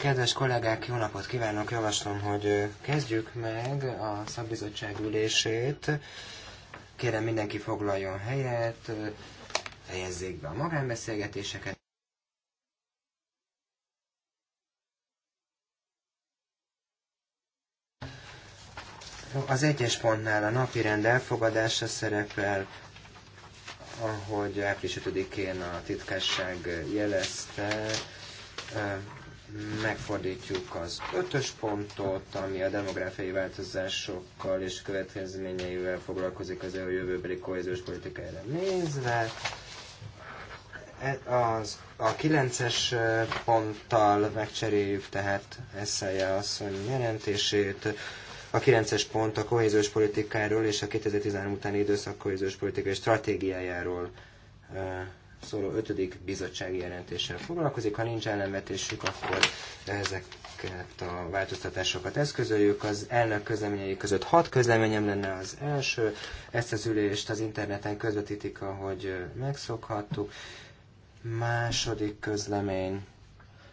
Kedves kollégák, jó napot kívánok! Javaslom, hogy kezdjük meg a szakbizottság ülését. Kérem mindenki foglaljon helyet, fejezzék be a magánbeszélgetéseket. Az egyes pontnál a napirend elfogadása szerepel, ahogy április 5-én a titkásság jelezte, megfordítjuk az ötös pontot, ami a demográfiai változásokkal és következményeivel foglalkozik az EU jövőbeli kohéziós politikájára nézve. E, az, a kilences ponttal megcseréljük tehát Eszelje asszony jelentését, a 9-es pont a kohéziós politikáról és a 2013 utáni időszak kohéziós politikai stratégiájáról szóló 5. bizottsági jelentéssel foglalkozik. Ha nincs ellenvetésük, akkor ezeket a változtatásokat eszközöljük. Az elnök közleményei között hat közleményem lenne az első. Ezt az ülést az interneten közvetítik, ahogy megszokhattuk. Második közlemény.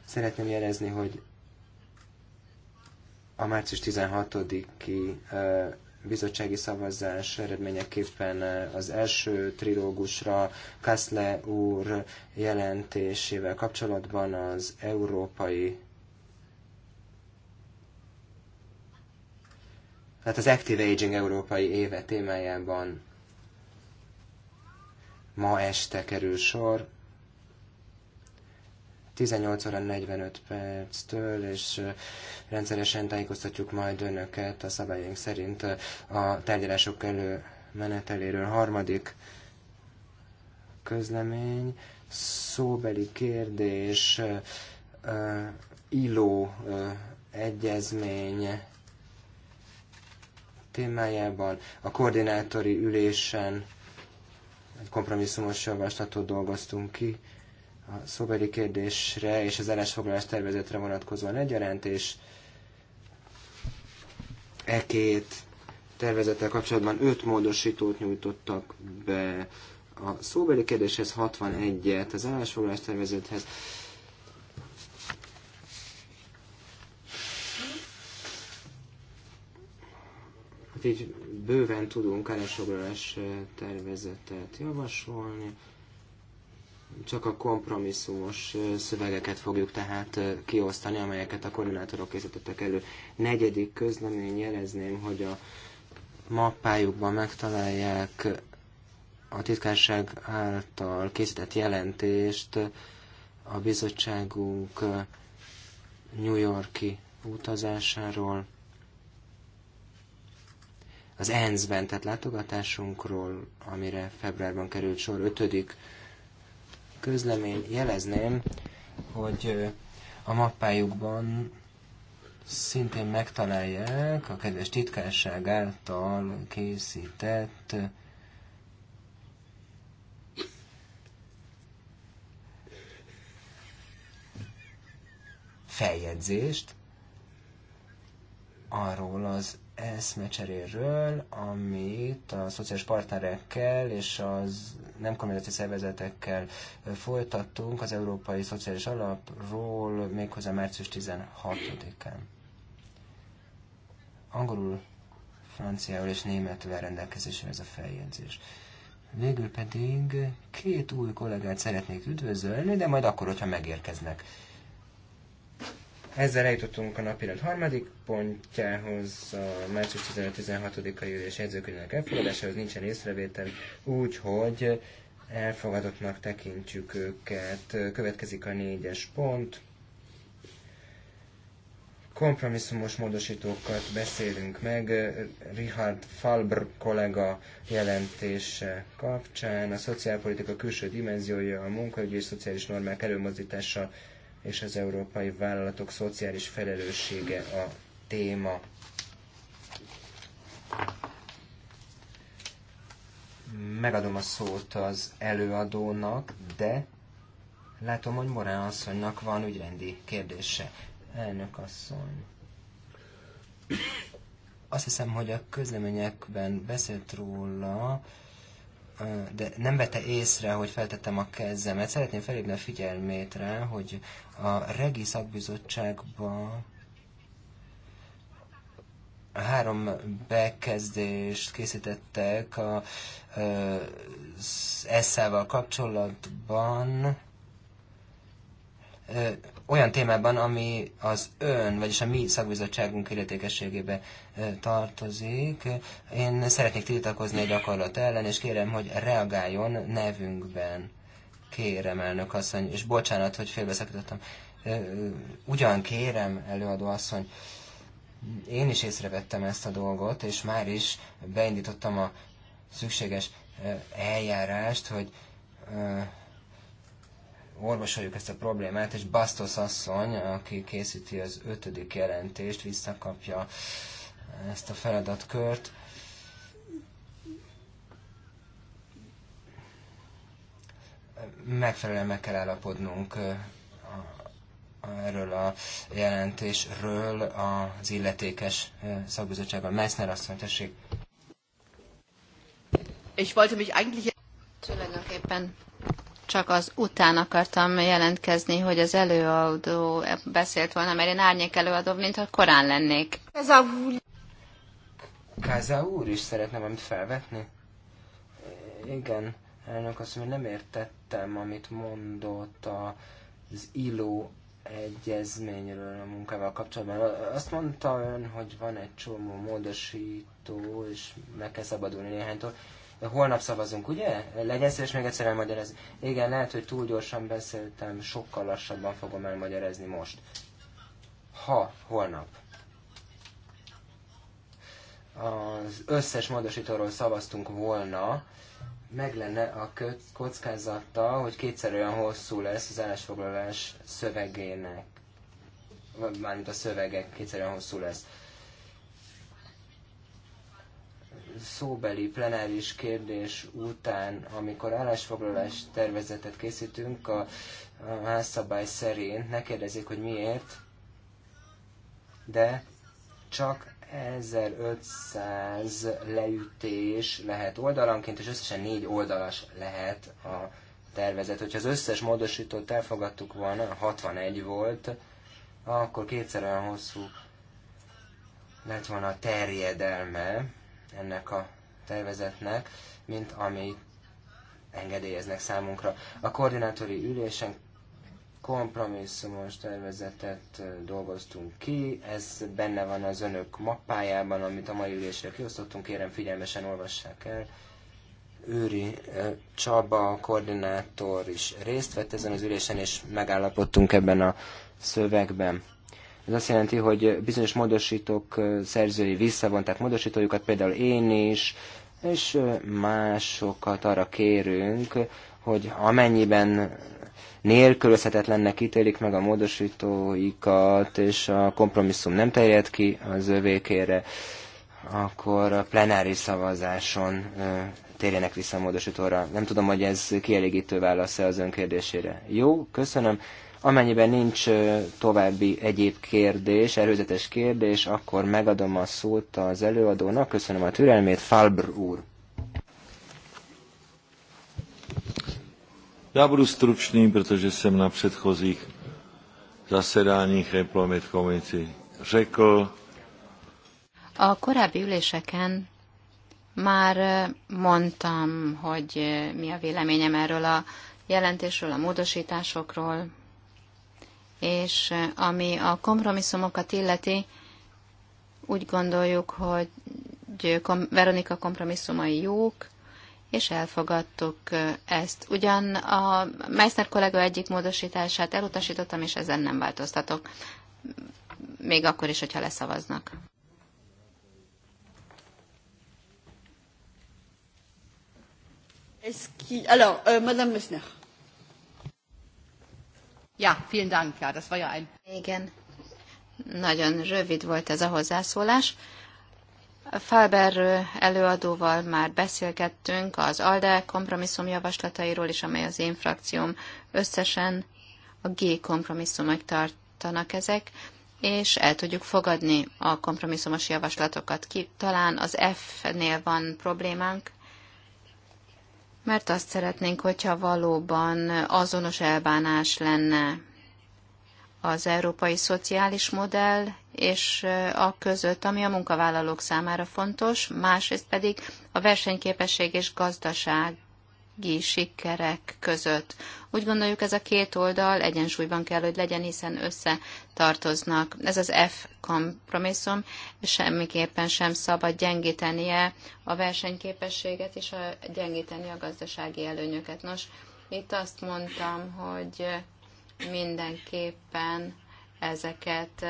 Szeretném jelezni, hogy a március 16-i bizottsági szavazás eredményeképpen az első trilógusra Kaszle úr jelentésével kapcsolatban az európai tehát az Active Aging Európai Éve témájában ma este kerül sor. 18 óra 45 perctől, és rendszeresen tájékoztatjuk majd önöket a szabályaink szerint a tárgyalások elő meneteléről. Harmadik közlemény, szóbeli kérdés, illó egyezmény témájában a koordinátori ülésen egy kompromisszumos javaslatot dolgoztunk ki, a szóbeli kérdésre és az állásfoglalás tervezetre vonatkozóan egyaránt, és e két tervezettel kapcsolatban öt módosítót nyújtottak be a szóbeli kérdéshez 61-et, az állásfoglalás tervezethez. Hát így bőven tudunk állásfoglalás tervezetet javasolni csak a kompromisszumos szövegeket fogjuk tehát kiosztani, amelyeket a koordinátorok készítettek elő. Negyedik közlemény jelezném, hogy a mappájukban megtalálják a titkárság által készített jelentést a bizottságunk New Yorki utazásáról, az ENSZ-ben, tehát látogatásunkról, amire februárban került sor, ötödik közlemény jelezném, hogy a mappájukban szintén megtalálják a kedves titkárság által készített feljegyzést arról az eszmecseréről, amit a szociális partnerekkel és az nem kormányzati szervezetekkel folytattunk az Európai Szociális Alapról méghozzá március 16-án. Angolul, franciául és németül rendelkezésre ez a feljegyzés. Végül pedig két új kollégát szeretnék üdvözölni, de majd akkor, hogyha megérkeznek. Ezzel eljutottunk a napirend harmadik pontjához, a március 15-16-ai ülés jegyzőkönyvének elfogadásához nincsen észrevétel, úgyhogy elfogadottnak tekintjük őket. Következik a négyes pont. Kompromisszumos módosítókat beszélünk meg Richard Falbr kollega jelentése kapcsán. A szociálpolitika külső dimenziója a munkaügyi és szociális normák előmozdítása és az európai vállalatok szociális felelőssége a téma. Megadom a szót az előadónak, de látom, hogy Morán asszonynak van ügyrendi kérdése. Elnök asszony. Azt hiszem, hogy a közleményekben beszélt róla, de nem vette észre, hogy feltettem a kezemet. Szeretném felhívni a figyelmét rá, hogy a Regi szakbizottságban három bekezdést készítettek a eszával kapcsolatban olyan témában, ami az ön, vagyis a mi szakbizottságunk illetékességébe tartozik. Én szeretnék tiltakozni egy gyakorlat ellen, és kérem, hogy reagáljon nevünkben. Kérem, elnök asszony, és bocsánat, hogy félbeszakítottam. Ugyan kérem, előadó asszony, én is észrevettem ezt a dolgot, és már is beindítottam a szükséges eljárást, hogy orvosoljuk ezt a problémát, és Bastos asszony, aki készíti az ötödik jelentést, visszakapja ezt a feladatkört. Megfelelően meg kell állapodnunk erről a jelentésről az illetékes szakbizottságban. Meissner asszony, tessék. Ich wollte mich eigentlich tulajdonképpen csak az után akartam jelentkezni, hogy az előadó beszélt volna, mert én árnyék előadó, mintha korán lennék. Ez a... úr. Kázá úr is szeretne valamit felvetni? Igen, elnök azt mondja, nem értettem, amit mondott az illó egyezményről a munkával kapcsolatban. Azt mondta ön, hogy van egy csomó módosító, és meg kell szabadulni néhánytól. Holnap szavazunk, ugye? Legyen szíves még egyszer elmagyarázni. Igen, lehet, hogy túl gyorsan beszéltem, sokkal lassabban fogom elmagyarázni most. Ha holnap az összes módosítóról szavaztunk volna, meg lenne a kockázata, hogy kétszer olyan hosszú lesz az állásfoglalás szövegének, mármint a szövegek kétszer olyan hosszú lesz. szóbeli plenáris kérdés után, amikor állásfoglalás tervezetet készítünk, a, a házszabály szerint ne kérdezzék, hogy miért, de csak 1500 leütés lehet oldalanként, és összesen négy oldalas lehet a tervezet. Hogyha az összes módosítót elfogadtuk volna, 61 volt, akkor kétszer olyan hosszú lett volna a terjedelme, ennek a tervezetnek, mint ami engedélyeznek számunkra. A koordinátori ülésen kompromisszumos tervezetet dolgoztunk ki, ez benne van az önök mappájában, amit a mai ülésre kiosztottunk, kérem figyelmesen olvassák el. Őri Csaba, a koordinátor is részt vett ezen az ülésen, és megállapodtunk ebben a szövegben. Ez azt jelenti, hogy bizonyos módosítók szerzői visszavonták módosítójukat, például én is, és másokat arra kérünk, hogy amennyiben nélkülözhetetlennek ítélik meg a módosítóikat, és a kompromisszum nem terjed ki az övékére, akkor a plenáris szavazáson térjenek vissza a módosítóra. Nem tudom, hogy ez kielégítő válasz-e az önkérdésére. Jó, köszönöm. Amennyiben nincs további egyéb kérdés, erőzetes kérdés, akkor megadom a szót az előadónak. Köszönöm a türelmét, Falbr úr. Já budu stručný, protože jsem na předchozích zasedáních Employment Committee řekl. A korábbi üléseken már mondtam, hogy mi a véleményem erről a jelentésről, a módosításokról, és ami a kompromisszumokat illeti, úgy gondoljuk, hogy Veronika kompromisszumai jók, és elfogadtuk ezt. Ugyan a Meissner kollega egyik módosítását elutasítottam, és ezen nem változtatok. Még akkor is, hogyha leszavaznak. Alors, euh, Madame Messner. Ja, vielen Dank. Ja, das war ja ein... Igen. Nagyon rövid volt ez a hozzászólás. Faber előadóval már beszélgettünk az ALDE kompromisszum javaslatairól is, amely az én frakcióm összesen a G kompromisszumok tartanak ezek, és el tudjuk fogadni a kompromisszumos javaslatokat. Ki, talán az F-nél van problémánk, mert azt szeretnénk, hogyha valóban azonos elbánás lenne az európai szociális modell és a között, ami a munkavállalók számára fontos, másrészt pedig a versenyképesség és gazdaság jogi sikerek között. Úgy gondoljuk, ez a két oldal egyensúlyban kell, hogy legyen, hiszen összetartoznak. Ez az F kompromisszum semmiképpen sem szabad gyengítenie a versenyképességet és a, gyengíteni a gazdasági előnyöket. Nos, itt azt mondtam, hogy mindenképpen ezeket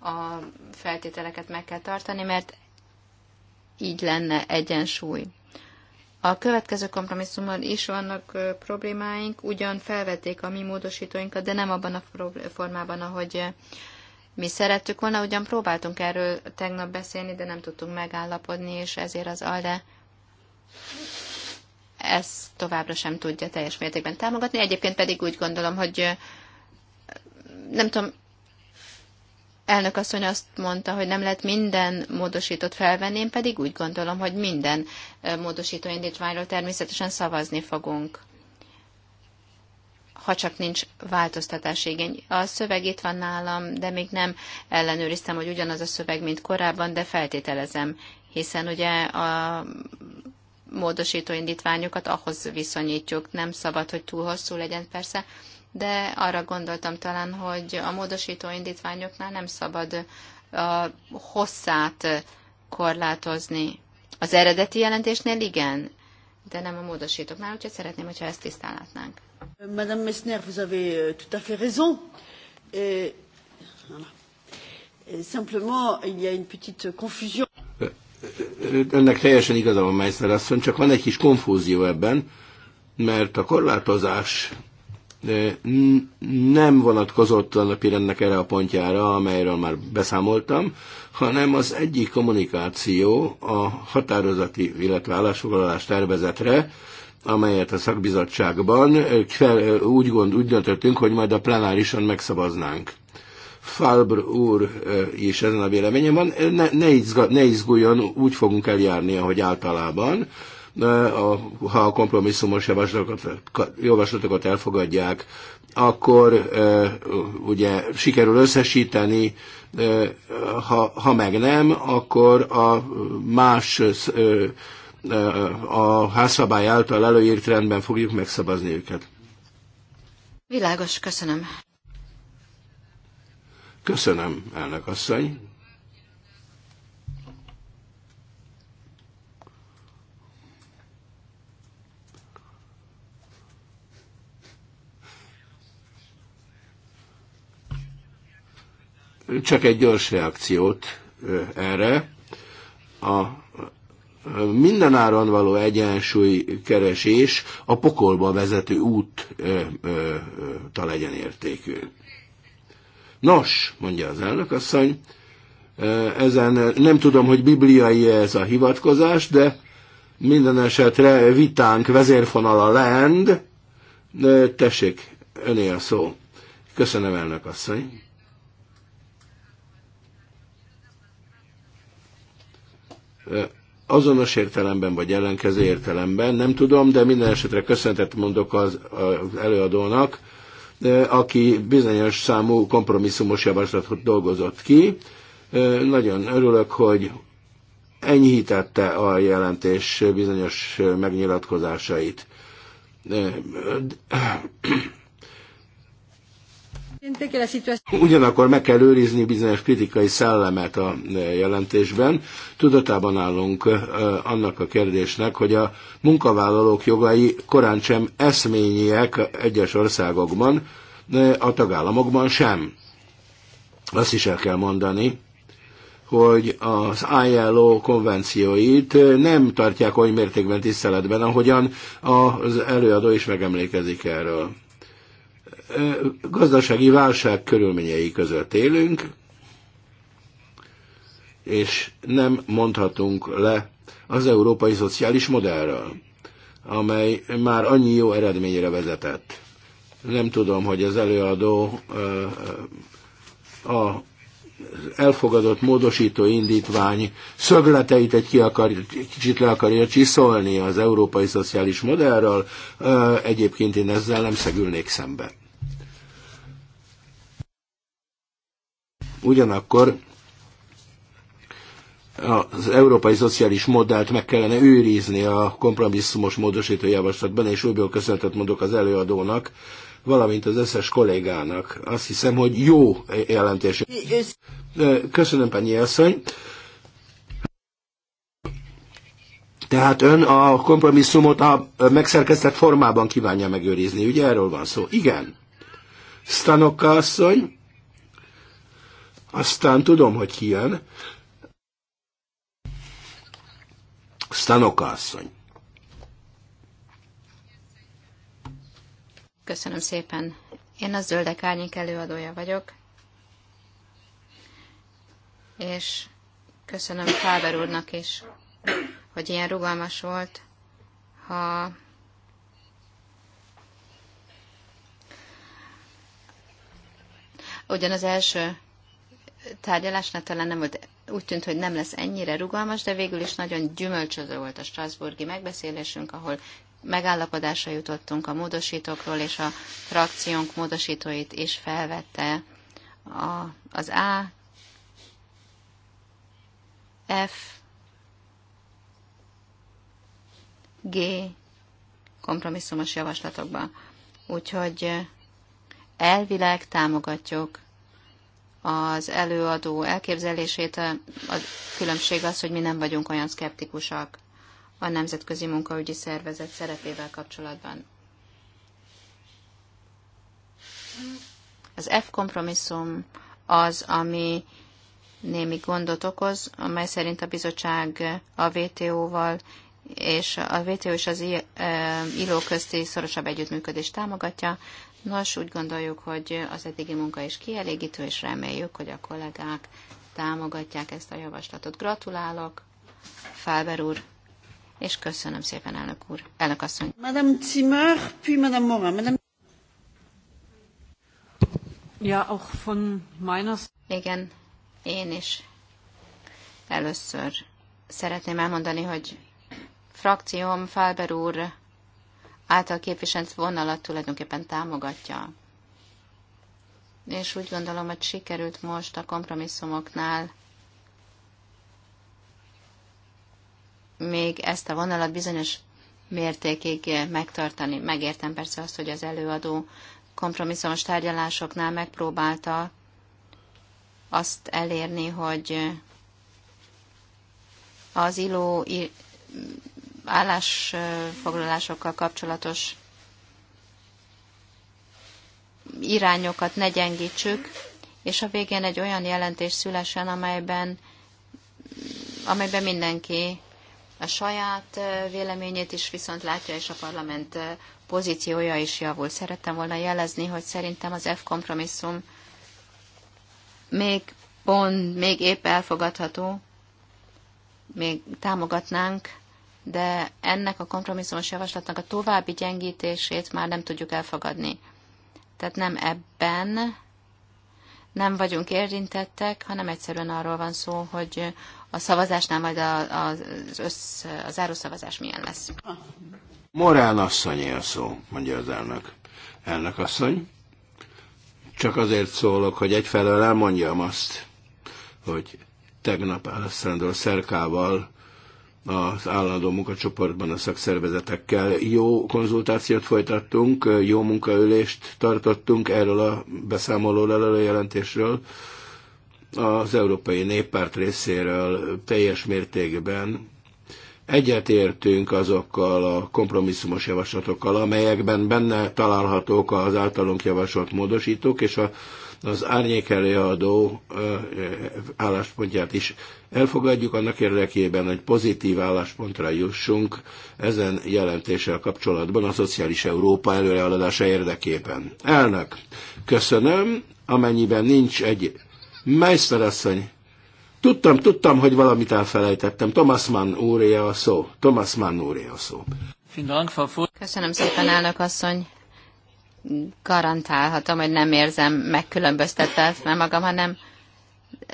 a feltételeket meg kell tartani, mert így lenne egyensúly. A következő kompromisszummal is vannak problémáink, ugyan felvették a mi módosítóinkat, de nem abban a formában, ahogy mi szerettük volna, ugyan próbáltunk erről tegnap beszélni, de nem tudtunk megállapodni, és ezért az ALDE ezt továbbra sem tudja teljes mértékben támogatni. Egyébként pedig úgy gondolom, hogy nem tudom, elnök asszony azt mondta, hogy nem lehet minden módosítót felvenni, én pedig úgy gondolom, hogy minden e, módosító indítványról természetesen szavazni fogunk ha csak nincs változtatás igény. A szöveg itt van nálam, de még nem ellenőriztem, hogy ugyanaz a szöveg, mint korábban, de feltételezem, hiszen ugye a módosító indítványokat ahhoz viszonyítjuk. Nem szabad, hogy túl hosszú legyen persze, de arra gondoltam talán, hogy a módosító indítványoknál nem szabad a hosszát korlátozni. Az eredeti jelentésnél igen, de nem a módosítóknál, úgyhogy szeretném, hogyha ezt tisztán látnánk. Madame Messner, vous avez euh, tout à fait raison. Et, euh, euh, simplement, il y a une petite confusion. Ennek teljesen igaza van, Meissner asszony, csak van egy kis konfúzió ebben, mert a korlátozás nem vonatkozott a napi rendnek erre a pontjára, amelyről már beszámoltam, hanem az egyik kommunikáció a határozati, illetve állásfoglalás tervezetre, amelyet a szakbizottságban úgy, gond, úgy döntöttünk, hogy majd a plenárison megszavaznánk. Falbr úr is ezen a véleményen van, ne, ne, izgat, ne izguljon, úgy fogunk eljárni, ahogy általában ha a kompromisszumos javaslatokat elfogadják, akkor ugye sikerül összesíteni, ha, ha meg nem, akkor a más a házszabály által előírt rendben fogjuk megszabazni őket. Világos, köszönöm. Köszönöm, elnök asszony. Csak egy gyors reakciót erre. A mindenáron való egyensúly keresés a pokolba vezető úttal legyen értékű. Nos, mondja az elnök asszony, ezen nem tudom, hogy bibliai ez a hivatkozás, de minden esetre vitánk vezérfonala lend. Tessék, öné a szó. Köszönöm, elnök asszony. azonos értelemben, vagy ellenkező értelemben, nem tudom, de minden esetre köszöntet mondok az, az előadónak, aki bizonyos számú kompromisszumos javaslatot dolgozott ki. Nagyon örülök, hogy enyhítette a jelentés bizonyos megnyilatkozásait Ugyanakkor meg kell őrizni bizonyos kritikai szellemet a e, jelentésben. Tudatában állunk e, annak a kérdésnek, hogy a munkavállalók jogai korán sem eszményiek egyes országokban, a tagállamokban sem. Azt is el kell mondani, hogy az ILO konvencióit nem tartják oly mértékben tiszteletben, ahogyan az előadó is megemlékezik erről gazdasági válság körülményei között élünk, és nem mondhatunk le az európai szociális modellről, amely már annyi jó eredményre vezetett. Nem tudom, hogy az előadó a elfogadott módosító indítvány szögleteit egy, ki akar, egy kicsit le akarja csiszolni az európai szociális modellről, egyébként én ezzel nem szegülnék szembe. Ugyanakkor az európai szociális modellt meg kellene őrizni a kompromisszumos módosító javaslatban, és újból köszöntet mondok az előadónak, valamint az összes kollégának. Azt hiszem, hogy jó jelentés. Köszönöm, Penyi asszony. Tehát ön a kompromisszumot a megszerkesztett formában kívánja megőrizni, ugye erről van szó? Igen. Stanokka asszony. Aztán tudom, hogy ki jön. Stanoka asszony. Köszönöm szépen. Én a Zöldek Árnyék előadója vagyok, és köszönöm Fáber úrnak is, hogy ilyen rugalmas volt, ha ugyan az első tárgyalásnál talán nem volt, úgy tűnt, hogy nem lesz ennyire rugalmas, de végül is nagyon gyümölcsöző volt a Strasburgi megbeszélésünk, ahol megállapodásra jutottunk a módosítókról, és a frakciónk módosítóit is felvette a, az A, F, G kompromisszumos javaslatokba. Úgyhogy eh, elvileg támogatjuk az előadó elképzelését. A különbség az, hogy mi nem vagyunk olyan szkeptikusak a Nemzetközi Munkaügyi Szervezet szerepével kapcsolatban. Az F kompromisszum az, ami némi gondot okoz, amely szerint a bizottság a WTO-val és a WTO és az ILO közti szorosabb együttműködést támogatja, Nos, úgy gondoljuk, hogy az eddigi munka is kielégítő, és reméljük, hogy a kollégák támogatják ezt a javaslatot. Gratulálok, Fáber úr, és köszönöm szépen, elnök úr, elnök asszony. Madame Zimmer, puis Madame Morin. Madame... Ja, auch von meiner... Igen, én is először szeretném elmondani, hogy frakcióm Fáber úr által képviselt vonalat tulajdonképpen támogatja. És úgy gondolom, hogy sikerült most a kompromisszumoknál még ezt a vonalat bizonyos mértékig megtartani. Megértem persze azt, hogy az előadó kompromisszumos tárgyalásoknál megpróbálta azt elérni, hogy az illó állásfoglalásokkal kapcsolatos irányokat ne gyengítsük, és a végén egy olyan jelentés szülesen, amelyben, amelyben mindenki a saját véleményét is viszont látja, és a parlament pozíciója is javul. Szerettem volna jelezni, hogy szerintem az F kompromisszum még pont, még épp elfogadható, még támogatnánk, de ennek a kompromisszumos javaslatnak a további gyengítését már nem tudjuk elfogadni. Tehát nem ebben nem vagyunk érintettek, hanem egyszerűen arról van szó, hogy a szavazásnál majd a, az össz, a zárószavazás milyen lesz. Morál asszony a szó, mondja az elnök. Elnök asszony, csak azért szólok, hogy egyfelől elmondjam azt, hogy tegnap Alessandro Szerkával az állandó munkacsoportban a szakszervezetekkel. Jó konzultációt folytattunk, jó munkaülést tartottunk erről a beszámolóról, erről a jelentésről. Az Európai Néppárt részéről teljes mértékben egyetértünk azokkal a kompromisszumos javaslatokkal, amelyekben benne találhatók az általunk javasolt módosítók, és a az árnyék előadó álláspontját is elfogadjuk annak érdekében, hogy pozitív álláspontra jussunk ezen jelentéssel kapcsolatban a szociális Európa előrehaladása érdekében. Elnök, köszönöm, amennyiben nincs egy Meisterasszony, Tudtam, tudtam, hogy valamit elfelejtettem. Thomas Mann úrja a szó. Thomas Mann úrja a szó. Köszönöm szépen, elnök asszony garantálhatom, hogy nem érzem megkülönböztetve magam, hanem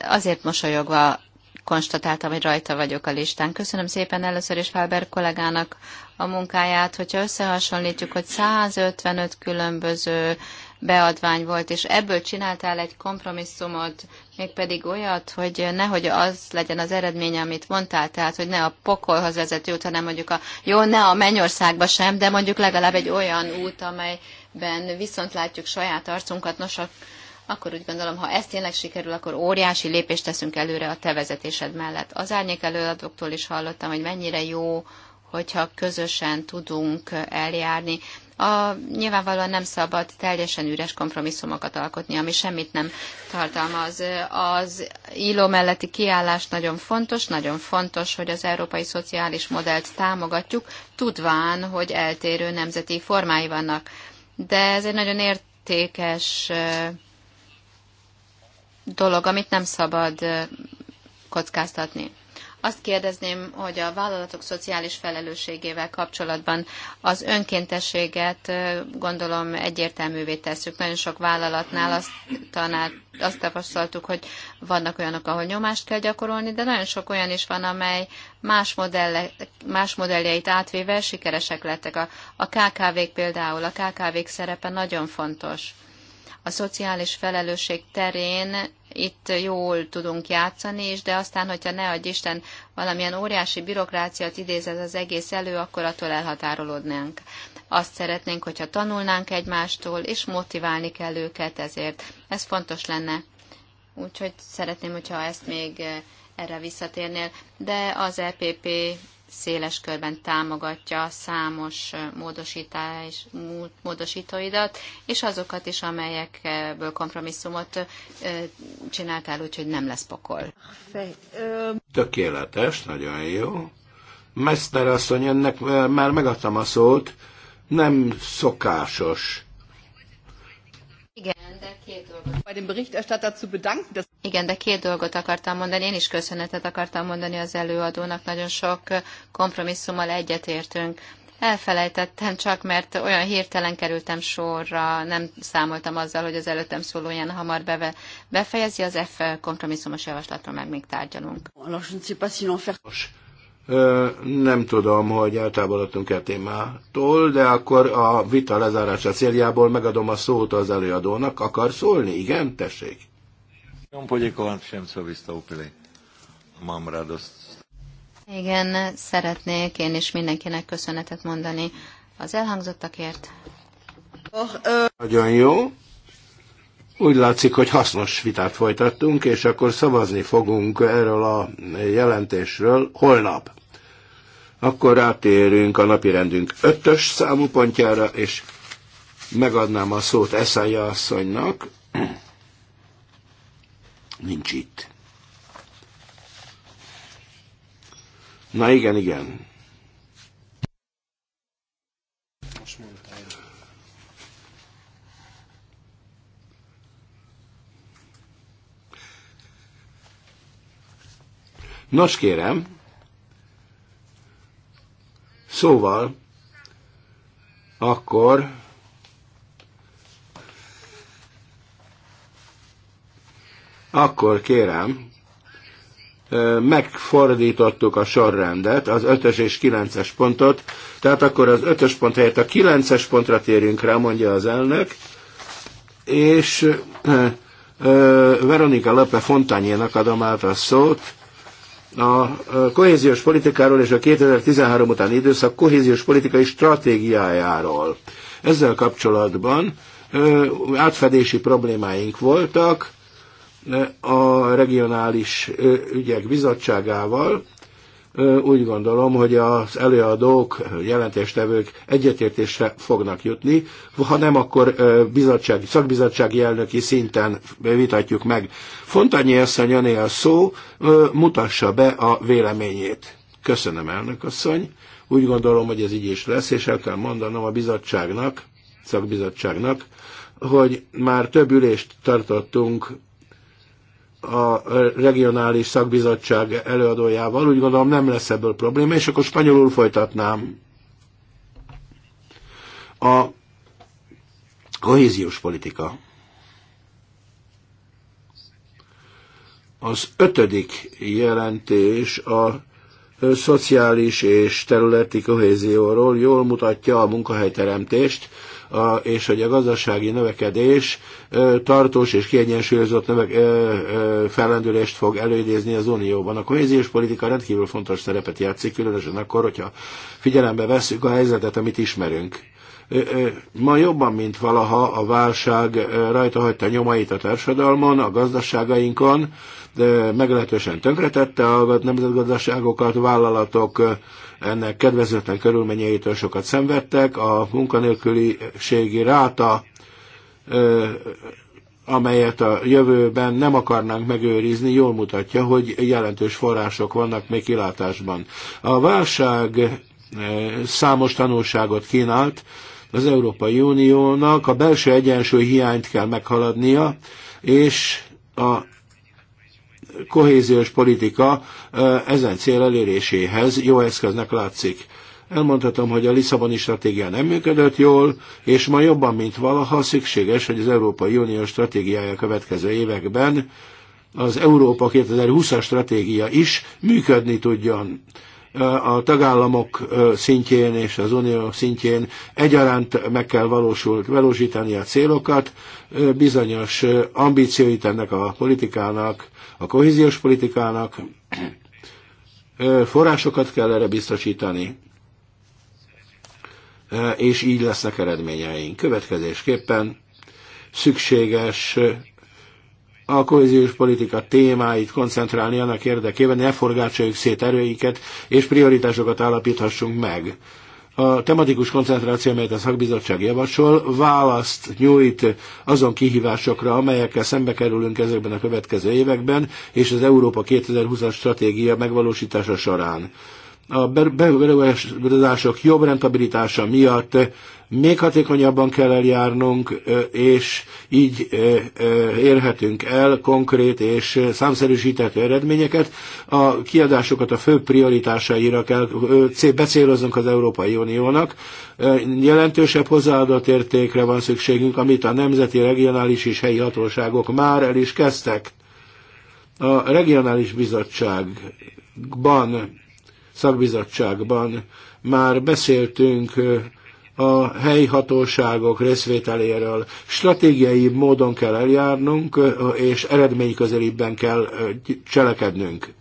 azért mosolyogva konstatáltam, hogy rajta vagyok a listán. Köszönöm szépen először is Fáber kollégának a munkáját, hogyha összehasonlítjuk, hogy 155 különböző beadvány volt, és ebből csináltál egy kompromisszumot, mégpedig olyat, hogy nehogy az legyen az eredménye, amit mondtál, tehát hogy ne a pokolhoz vezető út, hanem mondjuk a, jó, ne a mennyországba sem, de mondjuk legalább egy olyan út, amely ben viszont látjuk saját arcunkat, nos, akkor úgy gondolom, ha ez tényleg sikerül, akkor óriási lépést teszünk előre a te vezetésed mellett. Az árnyék előadóktól is hallottam, hogy mennyire jó, hogyha közösen tudunk eljárni. A, nyilvánvalóan nem szabad teljesen üres kompromisszumokat alkotni, ami semmit nem tartalmaz. Az íló melletti kiállás nagyon fontos, nagyon fontos, hogy az európai szociális modellt támogatjuk, tudván, hogy eltérő nemzeti formái vannak de ez egy nagyon értékes dolog, amit nem szabad kockáztatni. Azt kérdezném, hogy a vállalatok szociális felelősségével kapcsolatban az önkéntességet gondolom egyértelművé tesszük. Nagyon sok vállalatnál azt, tanál, azt tapasztaltuk, hogy vannak olyanok, ahol nyomást kell gyakorolni, de nagyon sok olyan is van, amely más, modelle, más modelljeit átvéve sikeresek lettek. A, a KKV-k például, a KKV-k szerepe nagyon fontos a szociális felelősség terén itt jól tudunk játszani, és de aztán, hogyha ne adj Isten, valamilyen óriási bürokráciát idéz ez az egész elő, akkor attól elhatárolódnánk. Azt szeretnénk, hogyha tanulnánk egymástól, és motiválni kell őket ezért. Ez fontos lenne. Úgyhogy szeretném, hogyha ezt még eh, erre visszatérnél. De az EPP széles körben támogatja számos módosítás, módosítóidat, és azokat is, amelyekből kompromisszumot csináltál, úgyhogy nem lesz pokol. Tökéletes, nagyon jó. Mester asszony, ennek már megadtam a szót, nem szokásos igen, de két dolgot akartam mondani. Én is köszönetet akartam mondani az előadónak. Nagyon sok kompromisszummal egyetértünk. Elfelejtettem csak, mert olyan hirtelen kerültem sorra, nem számoltam azzal, hogy az előttem szóló ilyen hamar beve, befejezi az F kompromisszumos javaslatról, meg még tárgyalunk. Alors, nem tudom, hogy eltávolodtunk-e témától, de akkor a vita lezárása céljából megadom a szót az előadónak. Akar szólni? Igen, tessék. Igen, szeretnék én is mindenkinek köszönetet mondani az elhangzottakért. Oh, Nagyon jó. Úgy látszik, hogy hasznos vitát folytattunk, és akkor szavazni fogunk erről a jelentésről holnap. Akkor rátérünk a napirendünk ötös számú pontjára, és megadnám a szót Eszája asszonynak. Nincs itt. Na igen, igen. Nos kérem, Szóval, akkor akkor kérem, megfordítottuk a sorrendet, az 5-ös és 9-es pontot, tehát akkor az 5-ös pont helyett a 9-es pontra térjünk rá, mondja az elnök, és Veronika Lepe Fontányénak adom át a szót, a kohéziós politikáról és a 2013 utáni időszak kohéziós politikai stratégiájáról. Ezzel kapcsolatban átfedési problémáink voltak a regionális ügyek bizottságával, úgy gondolom, hogy az előadók, jelentéstevők egyetértésre fognak jutni, ha nem, akkor bizottsági, szakbizottsági elnöki szinten vitatjuk meg. Fontanyi asszony, a szó, mutassa be a véleményét. Köszönöm, elnök asszony. Úgy gondolom, hogy ez így is lesz, és el kell mondanom a bizottságnak, szakbizottságnak, hogy már több ülést tartottunk a regionális szakbizottság előadójával, úgy gondolom nem lesz ebből probléma, és akkor spanyolul folytatnám. A kohéziós politika. Az ötödik jelentés a szociális és területi kohézióról jól mutatja a munkahelyteremtést, a és hogy a gazdasági növekedés tartós és kiegyensúlyozott növek, fellendülést fog előidézni az Unióban. A kohéziós politika rendkívül fontos szerepet játszik, különösen akkor, hogyha figyelembe vesszük a helyzetet, amit ismerünk ma jobban, mint valaha a válság rajta hagyta nyomait a társadalmon, a gazdaságainkon, de meglehetősen tönkretette a nemzetgazdaságokat, vállalatok ennek kedvezőtlen körülményeitől sokat szenvedtek. A munkanélküliségi ráta, amelyet a jövőben nem akarnánk megőrizni, jól mutatja, hogy jelentős források vannak még kilátásban. A válság számos tanulságot kínált, az Európai Uniónak a belső egyensúly hiányt kell meghaladnia, és a kohéziós politika ezen cél eléréséhez jó eszköznek látszik. Elmondhatom, hogy a Lisszaboni stratégia nem működött jól, és ma jobban, mint valaha szükséges, hogy az Európai Unió stratégiája következő években az Európa 2020-as stratégia is működni tudjon a tagállamok szintjén és az unió szintjén egyaránt meg kell valósult, valósítani a célokat, bizonyos ambícióit ennek a politikának a kohéziós politikának. Forrásokat kell erre biztosítani, és így lesznek eredményeink. Következésképpen szükséges a kohéziós politika témáit koncentrálni annak érdekében, ne forgácsoljuk szét erőiket, és prioritásokat állapíthassunk meg a tematikus koncentráció, amelyet a szakbizottság javasol, választ nyújt azon kihívásokra, amelyekkel szembe kerülünk ezekben a következő években, és az Európa 2020-as stratégia megvalósítása során. A beruházások jobb rentabilitása miatt még hatékonyabban kell eljárnunk, és így érhetünk el konkrét és számszerűsíthető eredményeket. A kiadásokat a fő prioritásaira kell becéloznunk az Európai Uniónak. Jelentősebb hozzáadott értékre van szükségünk, amit a nemzeti, regionális és helyi hatóságok már el is kezdtek. A regionális bizottságban, szakbizottságban már beszéltünk a helyi hatóságok részvételéről stratégiai módon kell eljárnunk, és eredményközelibben kell cselekednünk.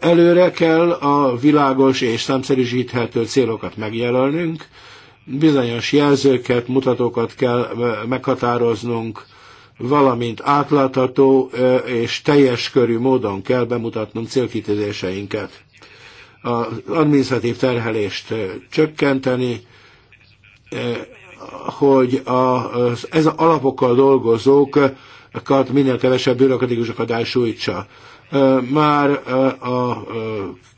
Előre kell a világos és számszerűsíthető célokat megjelölnünk, bizonyos jelzőket, mutatókat kell meghatároznunk, valamint átlátható és teljes körű módon kell bemutatnunk célkitűzéseinket az administratív terhelést csökkenteni, hogy az, ez a alapokkal dolgozókat minél kevesebb bürokratikus akadály sújtsa. Már a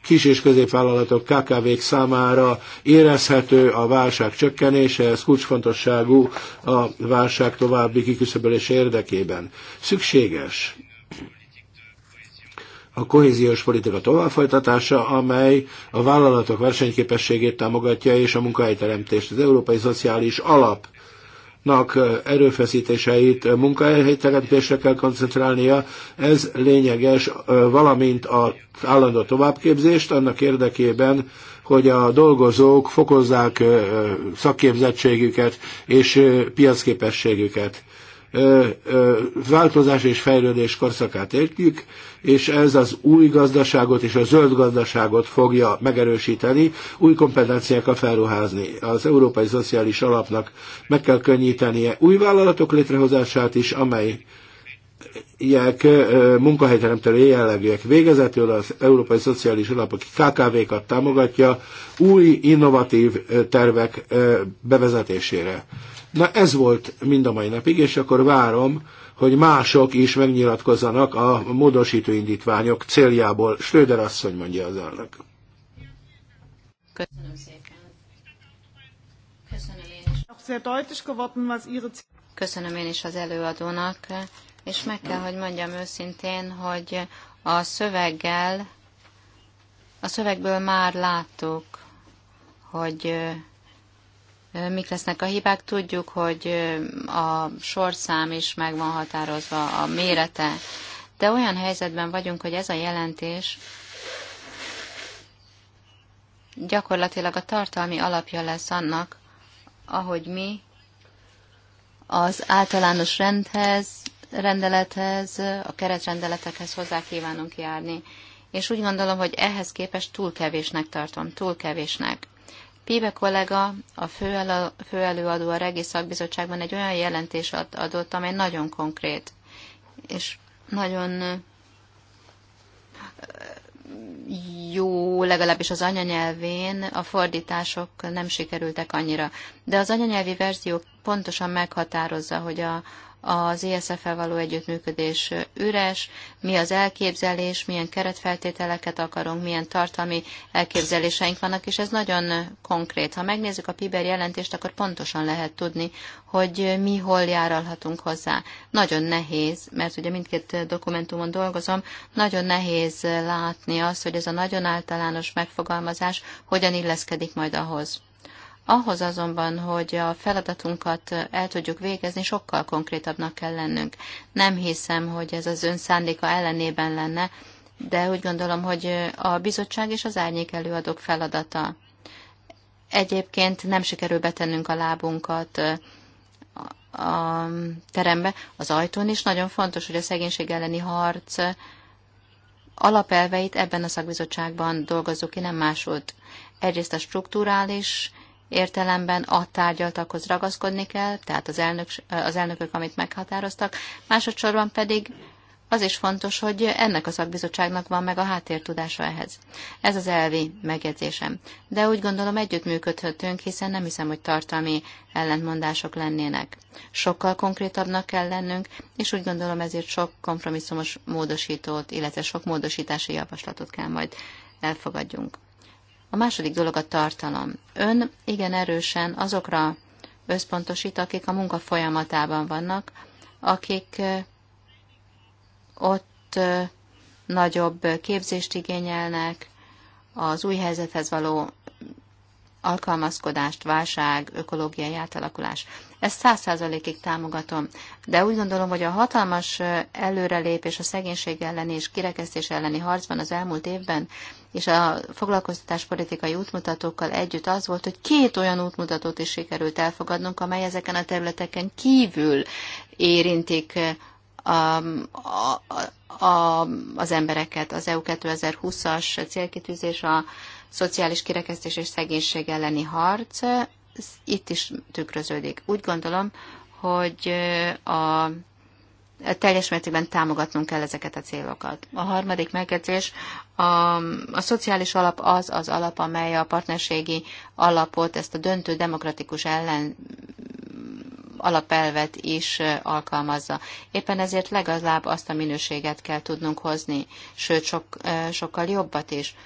kis és középvállalatok KKV-k számára érezhető a válság csökkenése, ez kulcsfontosságú a válság további kiküszöbölés érdekében. Szükséges a kohéziós politika továbbfolytatása, amely a vállalatok versenyképességét támogatja és a munkahelyteremtést. Az Európai Szociális Alap erőfeszítéseit munkahelyteremtésre kell koncentrálnia, ez lényeges, valamint az állandó továbbképzést annak érdekében, hogy a dolgozók fokozzák szakképzettségüket és piacképességüket változás és fejlődés korszakát értjük, és ez az új gazdaságot és a zöld gazdaságot fogja megerősíteni, új kompetenciákkal felruházni. Az Európai Szociális Alapnak meg kell könnyítenie új vállalatok létrehozását is, amely ilyek munkahelyteremtő jellegűek. Végezetül az Európai Szociális Alap, aki KKV-kat támogatja, új innovatív tervek bevezetésére. Na ez volt mind a mai napig, és akkor várom, hogy mások is megnyilatkozzanak a módosító indítványok céljából. Schröder asszony mondja az elnök. Köszönöm szépen. Köszönöm én is. Köszönöm én is az előadónak, és meg kell, hogy mondjam őszintén, hogy a szöveggel, a szövegből már láttuk, hogy mik lesznek a hibák. Tudjuk, hogy a sorszám is meg van határozva, a mérete, de olyan helyzetben vagyunk, hogy ez a jelentés gyakorlatilag a tartalmi alapja lesz annak, ahogy mi az általános rendhez, rendelethez, a keretrendeletekhez hozzá kívánunk járni. És úgy gondolom, hogy ehhez képest túl kevésnek tartom, túl kevésnek. Píve kollega, a főelőadó a Regi Szakbizottságban egy olyan jelentés adott, amely nagyon konkrét, és nagyon jó, legalábbis az anyanyelvén a fordítások nem sikerültek annyira. De az anyanyelvi verzió pontosan meghatározza, hogy a, az ESF-el való együttműködés üres, mi az elképzelés, milyen keretfeltételeket akarunk, milyen tartalmi elképzeléseink vannak, és ez nagyon konkrét. Ha megnézzük a PIBER jelentést, akkor pontosan lehet tudni, hogy mi hol járalhatunk hozzá. Nagyon nehéz, mert ugye mindkét dokumentumon dolgozom, nagyon nehéz látni azt, hogy ez a nagyon általános megfogalmazás hogyan illeszkedik majd ahhoz, ahhoz azonban, hogy a feladatunkat el tudjuk végezni, sokkal konkrétabbnak kell lennünk. Nem hiszem, hogy ez az ön szándéka ellenében lenne, de úgy gondolom, hogy a bizottság és az árnyék előadók feladata. Egyébként nem sikerül betennünk a lábunkat a terembe, az ajtón is. Nagyon fontos, hogy a szegénység elleni harc alapelveit ebben a szakbizottságban dolgozzuk ki, nem másod. Egyrészt a strukturális értelemben a tárgyaltakhoz ragaszkodni kell, tehát az, elnök, az elnökök, amit meghatároztak, másodszorban pedig az is fontos, hogy ennek a szakbizottságnak van meg a háttértudása ehhez. Ez az elvi megjegyzésem. De úgy gondolom együttműködhetünk, hiszen nem hiszem, hogy tartalmi ellentmondások lennének. Sokkal konkrétabbnak kell lennünk, és úgy gondolom ezért sok kompromisszumos módosítót, illetve sok módosítási javaslatot kell majd elfogadjunk. A második dolog a tartalom. Ön igen erősen azokra összpontosít, akik a munka folyamatában vannak, akik ott nagyobb képzést igényelnek, az új helyzethez való alkalmazkodást, válság, ökológiai átalakulás. Ezt száz százalékig támogatom, de úgy gondolom, hogy a hatalmas előrelépés a szegénység elleni és kirekesztés elleni harcban az elmúlt évben és a foglalkoztatáspolitikai útmutatókkal együtt az volt, hogy két olyan útmutatót is sikerült elfogadnunk, amely ezeken a területeken kívül érintik a, um, a, a, az embereket. Az EU 2020-as célkitűzés a szociális kirekesztés és szegénység elleni harc itt is tükröződik. Úgy gondolom, hogy uh, a teljes mértékben támogatnunk kell ezeket a célokat. A harmadik megjegyzés a, a szociális alap az az alap, amely a partnerségi alapot, ezt a döntő demokratikus ellen alapelvet is alkalmazza. Éppen ezért legalább azt a minőséget kell tudnunk hozni, sőt sok, sokkal jobbat is.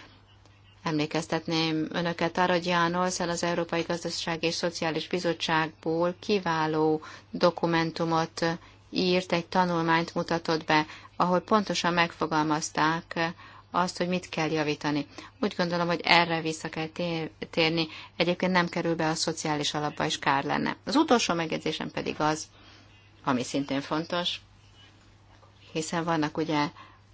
Emlékeztetném önöket arra, hogy Ján Olszel az Európai Gazdaság és Szociális Bizottságból kiváló dokumentumot írt, egy tanulmányt mutatott be, ahol pontosan megfogalmazták azt, hogy mit kell javítani. Úgy gondolom, hogy erre vissza kell térni. Egyébként nem kerül be a szociális alapba, és kár lenne. Az utolsó megjegyzésem pedig az, ami szintén fontos, hiszen vannak ugye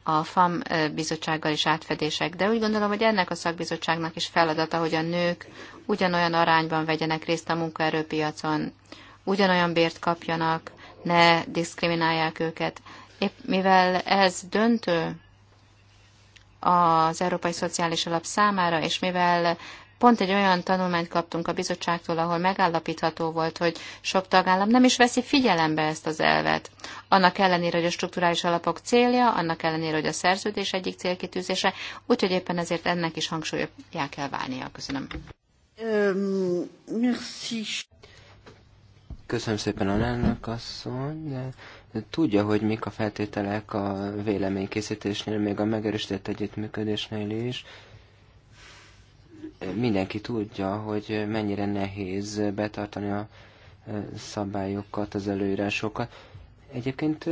a FAM bizottsággal is átfedések, de úgy gondolom, hogy ennek a szakbizottságnak is feladata, hogy a nők ugyanolyan arányban vegyenek részt a munkaerőpiacon, ugyanolyan bért kapjanak, ne diszkriminálják őket. Épp mivel ez döntő az Európai Szociális Alap számára, és mivel pont egy olyan tanulmányt kaptunk a bizottságtól, ahol megállapítható volt, hogy sok tagállam nem is veszi figyelembe ezt az elvet. Annak ellenére, hogy a strukturális alapok célja, annak ellenére, hogy a szerződés egyik célkitűzése, úgyhogy éppen ezért ennek is hangsúlyjá kell válnia. Köszönöm. Köszönöm szépen a lennök asszony tudja, hogy mik a feltételek a véleménykészítésnél, még a megerősített együttműködésnél is. Mindenki tudja, hogy mennyire nehéz betartani a szabályokat, az előírásokat. Egyébként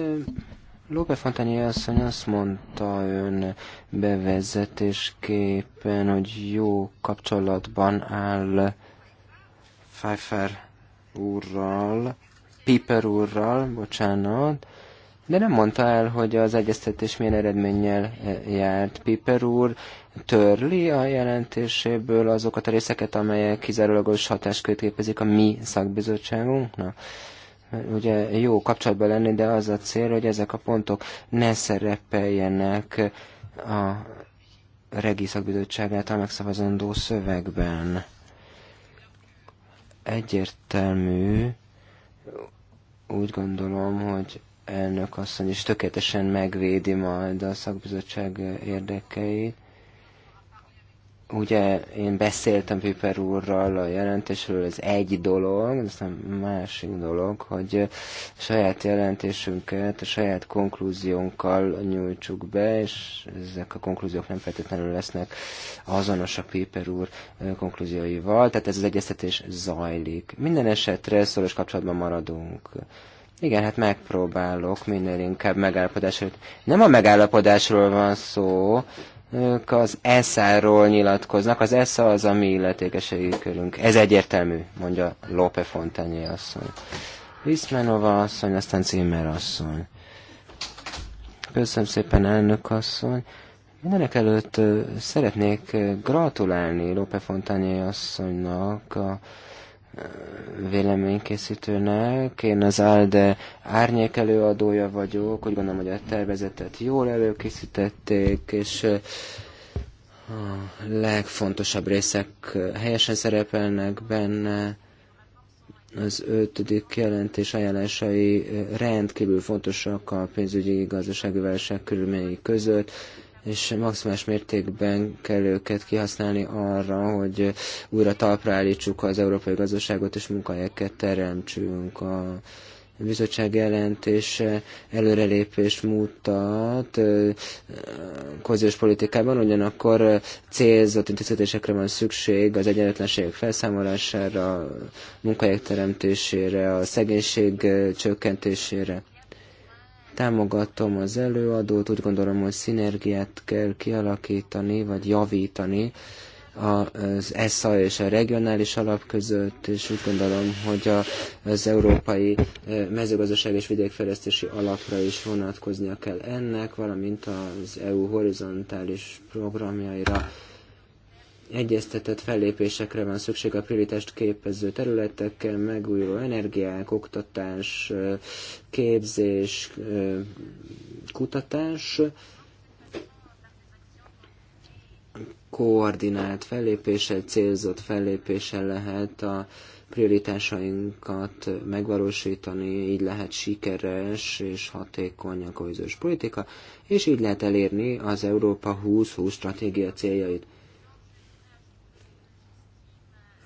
Lópe Fontanyi asszony azt mondta ön bevezetésképpen, hogy jó kapcsolatban áll Pfeiffer úrral, Piper úrral, bocsánat, de nem mondta el, hogy az egyeztetés milyen eredménnyel eh, járt. Piper úr törli a jelentéséből azokat a részeket, amelyek kizárólagos hatáskört képezik a mi szakbizottságunknak. Ugye jó kapcsolatban lenni, de az a cél, hogy ezek a pontok ne szerepeljenek a regi szakbizottságát a megszavazandó szövegben. Egyértelmű, úgy gondolom, hogy elnök asszony is tökéletesen megvédi majd a szakbizottság érdekeit. Ugye én beszéltem Piper úrral a jelentésről, ez egy dolog, ez nem másik dolog, hogy a saját jelentésünket, a saját konklúziónkkal nyújtsuk be, és ezek a konklúziók nem feltétlenül lesznek azonos a Piper úr konklúzióival, tehát ez az egyeztetés zajlik. Minden esetre szoros kapcsolatban maradunk. Igen, hát megpróbálok minél inkább megállapodásról. Nem a megállapodásról van szó, ők az ESZA-ról nyilatkoznak. Az ESZA az a mi illetékesei körünk. Ez egyértelmű, mondja Lope Fontanyé asszony. Viszmenova asszony, aztán Cimmer asszony. Köszönöm szépen, elnök asszony. Mindenek előtt szeretnék gratulálni Lope Fontanyé asszonynak a véleménykészítőnek. Én az ALDE árnyék előadója vagyok, úgy gondolom, hogy a tervezetet jól előkészítették, és a legfontosabb részek helyesen szerepelnek benne. Az ötödik jelentés ajánlásai rendkívül fontosak a pénzügyi gazdasági válság körülményei között és maximális mértékben kell őket kihasználni arra, hogy újra talpra állítsuk az európai gazdaságot és munkahelyeket teremtsünk. A bizottság jelentése előrelépést mutat koziós politikában, ugyanakkor célzott intézkedésekre van szükség az egyenlőtlenségek felszámolására, munkahelyek teremtésére, a szegénység csökkentésére. Támogatom az előadót, úgy gondolom, hogy szinergiát kell kialakítani, vagy javítani az ESSA és a regionális alap között, és úgy gondolom, hogy a, az Európai eh, Mezőgazdaság és Vidékfejlesztési Alapra is vonatkoznia kell ennek, valamint az EU horizontális programjaira egyeztetett fellépésekre van szükség a prioritást képező területeken, megújuló energiák, oktatás, képzés, kutatás, koordinált fellépéssel, célzott fellépéssel lehet a prioritásainkat megvalósítani, így lehet sikeres és hatékony a kohéziós politika, és így lehet elérni az Európa 2020 stratégia céljait.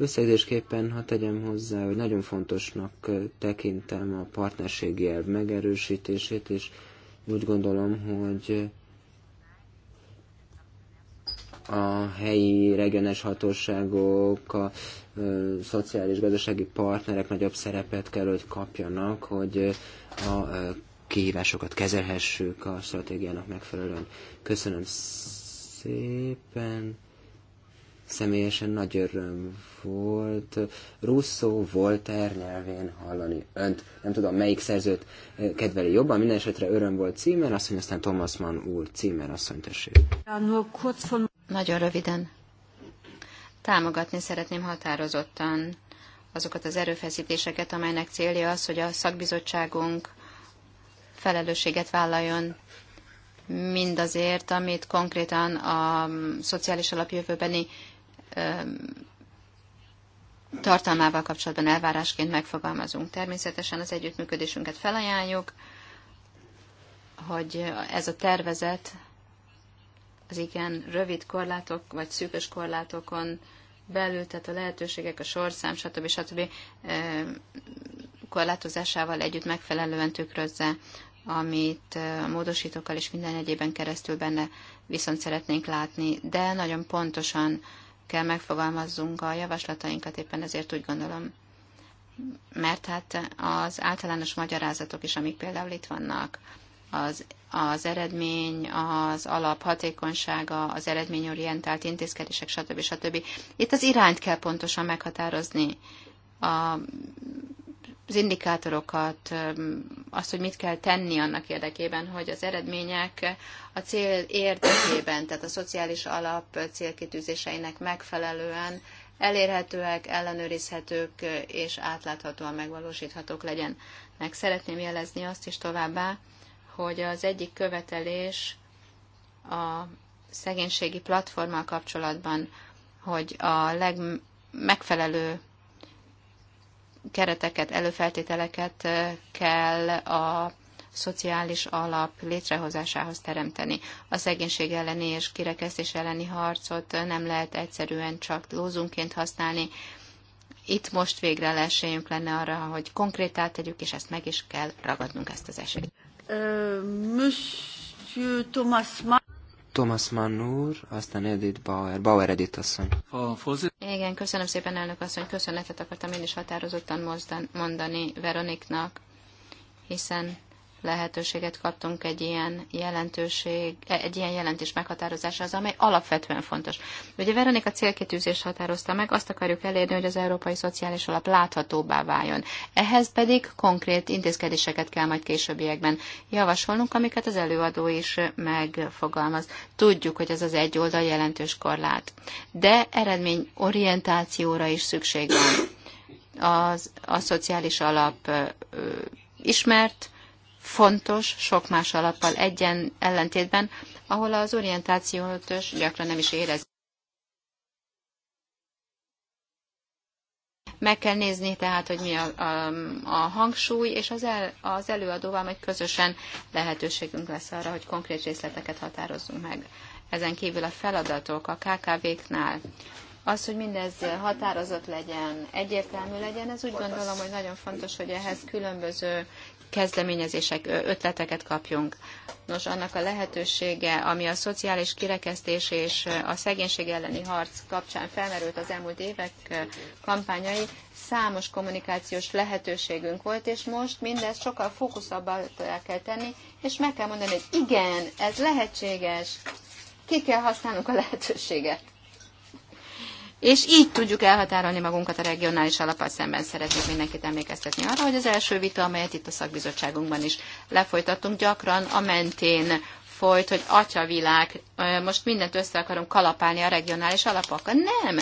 Összegzésképpen, ha tegyem hozzá, hogy nagyon fontosnak tekintem a partnerségi elv megerősítését, és úgy gondolom, hogy a helyi regionális hatóságok, a szociális gazdasági partnerek nagyobb szerepet kell, hogy kapjanak, hogy a kihívásokat kezelhessük a stratégiának megfelelően. Köszönöm szépen! személyesen nagy öröm volt Russo Voltaire nyelvén hallani önt. Nem tudom, melyik szerzőt eh, kedveli jobban, minden esetre öröm volt címer, mondja, aztán Thomas Mann úr címer, azt mondja, tessék. Nagyon röviden. Támogatni szeretném határozottan azokat az erőfeszítéseket, amelynek célja az, hogy a szakbizottságunk felelősséget vállaljon mindazért, amit konkrétan a szociális alapjövőbeni tartalmával kapcsolatban elvárásként megfogalmazunk. Természetesen az együttműködésünket felajánljuk, hogy ez a tervezet az igen rövid korlátok vagy szűkös korlátokon belül, tehát a lehetőségek, a sorszám, stb. stb. korlátozásával együtt megfelelően tükrözze, amit a módosítókkal és minden egyében keresztül benne viszont szeretnénk látni, de nagyon pontosan kell megfogalmazzunk a javaslatainkat, éppen ezért úgy gondolom. Mert hát az általános magyarázatok is, amik például itt vannak, az, az eredmény, az alap hatékonysága, az eredményorientált intézkedések, stb. stb. Itt az irányt kell pontosan meghatározni. A az indikátorokat, azt, hogy mit kell tenni annak érdekében, hogy az eredmények a cél érdekében, tehát a szociális alap célkitűzéseinek megfelelően elérhetőek, ellenőrizhetők és átláthatóan megvalósíthatók legyenek. Szeretném jelezni azt is továbbá, hogy az egyik követelés a szegénységi platformmal kapcsolatban, hogy a legmegfelelő kereteket, előfeltételeket kell a szociális alap létrehozásához teremteni. A szegénység elleni és kirekesztés elleni harcot nem lehet egyszerűen csak lózunként használni. Itt most végre esélyünk lenne arra, hogy konkrétát tegyük, és ezt meg is kell ragadnunk ezt az esélyt. Monsieur Thomas Mann. Thomas Mann úr, aztán Edith Bauer, Bauer Edith asszony. Igen, köszönöm szépen, elnök asszony. Köszönetet akartam én is határozottan mondani Veroniknak, hiszen lehetőséget kaptunk egy ilyen jelentőség, egy ilyen jelentés az, amely alapvetően fontos. Ugye Veronika célkitűzést határozta meg, azt akarjuk elérni, hogy az Európai Szociális Alap láthatóbbá váljon. Ehhez pedig konkrét intézkedéseket kell majd későbbiekben javasolnunk, amiket az előadó is megfogalmaz. Tudjuk, hogy ez az egy oldal jelentős korlát. De eredmény orientációra is szükség van. Az, a szociális alap ö, ismert, fontos, sok más alappal egyen ellentétben, ahol az orientációt gyakran nem is érez. Meg kell nézni tehát, hogy mi a, a, a hangsúly, és az, el, az előadóval majd közösen lehetőségünk lesz arra, hogy konkrét részleteket határozzunk meg. Ezen kívül a feladatok a KKV-knál, az, hogy mindez határozott legyen, egyértelmű legyen, ez úgy gondolom, hogy nagyon fontos, hogy ehhez különböző kezdeményezések, ötleteket kapjunk. Nos, annak a lehetősége, ami a szociális kirekesztés és a szegénység elleni harc kapcsán felmerült az elmúlt évek kampányai, számos kommunikációs lehetőségünk volt, és most mindezt sokkal fókuszabbá kell tenni, és meg kell mondani, hogy igen, ez lehetséges, ki kell használnunk a lehetőséget és így tudjuk elhatárolni magunkat a regionális alapot szemben. Szeretnék mindenkit emlékeztetni arra, hogy az első vita, amelyet itt a szakbizottságunkban is lefolytattunk, gyakran a mentén folyt, hogy atyavilág, most mindent össze akarom kalapálni a regionális alapokkal. Nem,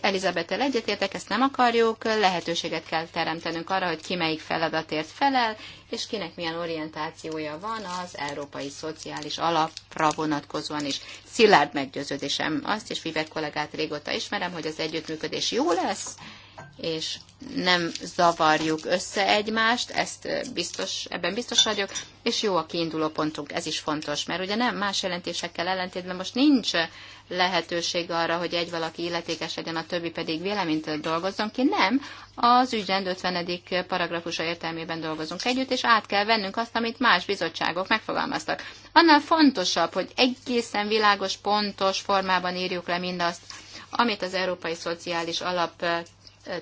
Elizabettel egyetértek, ezt nem akarjuk, lehetőséget kell teremtenünk arra, hogy ki melyik feladatért felel, és kinek milyen orientációja van az európai szociális alapra vonatkozóan is. Szilárd meggyőződésem azt, és Vivek kollégát régóta ismerem, hogy az együttműködés jó lesz, és nem zavarjuk össze egymást, ezt biztos, ebben biztos vagyok, és jó a kiinduló pontunk, ez is fontos, mert ugye nem más jelentésekkel ellentétben most nincs lehetőség arra, hogy egy valaki illetékes legyen, a többi pedig véleményt dolgozzon ki, nem, az ügyrend 50. paragrafusa értelmében dolgozunk együtt, és át kell vennünk azt, amit más bizottságok megfogalmaztak. Annál fontosabb, hogy egészen világos, pontos formában írjuk le mindazt, amit az Európai Szociális Alap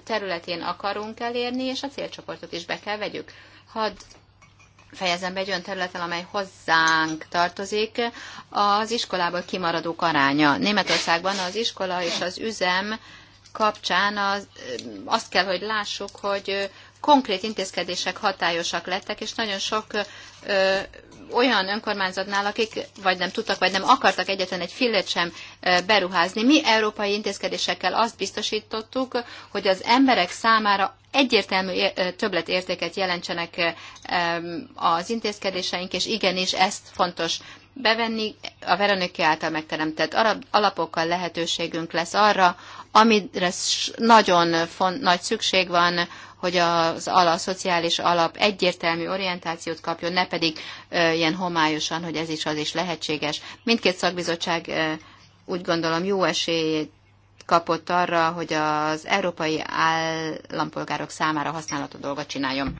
területén akarunk elérni, és a célcsoportot is be kell vegyük. Hadd fejezem be egy olyan területen, amely hozzánk tartozik, az iskolából kimaradók aránya. Németországban az iskola és az üzem kapcsán az, azt kell, hogy lássuk, hogy konkrét intézkedések hatályosak lettek, és nagyon sok ö, olyan önkormányzatnál, akik vagy nem tudtak, vagy nem akartak egyetlen egy fillet sem beruházni. Mi európai intézkedésekkel azt biztosítottuk, hogy az emberek számára egyértelmű többletértéket jelentsenek az intézkedéseink, és igenis ezt fontos bevenni, a Veroniki által megteremtett alapokkal lehetőségünk lesz arra, amire nagyon font, nagy szükség van, hogy az ala, a szociális alap egyértelmű orientációt kapjon, ne pedig e, ilyen homályosan, hogy ez is az is lehetséges. Mindkét szakbizottság e, úgy gondolom jó esélyét kapott arra, hogy az európai állampolgárok számára használható dolgot csináljon.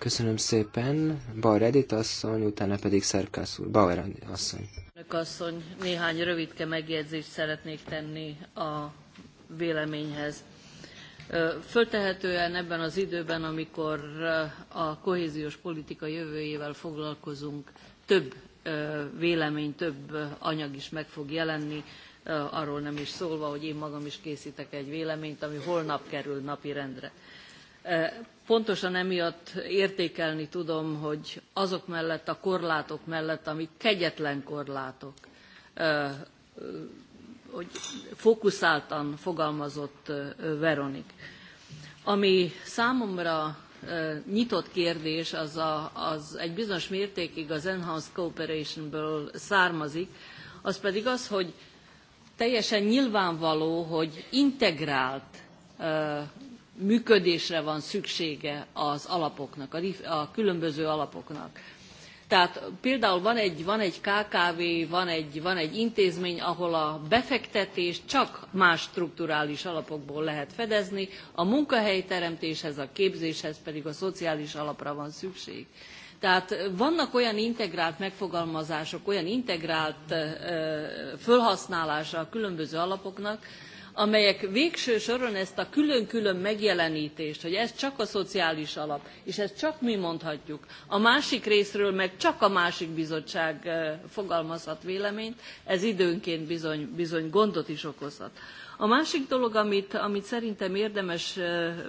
Köszönöm szépen. Bauer Edith asszony, utána pedig Szerkász úr. Bauer asszony. asszony, néhány rövidke megjegyzést szeretnék tenni a véleményhez. Föltehetően ebben az időben, amikor a kohéziós politika jövőjével foglalkozunk, több vélemény, több anyag is meg fog jelenni, arról nem is szólva, hogy én magam is készítek egy véleményt, ami holnap kerül napirendre pontosan emiatt értékelni tudom, hogy azok mellett, a korlátok mellett, amik kegyetlen korlátok, hogy fókuszáltan fogalmazott Veronik. Ami számomra nyitott kérdés, az, a, az egy bizonyos mértékig az Enhanced ből származik, az pedig az, hogy teljesen nyilvánvaló, hogy integrált működésre van szüksége az alapoknak, a, különböző alapoknak. Tehát például van egy, van egy KKV, van egy, van egy intézmény, ahol a befektetés csak más strukturális alapokból lehet fedezni, a munkahelyteremtéshez, a képzéshez pedig a szociális alapra van szükség. Tehát vannak olyan integrált megfogalmazások, olyan integrált ö, fölhasználása a különböző alapoknak, amelyek végső soron ezt a külön-külön megjelenítést, hogy ez csak a szociális alap, és ezt csak mi mondhatjuk, a másik részről meg csak a másik bizottság fogalmazhat véleményt, ez időnként bizony, bizony gondot is okozhat. A másik dolog, amit, amit szerintem érdemes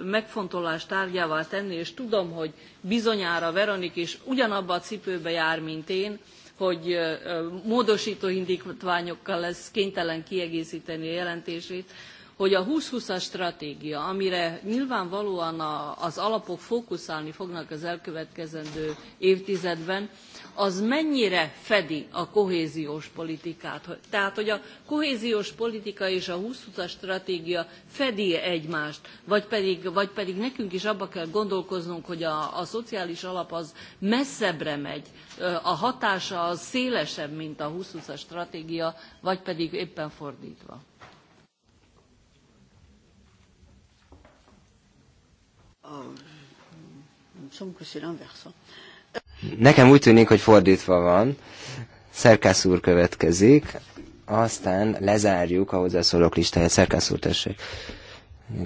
megfontolás tárgyává tenni, és tudom, hogy bizonyára Veronik is ugyanabba a cipőbe jár, mint én, hogy módosító indítványokkal lesz kénytelen kiegészíteni a jelentését, hogy a 2020-as stratégia, amire nyilvánvalóan az alapok fókuszálni fognak az elkövetkezendő évtizedben, az mennyire fedi a kohéziós politikát. Tehát, hogy a kohéziós politika és a 2020-as stratégia fedi -e egymást, vagy pedig, vagy pedig nekünk is abba kell gondolkoznunk, hogy a, a szociális alap az messzebbre megy, a hatása az szélesebb, mint a 2020-as stratégia, vagy pedig éppen fordítva. Oh, il me semble que c'est l'inverse. Nekem úgy tűnik, hogy fordítva van. Szerkász úr következik, aztán lezárjuk a hozzászólók listáját. Szerkász úr, tessék.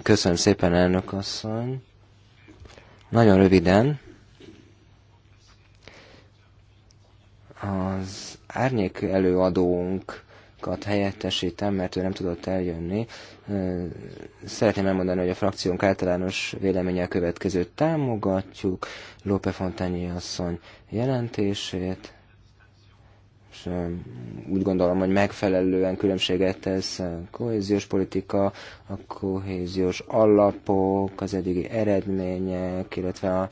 Köszönöm szépen, elnök asszony. Nagyon röviden. Az árnyék előadónk kollégákat helyettesítem, mert ő nem tudott eljönni. Szeretném elmondani, hogy a frakciónk általános véleménye a következőt támogatjuk, Lópe Fontányi asszony jelentését, és úgy gondolom, hogy megfelelően különbséget tesz a kohéziós politika, a kohéziós alapok, az eddigi eredmények, illetve a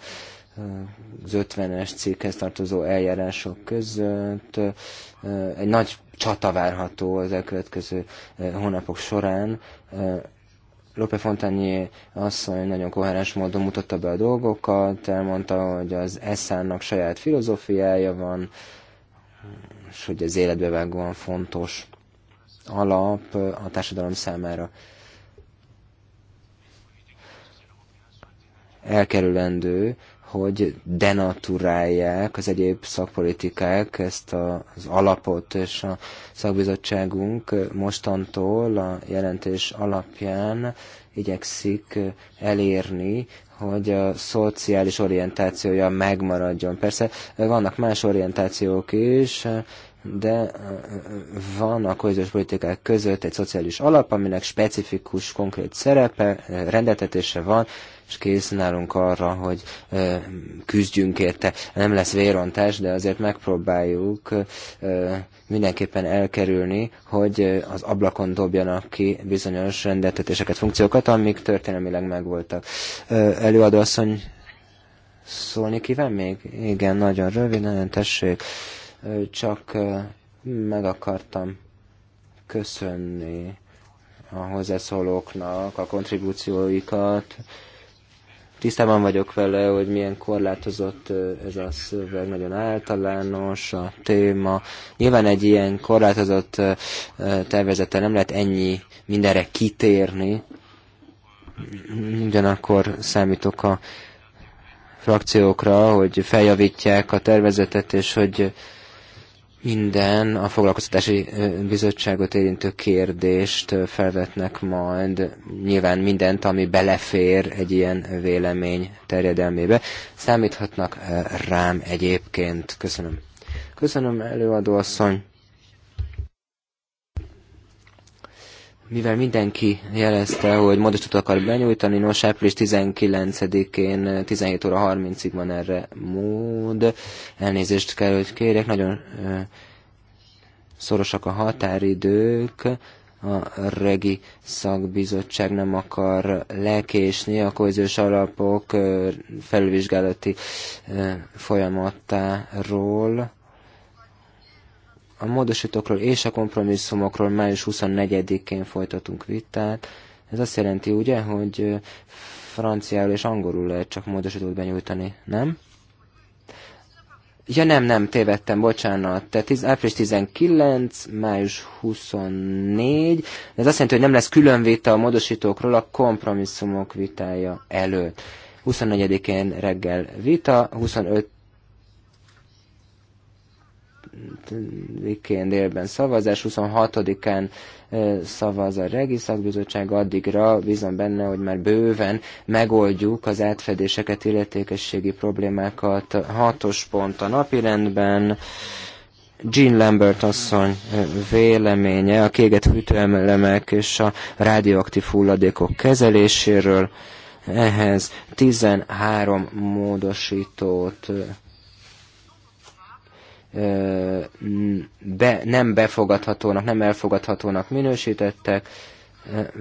az 50-es cikkhez tartozó eljárások között. Eh, egy nagy csata várható az elkövetkező eh, hónapok során. Eh, Lope Fontányi asszony nagyon koherens módon mutatta be a dolgokat, elmondta, hogy az eszának saját filozófiája van, és hogy ez életbevágóan fontos alap a társadalom számára. Elkerülendő, hogy denaturálják az egyéb szakpolitikák ezt az alapot, és a szakbizottságunk mostantól a jelentés alapján igyekszik elérni, hogy a szociális orientációja megmaradjon. Persze vannak más orientációk is, de van a kohéziós politikák között egy szociális alap, aminek specifikus, konkrét szerepe, rendeltetése van, és kész nálunk arra, hogy küzdjünk érte. Nem lesz vérontás, de azért megpróbáljuk mindenképpen elkerülni, hogy az ablakon dobjanak ki bizonyos rendeltetéseket, funkciókat, amik történelmileg megvoltak. asszony, szólni kíván még? Igen, nagyon röviden, tessék csak meg akartam köszönni a hozzászólóknak a kontribúcióikat. Tisztában vagyok vele, hogy milyen korlátozott ez a szöveg, nagyon általános a téma. Nyilván egy ilyen korlátozott tervezettel nem lehet ennyi mindenre kitérni. Ugyanakkor számítok a frakciókra, hogy feljavítják a tervezetet, és hogy minden a foglalkoztatási bizottságot érintő kérdést felvetnek majd, nyilván mindent, ami belefér egy ilyen vélemény terjedelmébe. Számíthatnak rám egyébként. Köszönöm. Köszönöm, előadóasszony. Mivel mindenki jelezte, hogy módosítót akar benyújtani, nos április 19-én 17 eh, óra 30-ig van erre mód. Elnézést kell, hogy kérek, nagyon eh, szorosak a határidők. A regi szakbizottság nem akar lekésni a kohéziós alapok eh, felvizsgálati folyamatáról a módosítókról és a kompromisszumokról május 24-én folytatunk vitát. Ez azt jelenti, ugye, hogy franciául és angolul lehet csak módosítót benyújtani, nem? Ja nem, nem, tévedtem, bocsánat. Tehát április 19, május 24. De ez azt jelenti, hogy nem lesz külön vita a módosítókról a kompromisszumok vitája előtt. 24-én reggel vita, 25 25-én délben szavazás, 26-án szavaz a Regi Szakbizottság, addigra bízom benne, hogy már bőven megoldjuk az átfedéseket, illetékességi problémákat. Hatos pont a napirendben. Jean Lambert asszony véleménye a kéget hűtőemelemek és a rádióaktív hulladékok kezeléséről. Ehhez 13 módosítót be, nem befogadhatónak, nem elfogadhatónak minősítettek,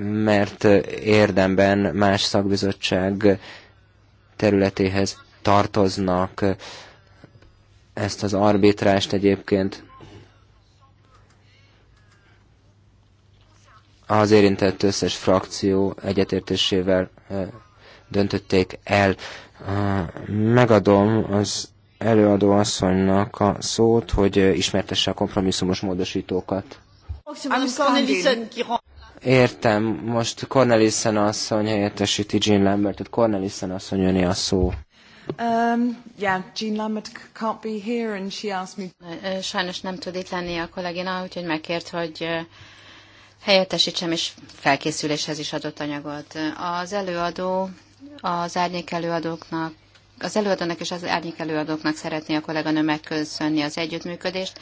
mert érdemben más szakbizottság területéhez tartoznak. Ezt az arbitrást egyébként az érintett összes frakció egyetértésével döntötték el. Megadom az előadó asszonynak a szót, hogy ismertesse a kompromisszumos módosítókat. Értem, most Cornelissen asszony helyettesíti Jean tehát Cornelissen asszony jönni a szó. Um, yeah, Jean Lambert can't be here and she asked me... Sajnos nem tud itt lenni a kollégina, úgyhogy megkért, hogy helyettesítsem, és felkészüléshez is adott anyagot. Az előadó az árnyék előadóknak az előadónak és az árnyék előadóknak szeretné a kolléganő megköszönni az együttműködést.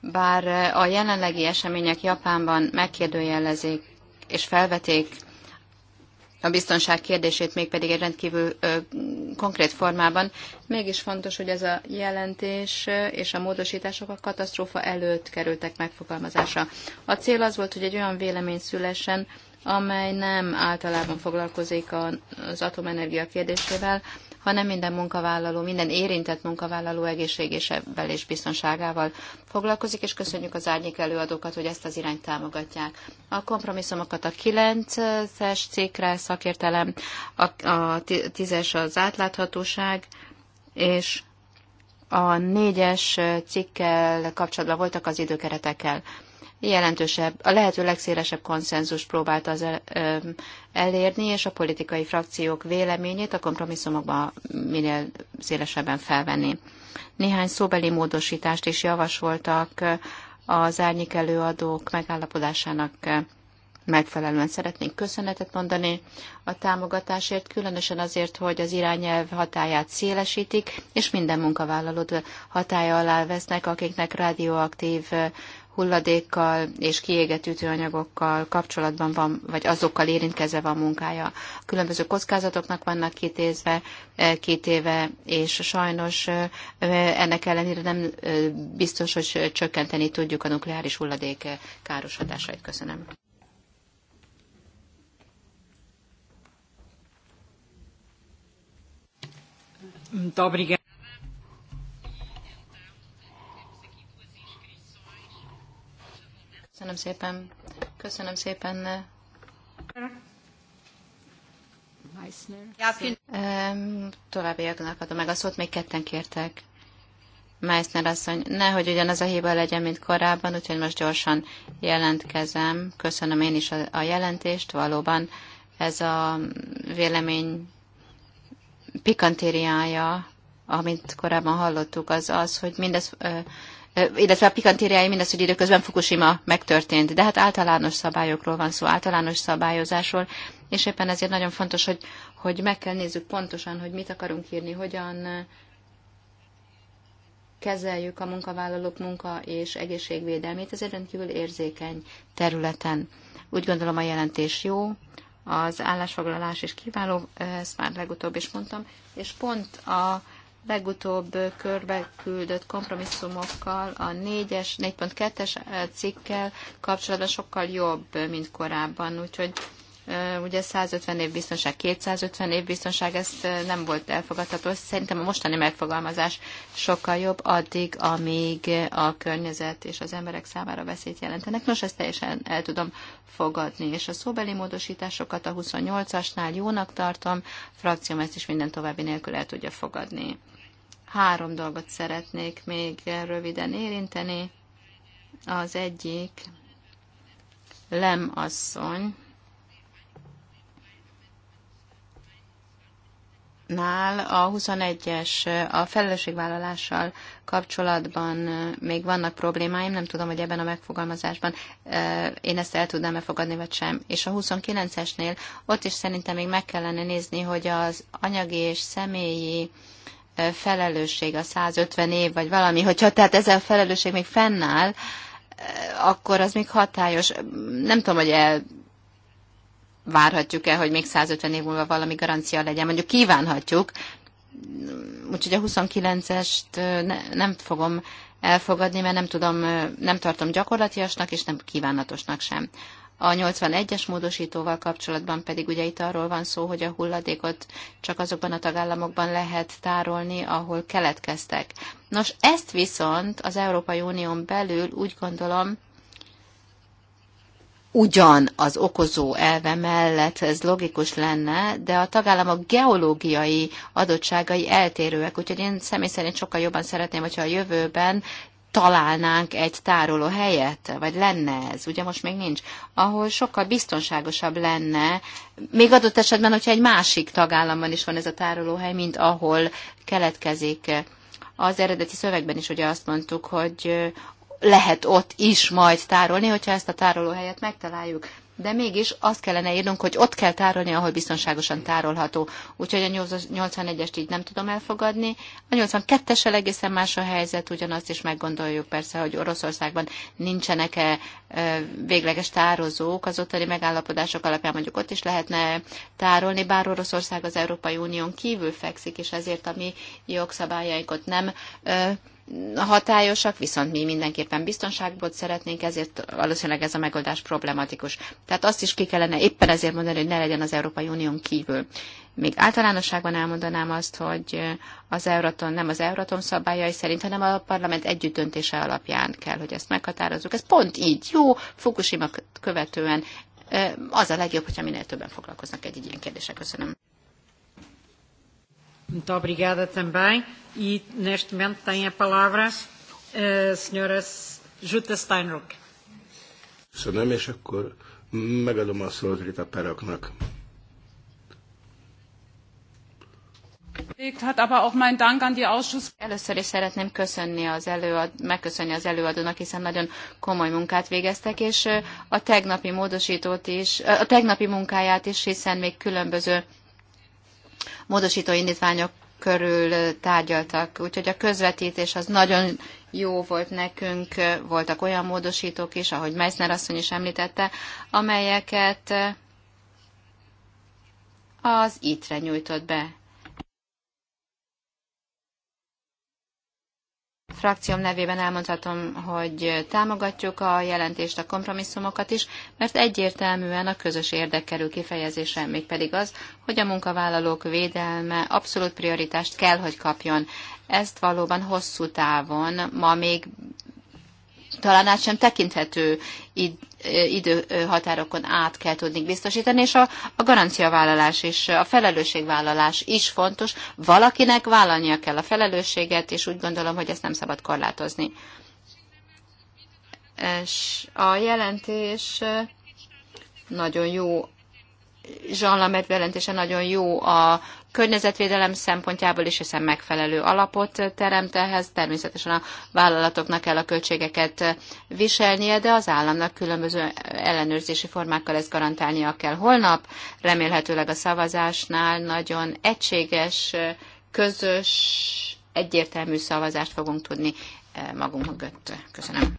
Bár a jelenlegi események Japánban megkérdőjelezik és felvetik a biztonság kérdését, mégpedig egy rendkívül ö, konkrét formában. Mégis fontos, hogy ez a jelentés és a módosítások a katasztrófa előtt kerültek megfogalmazásra. A cél az volt, hogy egy olyan vélemény szülessen, amely nem általában foglalkozik az atomenergia kérdésével, hanem minden munkavállaló, minden érintett munkavállaló egészségésevel és biztonságával foglalkozik, és köszönjük az árnyék előadókat, hogy ezt az irányt támogatják. A kompromisszumokat a 9-es cikkre szakértelem, a, a 10-es az átláthatóság, és a négyes cikkel kapcsolatban voltak az időkeretekkel jelentősebb, a lehető legszélesebb konszenzus próbálta az el, ö, elérni, és a politikai frakciók véleményét a kompromisszumokba minél szélesebben felvenni. Néhány szóbeli módosítást is javasoltak az árnyék előadók megállapodásának megfelelően szeretnénk köszönetet mondani a támogatásért, különösen azért, hogy az irányelv hatáját szélesítik, és minden munkavállalót hatája alá vesznek, akiknek radioaktív hulladékkal és kiégett ütőanyagokkal kapcsolatban van, vagy azokkal érintkezve van munkája. A különböző kockázatoknak vannak kitézve, eh, kitéve, és sajnos eh, ennek ellenére nem eh, biztos, hogy csökkenteni tudjuk a nukleáris hulladék káros hatásait. Köszönöm. Muito Köszönöm szépen. Köszönöm szépen. Eh, Továbbiaknak adom meg a szót, még ketten kértek. Meissner asszony, nehogy ugyanaz a hiba legyen, mint korábban, úgyhogy most gyorsan jelentkezem. Köszönöm én is a, jelentést, valóban ez a vélemény pikantériája, amit korábban hallottuk, az az, hogy mindez illetve a pikantériái mindaz, hogy időközben Fukushima megtörtént. De hát általános szabályokról van szó, általános szabályozásról, és éppen ezért nagyon fontos, hogy, hogy meg kell nézzük pontosan, hogy mit akarunk írni, hogyan kezeljük a munkavállalók munka és egészségvédelmét, ez egy rendkívül érzékeny területen. Úgy gondolom a jelentés jó, az állásfoglalás is kiváló, ezt már legutóbb is mondtam, és pont a legutóbb körbe küldött kompromisszumokkal a 4-es, 4.2-es cikkel kapcsolatban sokkal jobb, mint korábban. Úgyhogy eh, ugye 150 év biztonság, 250 év biztonság, ez eh, nem volt elfogadható. Szerintem a mostani megfogalmazás sokkal jobb addig, amíg a környezet és az emberek számára veszélyt jelentenek. Nos, ezt teljesen el tudom fogadni, és a szóbeli módosításokat a 28-asnál jónak tartom, a frakcióm ezt is minden további nélkül el tudja fogadni. Három dolgot szeretnék még röviden érinteni. Az egyik Lem asszony nál a 21-es a felelősségvállalással kapcsolatban még vannak problémáim, nem tudom, hogy ebben a megfogalmazásban én ezt el tudnám-e fogadni, vagy sem. És a 29-esnél ott is szerintem még meg kellene nézni, hogy az anyagi és személyi felelősség a 150 év, vagy valami, hogyha tehát ez a felelősség még fennáll, akkor az még hatályos. Nem tudom, hogy el várhatjuk-e, hogy még 150 év múlva valami garancia legyen. Mondjuk kívánhatjuk, úgyhogy a 29-est ne, nem fogom elfogadni, mert nem tudom, nem tartom gyakorlatiasnak, és nem kívánatosnak sem. A 81-es módosítóval kapcsolatban pedig ugye itt arról van szó, hogy a hulladékot csak azokban a tagállamokban lehet tárolni, ahol keletkeztek. Nos, ezt viszont az Európai Unión belül úgy gondolom, ugyan az okozó elve mellett ez logikus lenne, de a tagállamok geológiai adottságai eltérőek, úgyhogy én személy szerint sokkal jobban szeretném, hogyha a jövőben találnánk egy tároló helyet, vagy lenne ez, ugye most még nincs, ahol sokkal biztonságosabb lenne, még adott esetben, hogyha egy másik tagállamban is van ez a tárolóhely, mint ahol keletkezik. Az eredeti szövegben is ugye azt mondtuk, hogy lehet ott is majd tárolni, hogyha ezt a tárolóhelyet megtaláljuk de mégis azt kellene írnunk, hogy ott kell tárolni, ahol biztonságosan tárolható. Úgyhogy a 81-est így nem tudom elfogadni. A 82 esel egészen más a helyzet, ugyanazt is meggondoljuk persze, hogy Oroszországban nincsenek-e végleges tározók, az ottani megállapodások alapján mondjuk ott is lehetne tárolni, bár Oroszország az Európai Unión kívül fekszik, és ezért a mi jogszabályainkat nem hatályosak, viszont mi mindenképpen biztonságot szeretnénk, ezért valószínűleg ez a megoldás problematikus. Tehát azt is ki kellene éppen ezért mondani, hogy ne legyen az Európai Unión kívül. Még általánosságban elmondanám azt, hogy az Euratom nem az Euratom szabályai szerint, hanem a parlament együttdöntése alapján kell, hogy ezt meghatározzuk. Ez pont így jó, Fukushima követően az a legjobb, hogyha minél többen foglalkoznak egy, ilyen kérdéssel. Köszönöm. Muito obrigada também. E neste momento tem a palavra a eh, senhora Jutta Steinruck. Köszönöm, és akkor megadom a szót Rita Először is szeretném köszönni az előad, megköszönni az előadónak, hiszen nagyon komoly munkát végeztek, és a tegnapi módosítót is, a tegnapi munkáját is, hiszen még különböző módosító indítványok körül tárgyaltak. Úgyhogy a közvetítés az nagyon jó volt nekünk, voltak olyan módosítók is, ahogy Meissner asszony is említette, amelyeket az ITRE nyújtott be. frakcióm nevében elmondhatom, hogy támogatjuk a jelentést, a kompromisszumokat is, mert egyértelműen a közös érdek kerül kifejezésre, mégpedig az, hogy a munkavállalók védelme abszolút prioritást kell, hogy kapjon. Ezt valóban hosszú távon ma még talán át sem tekinthető id, időhatárokon át kell tudni biztosítani, és a, a garanciavállalás és a felelősségvállalás is fontos. Valakinek vállalnia kell a felelősséget, és úgy gondolom, hogy ezt nem szabad korlátozni. És a jelentés nagyon jó Jean Lamet jelentése nagyon jó a környezetvédelem szempontjából is, hiszen megfelelő alapot teremt ehhez. Természetesen a vállalatoknak kell a költségeket viselnie, de az államnak különböző ellenőrzési formákkal ezt garantálnia kell. Holnap remélhetőleg a szavazásnál nagyon egységes, közös, egyértelmű szavazást fogunk tudni eh, magunk mögött. Köszönöm.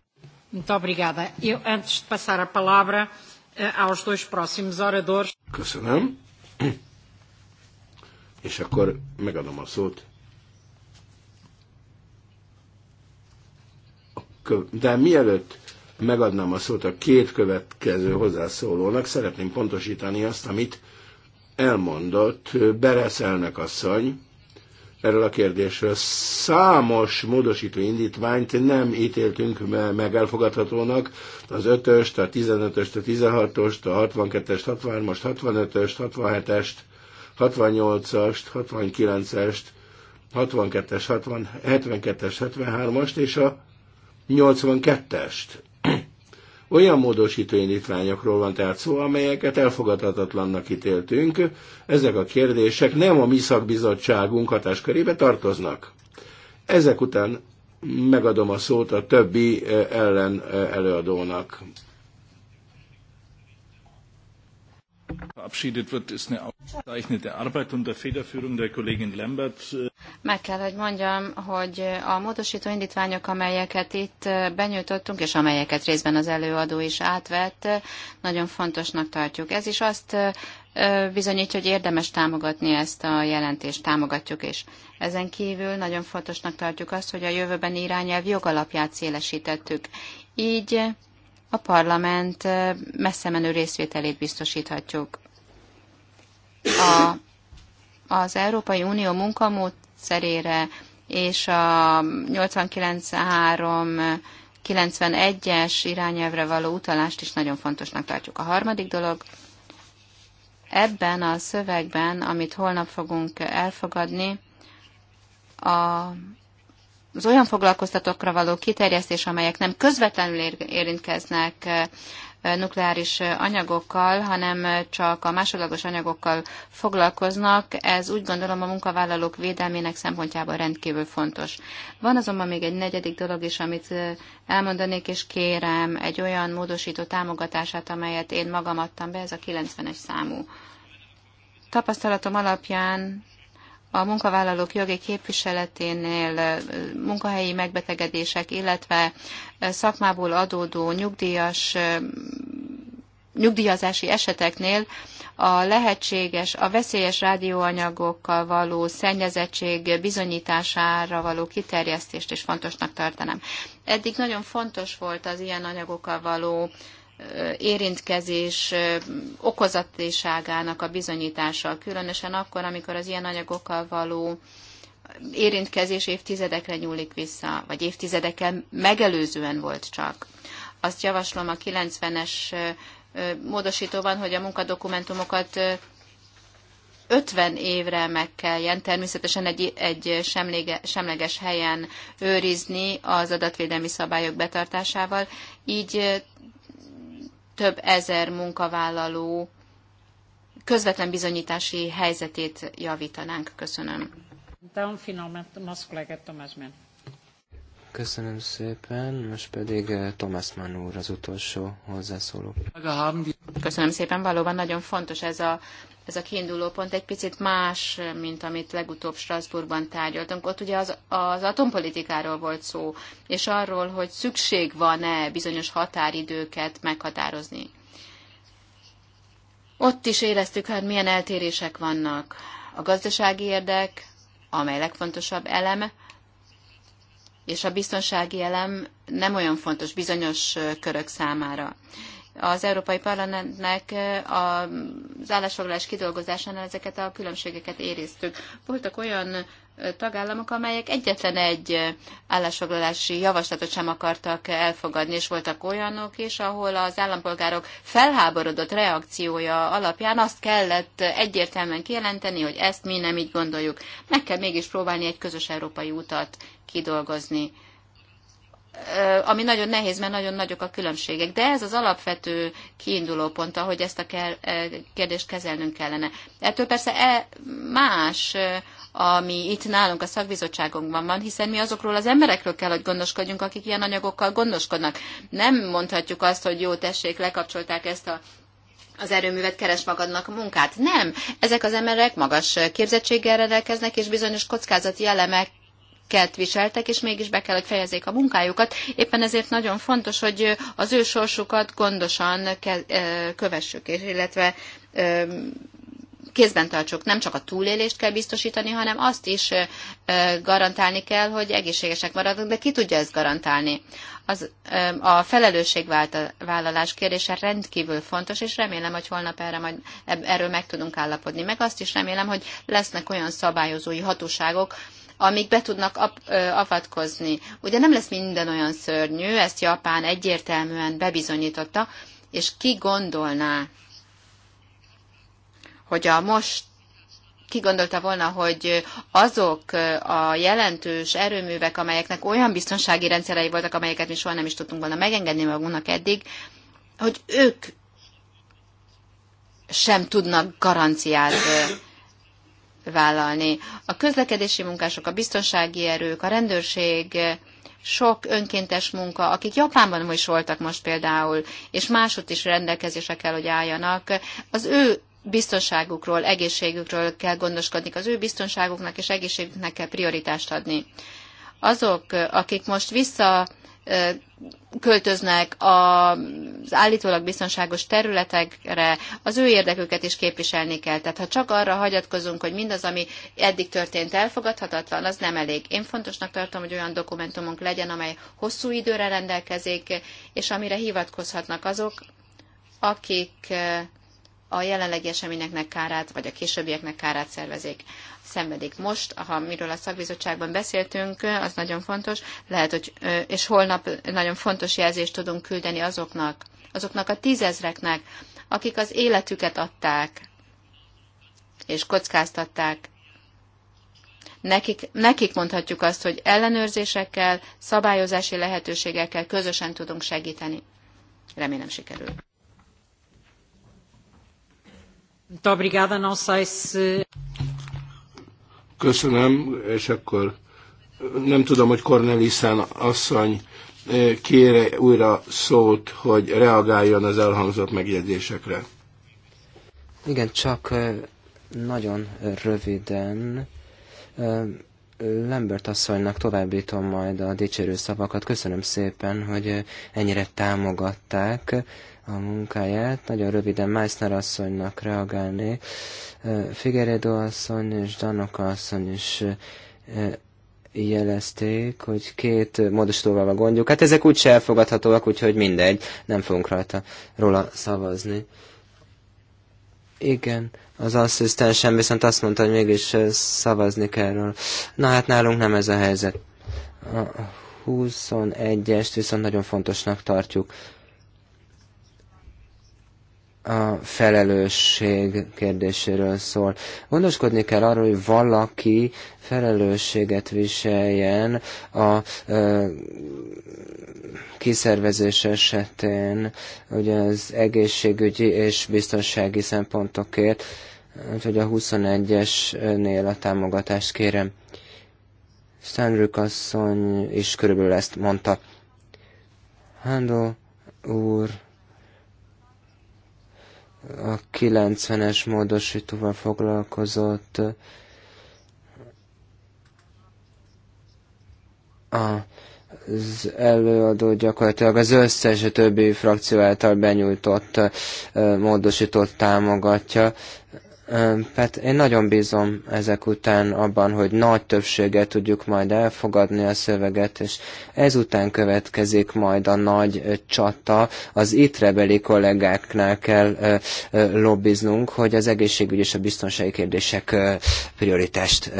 Muito obrigada. Eu, antes de passar a palavra eh, aos dois próximos oradores. Köszönöm. És akkor megadom a szót. De mielőtt megadnám a szót a két következő hozzászólónak, szeretném pontosítani azt, amit elmondott Bereszelnek asszony erről a kérdésről. Számos módosító indítványt nem ítéltünk meg elfogadhatónak, az 5-öst, a 15-öst, a 16-ost, a 62-est, 63-ost, 65-öst, 67-est, 68-ast, 69-est, 62-es, 72-es, 73-ast és a 82-est. Olyan módosító indítványokról van tehát szó, amelyeket elfogadhatatlannak ítéltünk. Ezek a kérdések nem a mi szakbizottságunk hatáskörébe tartoznak. Ezek után megadom a szót a többi eh, ellen eh, előadónak. verabschiedet wird, ist eine ausgezeichnete Arbeit unter Federführung der Kollegin Lambert. Meg kell, hogy mondjam, hogy a módosító indítványok, amelyeket itt benyújtottunk, és amelyeket részben az előadó is átvett, nagyon fontosnak tartjuk. Ez is azt bizonyítja, hogy érdemes támogatni ezt a jelentést, támogatjuk is. Ezen kívül nagyon fontosnak tartjuk azt, hogy a jövőben irányelv jogalapját szélesítettük. Így a parlament messze menő részvételét biztosíthatjuk. A, az Európai Unió munkamódszerére és a 89.3 91-es irányelvre való utalást is nagyon fontosnak tartjuk. A harmadik dolog, ebben a szövegben, amit holnap fogunk elfogadni, a az olyan foglalkoztatókra való kiterjesztés, amelyek nem közvetlenül érintkeznek nukleáris anyagokkal, hanem csak a másodlagos anyagokkal foglalkoznak. Ez úgy gondolom a munkavállalók védelmének szempontjából rendkívül fontos. Van azonban még egy negyedik dolog is, amit elmondanék, és kérem egy olyan módosító támogatását, amelyet én magam adtam be, ez a 90-es számú. Tapasztalatom alapján a munkavállalók jogi képviseleténél munkahelyi megbetegedések, illetve szakmából adódó nyugdíjas, nyugdíjazási eseteknél a lehetséges, a veszélyes rádióanyagokkal való szennyezettség bizonyítására való kiterjesztést is fontosnak tartanám. Eddig nagyon fontos volt az ilyen anyagokkal való érintkezés okozatiságának a bizonyítása, különösen akkor, amikor az ilyen anyagokkal való érintkezés évtizedekre nyúlik vissza, vagy évtizedekkel megelőzően volt csak. Azt javaslom a 90-es módosítóban, hogy a munkadokumentumokat 50 évre meg kell, kelljen természetesen egy, egy semlége, semleges helyen őrizni az adatvédelmi szabályok betartásával, így több ezer munkavállaló közvetlen bizonyítási helyzetét javítanánk. Köszönöm. Köszönöm szépen, most pedig eh, Thomas Mann úr az utolsó hozzászóló. Köszönöm szépen, valóban nagyon fontos ez a ez a kiinduló pont egy picit más, mint amit legutóbb Strasbourgban tárgyaltunk. Ott ugye az, az atompolitikáról volt szó, és arról, hogy szükség van-e bizonyos határidőket meghatározni. Ott is éreztük, hogy hát milyen eltérések vannak. A gazdasági érdek, amely legfontosabb elem, és a biztonsági elem nem olyan fontos bizonyos körök számára az Európai Parlamentnek az állásfoglalás kidolgozásánál ezeket a különbségeket éreztük. Voltak olyan tagállamok, amelyek egyetlen egy állásfoglalási javaslatot sem akartak elfogadni, és voltak olyanok is, ahol az állampolgárok felháborodott reakciója alapján azt kellett egyértelműen kijelenteni, hogy ezt mi nem így gondoljuk. Meg kell mégis próbálni egy közös európai utat kidolgozni ami nagyon nehéz, mert nagyon nagyok a különbségek. De ez az alapvető kiinduló pont, ahogy ezt a kérdést kezelnünk kellene. Ettől persze e, más, ami itt nálunk a szakbizottságunkban van, hiszen mi azokról az emberekről kell, hogy gondoskodjunk, akik ilyen anyagokkal gondoskodnak. Nem mondhatjuk azt, hogy jó, tessék, lekapcsolták ezt a az erőművet keres magadnak munkát. Nem, ezek az emberek magas képzettséggel rendelkeznek, és bizonyos kockázati elemek kelt viseltek, és mégis be kell, hogy fejezzék a munkájukat. Éppen ezért nagyon fontos, hogy az ő sorsukat gondosan kövessük, és illetve kézben tartsuk. Nem csak a túlélést kell biztosítani, hanem azt is garantálni kell, hogy egészségesek maradnak, de ki tudja ezt garantálni? Az, a felelősségvállalás kérdése rendkívül fontos, és remélem, hogy holnap erre majd, erről meg tudunk állapodni. Meg azt is remélem, hogy lesznek olyan szabályozói hatóságok, amik be tudnak ap- avatkozni. Ugye nem lesz minden olyan szörnyű, ezt Japán egyértelműen bebizonyította, és ki gondolná, hogy a most ki gondolta volna, hogy azok a jelentős erőművek, amelyeknek olyan biztonsági rendszerei voltak, amelyeket mi soha nem is tudtunk volna megengedni magunknak eddig, hogy ők sem tudnak garanciát vállalni. A közlekedési munkások, a biztonsági erők, a rendőrség, sok önkéntes munka, akik Japánban is voltak most például, és máshogy is rendelkezésre kell, hogy álljanak, az ő biztonságukról, egészségükről kell gondoskodni, az ő biztonságuknak és egészségüknek kell prioritást adni. Azok, akik most vissza költöznek az állítólag biztonságos területekre, az ő érdeküket is képviselni kell. Tehát ha csak arra hagyatkozunk, hogy mindaz, ami eddig történt elfogadhatatlan, az nem elég. Én fontosnak tartom, hogy olyan dokumentumunk legyen, amely hosszú időre rendelkezik, és amire hivatkozhatnak azok, akik a jelenlegi eseményeknek kárát, vagy a későbbieknek kárát szervezik. Szenvedik most, ha miről a szakbizottságban beszéltünk, az nagyon fontos, lehet, hogy, és holnap nagyon fontos jelzést tudunk küldeni azoknak, azoknak a tízezreknek, akik az életüket adták, és kockáztatták. Nekik, nekik mondhatjuk azt, hogy ellenőrzésekkel, szabályozási lehetőségekkel közösen tudunk segíteni. Remélem sikerül. Köszönöm, és akkor nem tudom, hogy Cornelissen asszony eh, kére újra szót, hogy reagáljon az elhangzott megjegyzésekre. Igen, csak eh, nagyon röviden eh, Lambert asszonynak továbbítom majd a dicsérő szavakat. Köszönöm szépen, hogy ennyire támogatták a munkáját. Nagyon röviden Meissner asszonynak reagálni. Figueredo asszony és Danoka asszony is jelezték, hogy két módosítóval van gondjuk. Hát ezek úgyse elfogadhatóak, úgyhogy mindegy, nem fogunk rajta róla szavazni. Igen, az asszisztensem viszont azt mondta, hogy mégis szavazni kell róla. Na hát nálunk nem ez a helyzet. A 21-est viszont nagyon fontosnak tartjuk a felelősség kérdéséről szól. Gondoskodni kell arról, hogy valaki felelősséget viseljen a ö, kiszervezés esetén, ugye az egészségügyi és biztonsági szempontokért, úgyhogy a 21-esnél a támogatást kérem. Stanrük asszony is körülbelül ezt mondta. Handel úr a 90-es módosítóval foglalkozott az előadó gyakorlatilag az összes a többi frakció által benyújtott módosított támogatja. Hát én nagyon bízom ezek után abban, hogy nagy többséggel tudjuk majd elfogadni a szöveget, és ezután következik majd a nagy csata. Az rebeli kollégáknál kell lobbiznunk, hogy az egészségügy és a biztonsági kérdések prioritást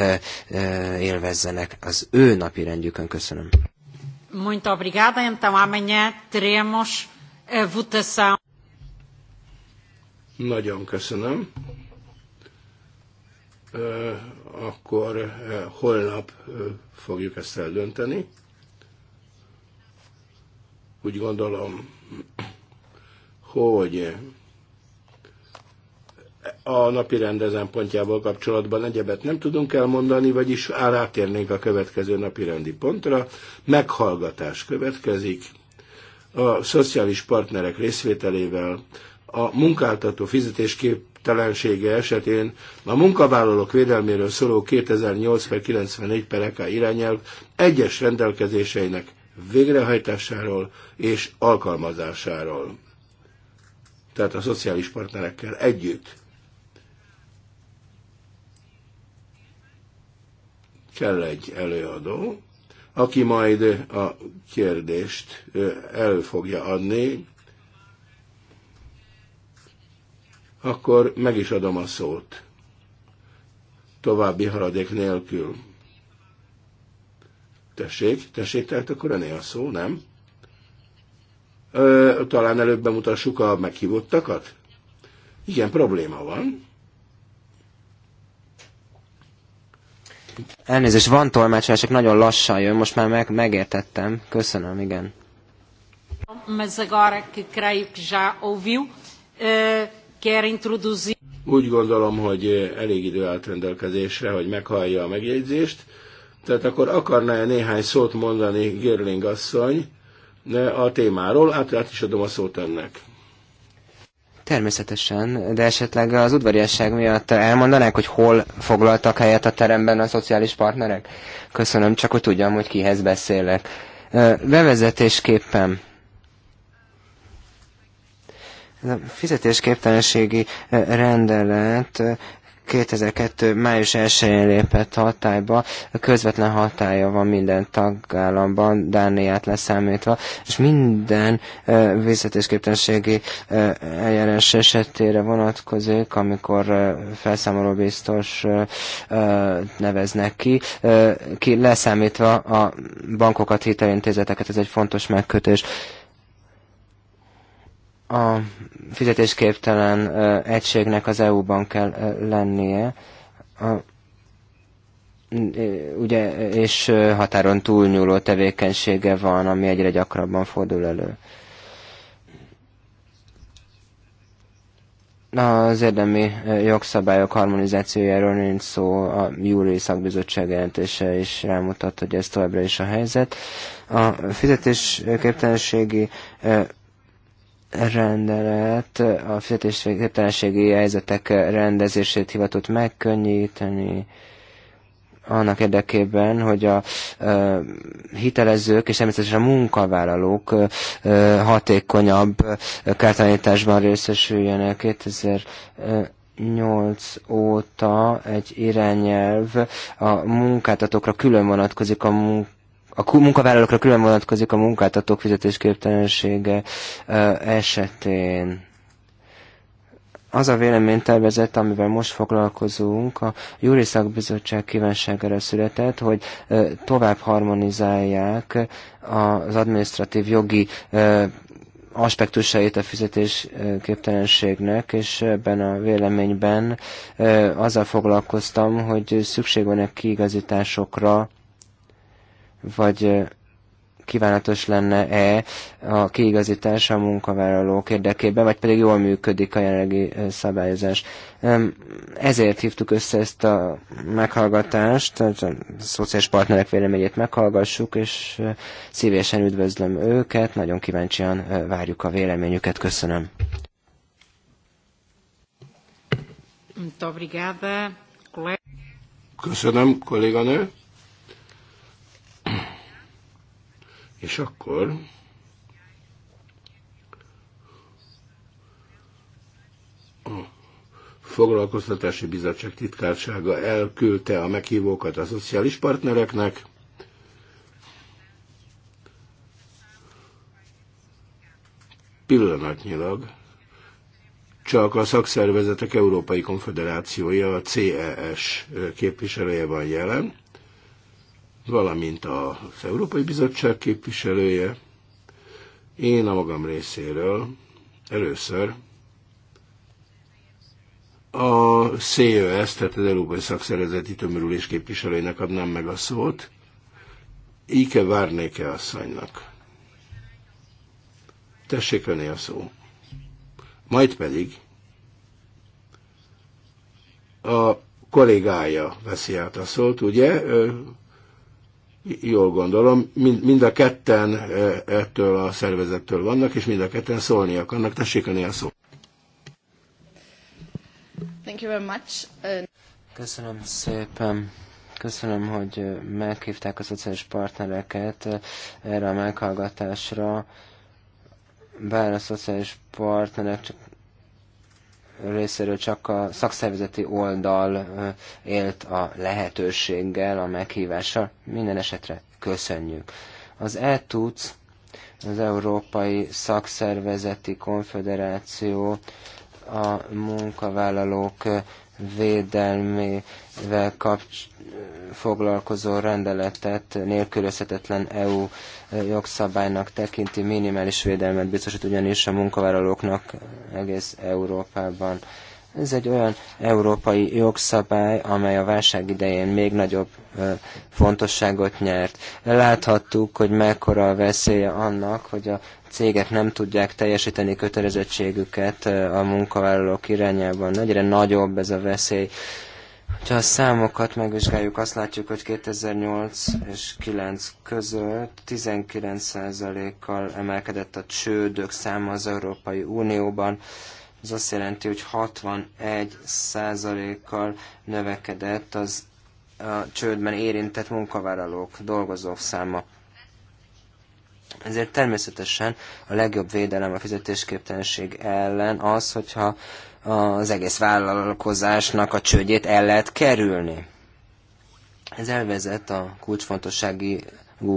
élvezzenek az ő napi rendjükön. Köszönöm. Muito obrigada. Então amanhã teremos a eh, votação. Nagyon köszönöm akkor holnap fogjuk ezt eldönteni. Úgy gondolom, hogy a napi rendezen pontjával kapcsolatban egyebet nem tudunk elmondani, vagyis átérnénk a következő napi rendi pontra. Meghallgatás következik a szociális partnerek részvételével a munkáltató fizetésképp tisztességtelensége esetén a munkavállalók védelméről szóló 2008-94 per EK irányelv egyes rendelkezéseinek végrehajtásáról és alkalmazásáról. Tehát a szociális partnerekkel együtt. Kell egy előadó, aki majd a kérdést elő fogja adni, akkor meg is adom a szót. További haladék nélkül. Tessék, tessék, tehát akkor ennél a szó, nem? Ö, talán előbb bemutassuk a meghívottakat? Igen, probléma van. Elnézést, van tolmácsolás, csak nagyon lassan jön, most már meg, megértettem. Köszönöm, igen. Mas agora que creio que já ouviu, eh, úgy gondolom, hogy elég idő állt rendelkezésre, hogy meghallja a megjegyzést. Tehát akkor akarná -e néhány szót mondani Gerling asszony a témáról? Át, át is adom a szót ennek. Természetesen, de esetleg az udvariasság miatt elmondanák, hogy hol foglaltak helyet a teremben a szociális partnerek? Köszönöm, csak hogy tudjam, hogy kihez beszélek. Bevezetésképpen a fizetésképtelenségi rendelet 2002. május 1-én lépett hatályba, közvetlen hatája van minden tagállamban, Dániát leszámítva, és minden fizetésképtelenségi eljárás esetére vonatkozik, amikor felszámoló biztos neveznek ki, ki leszámítva a bankokat, hitelintézeteket, ez egy fontos megkötés a fizetésképtelen egységnek az EU-ban kell lennie, a, ugye, és határon túlnyúló tevékenysége van, ami egyre gyakrabban fordul elő. Az érdemi jogszabályok harmonizációjáról nincs szó, a júliusi szakbizottság jelentése is rámutat, hogy ez továbbra is a helyzet. A fizetésképtelenségi rendelet a fizetésvégtelenségi helyzetek rendezését hivatott megkönnyíteni, annak érdekében, hogy a ö, hitelezők és természetesen a munkavállalók ö, hatékonyabb kártalanításban részesüljenek. 2008 óta egy irányelv a munkáltatókra külön vonatkozik a munka a munkavállalókra külön vonatkozik a munkáltatók fizetésképtelensége esetén. Az a véleménytervezet, amivel most foglalkozunk, a Júri Szakbizottság kívánságára született, hogy tovább harmonizálják az administratív jogi aspektusait a fizetésképtelenségnek, és ebben a véleményben azzal foglalkoztam, hogy szükség van-e kiigazításokra, vagy kívánatos lenne-e a kiigazítás a munkavállalók érdekében, vagy pedig jól működik a jelenlegi szabályozás. Ezért hívtuk össze ezt a meghallgatást, a szociális partnerek véleményét meghallgassuk, és szívesen üdvözlöm őket, nagyon kíváncsian várjuk a véleményüket. Köszönöm. Köszönöm, kolléganő. És akkor a Foglalkoztatási Bizottság titkársága elküldte a meghívókat a szociális partnereknek, pillanatnyilag csak a szakszervezetek Európai Konfederációja, a CES képviselője van jelen, valamint az Európai Bizottság képviselője, én a magam részéről először a CES, tehát az Európai Szakszervezeti Tömörülés képviselőinek adnám meg a szót, Ike Várnéke asszonynak. Tessék öné a szó. Majd pedig a kollégája veszi át a szót, ugye? jól gondolom, mind, mind a ketten e, ettől a szervezettől vannak, és mind a ketten szólni akarnak. Tessék a néha szó. Thank you very much. Uh, Köszönöm szépen. Köszönöm, hogy uh, meghívták a szociális partnereket uh, erre a meghallgatásra. Bár a szociális partnerek csak részéről csak a szakszervezeti oldal élt a lehetőséggel, a meghívással. Minden esetre köszönjük. Az ETUC, az Európai Szakszervezeti Konfederáció a munkavállalók védelmével kapcs- foglalkozó rendeletet nélkülözhetetlen EU jogszabálynak tekinti, minimális védelmet biztosít ugyanis a munkavállalóknak egész Európában. Ez egy olyan európai jogszabály, amely a válság idején még nagyobb fontosságot nyert. Láthattuk, hogy mekkora a veszélye annak, hogy a cégek nem tudják teljesíteni kötelezettségüket a munkavállalók irányában. Egyre nagyobb ez a veszély. Ha a számokat megvizsgáljuk, azt látjuk, hogy 2008 és 9 között 19%-kal emelkedett a csődök száma az Európai Unióban. Ez azt jelenti, hogy 61 százalékkal növekedett az a csődben érintett munkavállalók, dolgozók száma. Ezért természetesen a legjobb védelem a fizetésképtelenség ellen az, hogyha az egész vállalkozásnak a csődjét el lehet kerülni. Ez elvezet a kulcsfontossági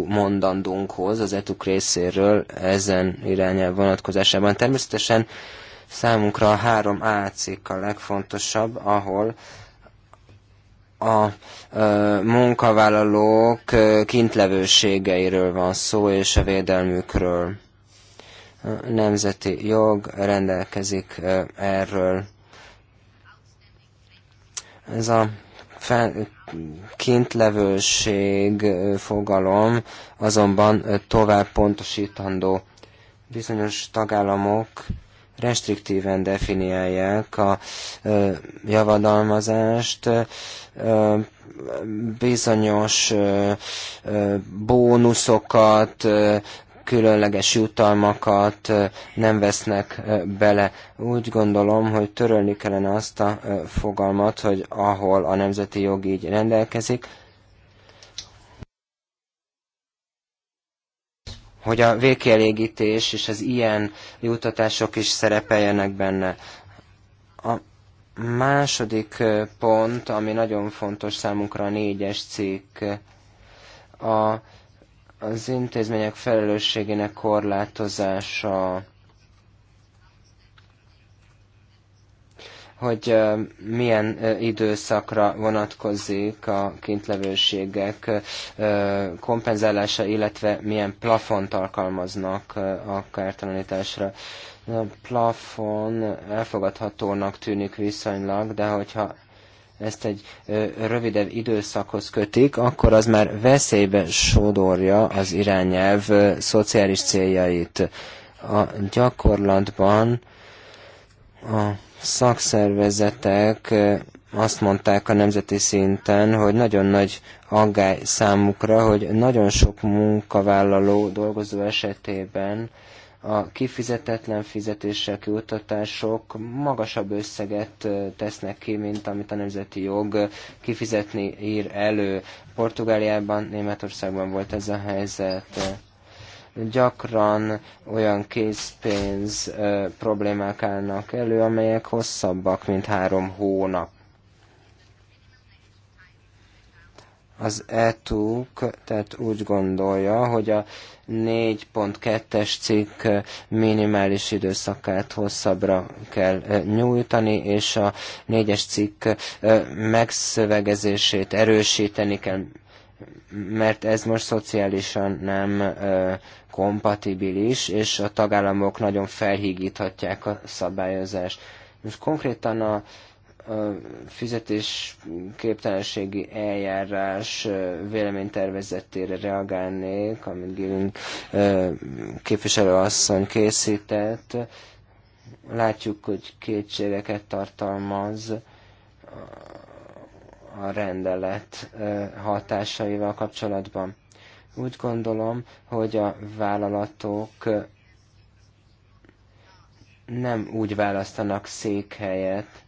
mondandónkhoz az etuk részéről ezen irányában vonatkozásában. Természetesen Számunkra a három a cikk a legfontosabb, ahol a munkavállalók kintlevőségeiről van szó, és a védelmükről. A nemzeti jog rendelkezik erről. Ez a kintlevőség fogalom azonban tovább pontosítandó. Bizonyos tagállamok restriktíven definiálják a javadalmazást, bizonyos bónuszokat, különleges jutalmakat nem vesznek bele. Úgy gondolom, hogy törölni kellene azt a fogalmat, hogy ahol a nemzeti jog így rendelkezik, hogy a végkielégítés és az ilyen juttatások is szerepeljenek benne. A második pont, ami nagyon fontos számunkra a négyes cikk, a, az intézmények felelősségének korlátozása hogy milyen időszakra vonatkozik a kintlevőségek kompenzálása, illetve milyen plafont alkalmaznak a kártalanításra. A plafon elfogadhatónak tűnik viszonylag, de hogyha ezt egy rövidebb időszakhoz kötik, akkor az már veszélybe sodorja az irányelv szociális céljait. A gyakorlatban a szakszervezetek azt mondták a nemzeti szinten, hogy nagyon nagy aggály számukra, hogy nagyon sok munkavállaló dolgozó esetében a kifizetetlen fizetések, juttatások magasabb összeget tesznek ki, mint amit a nemzeti jog kifizetni ír elő. Portugáliában, Németországban volt ez a helyzet gyakran olyan készpénz problémák állnak elő, amelyek hosszabbak, mint három hónap. az ETUK, tehát úgy gondolja, hogy a 4.2-es cikk minimális időszakát hosszabbra kell nyújtani, és a 4-es cikk megszövegezését erősíteni kell, mert ez most szociálisan nem kompatibilis, és a tagállamok nagyon felhígíthatják a szabályozást. Most konkrétan a, a fizetésképtelenségi eljárás véleménytervezetére reagálnék, amit Gilling képviselőasszony készített. Látjuk, hogy kétségeket tartalmaz a rendelet hatásaival kapcsolatban. Úgy gondolom, hogy a vállalatok nem úgy választanak székhelyet,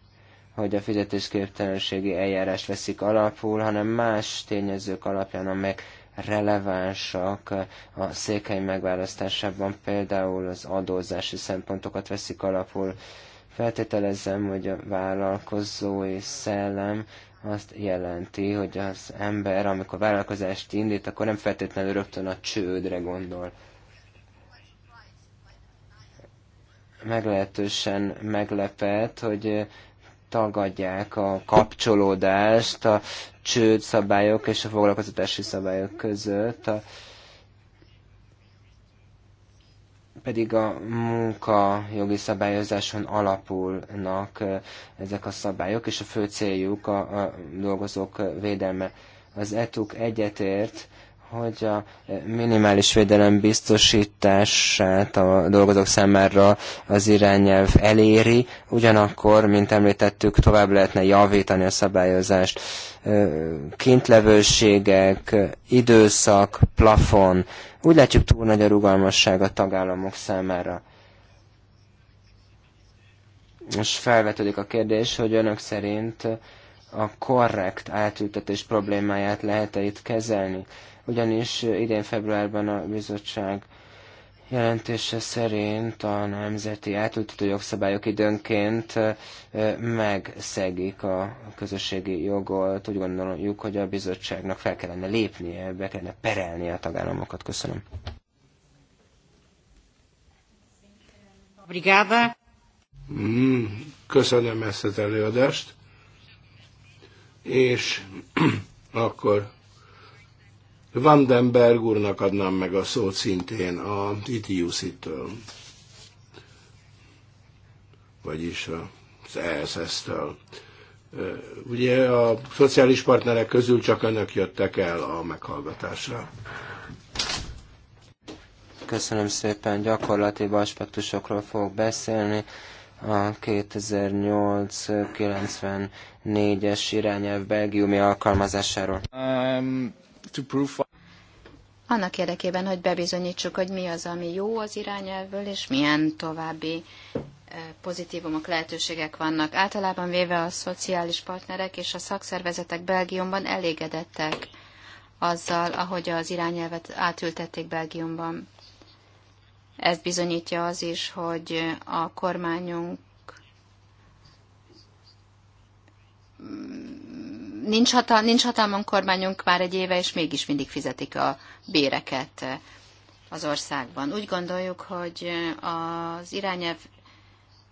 hogy a fizetésképtelenségi eljárást veszik alapul, hanem más tényezők alapján, amelyek relevánsak a székhely megválasztásában, például az adózási szempontokat veszik alapul. Feltételezem, hogy a vállalkozói szellem azt jelenti, hogy az ember, amikor vállalkozást indít, akkor nem feltétlenül rögtön a csődre gondol. Meglehetősen meglepett, hogy tagadják a kapcsolódást a csőd szabályok és a foglalkoztatási szabályok között. A pedig a munka jogi szabályozáson alapulnak ezek a szabályok, és a fő céljuk a, a dolgozók védelme. Az ETUK egyetért, hogy a minimális védelem biztosítását a dolgozók számára az irányelv eléri, ugyanakkor, mint említettük, tovább lehetne javítani a szabályozást. Kintlevőségek, időszak, plafon, úgy látjuk túl nagy a rugalmasság a tagállamok számára. Most felvetődik a kérdés, hogy önök szerint a korrekt átültetés problémáját lehet-e itt kezelni. Ugyanis idén februárban a bizottság Jelentése szerint a nemzeti átültető jogszabályok időnként megszegik a közösségi jogot. Úgy gondoljuk, hogy a bizottságnak fel kellene lépnie, be kellene perelni a tagállamokat. Köszönöm. Mm, köszönöm ezt az előadást. És akkor Vandenberg úrnak adnám meg a szót szintén a ITUC-től, vagyis az ESS-től. Ugye a szociális partnerek közül csak önök jöttek el a meghallgatásra. Köszönöm szépen, gyakorlati aspektusokról fogok beszélni a 2008-94-es irányelv belgiumi alkalmazásáról. Um to prove... Annak érdekében, hogy bebizonyítsuk, hogy mi az, ami jó az irányelvből, és milyen további pozitívumok, lehetőségek vannak. Általában véve a szociális partnerek és a szakszervezetek Belgiumban elégedettek azzal, ahogy az irányelvet átültették Belgiumban. Ez bizonyítja az is, hogy a kormányunk mm, nincs, hatal, nincs hatalmon kormányunk már egy éve, és mégis mindig fizetik a béreket az országban. Úgy gondoljuk, hogy az irányelv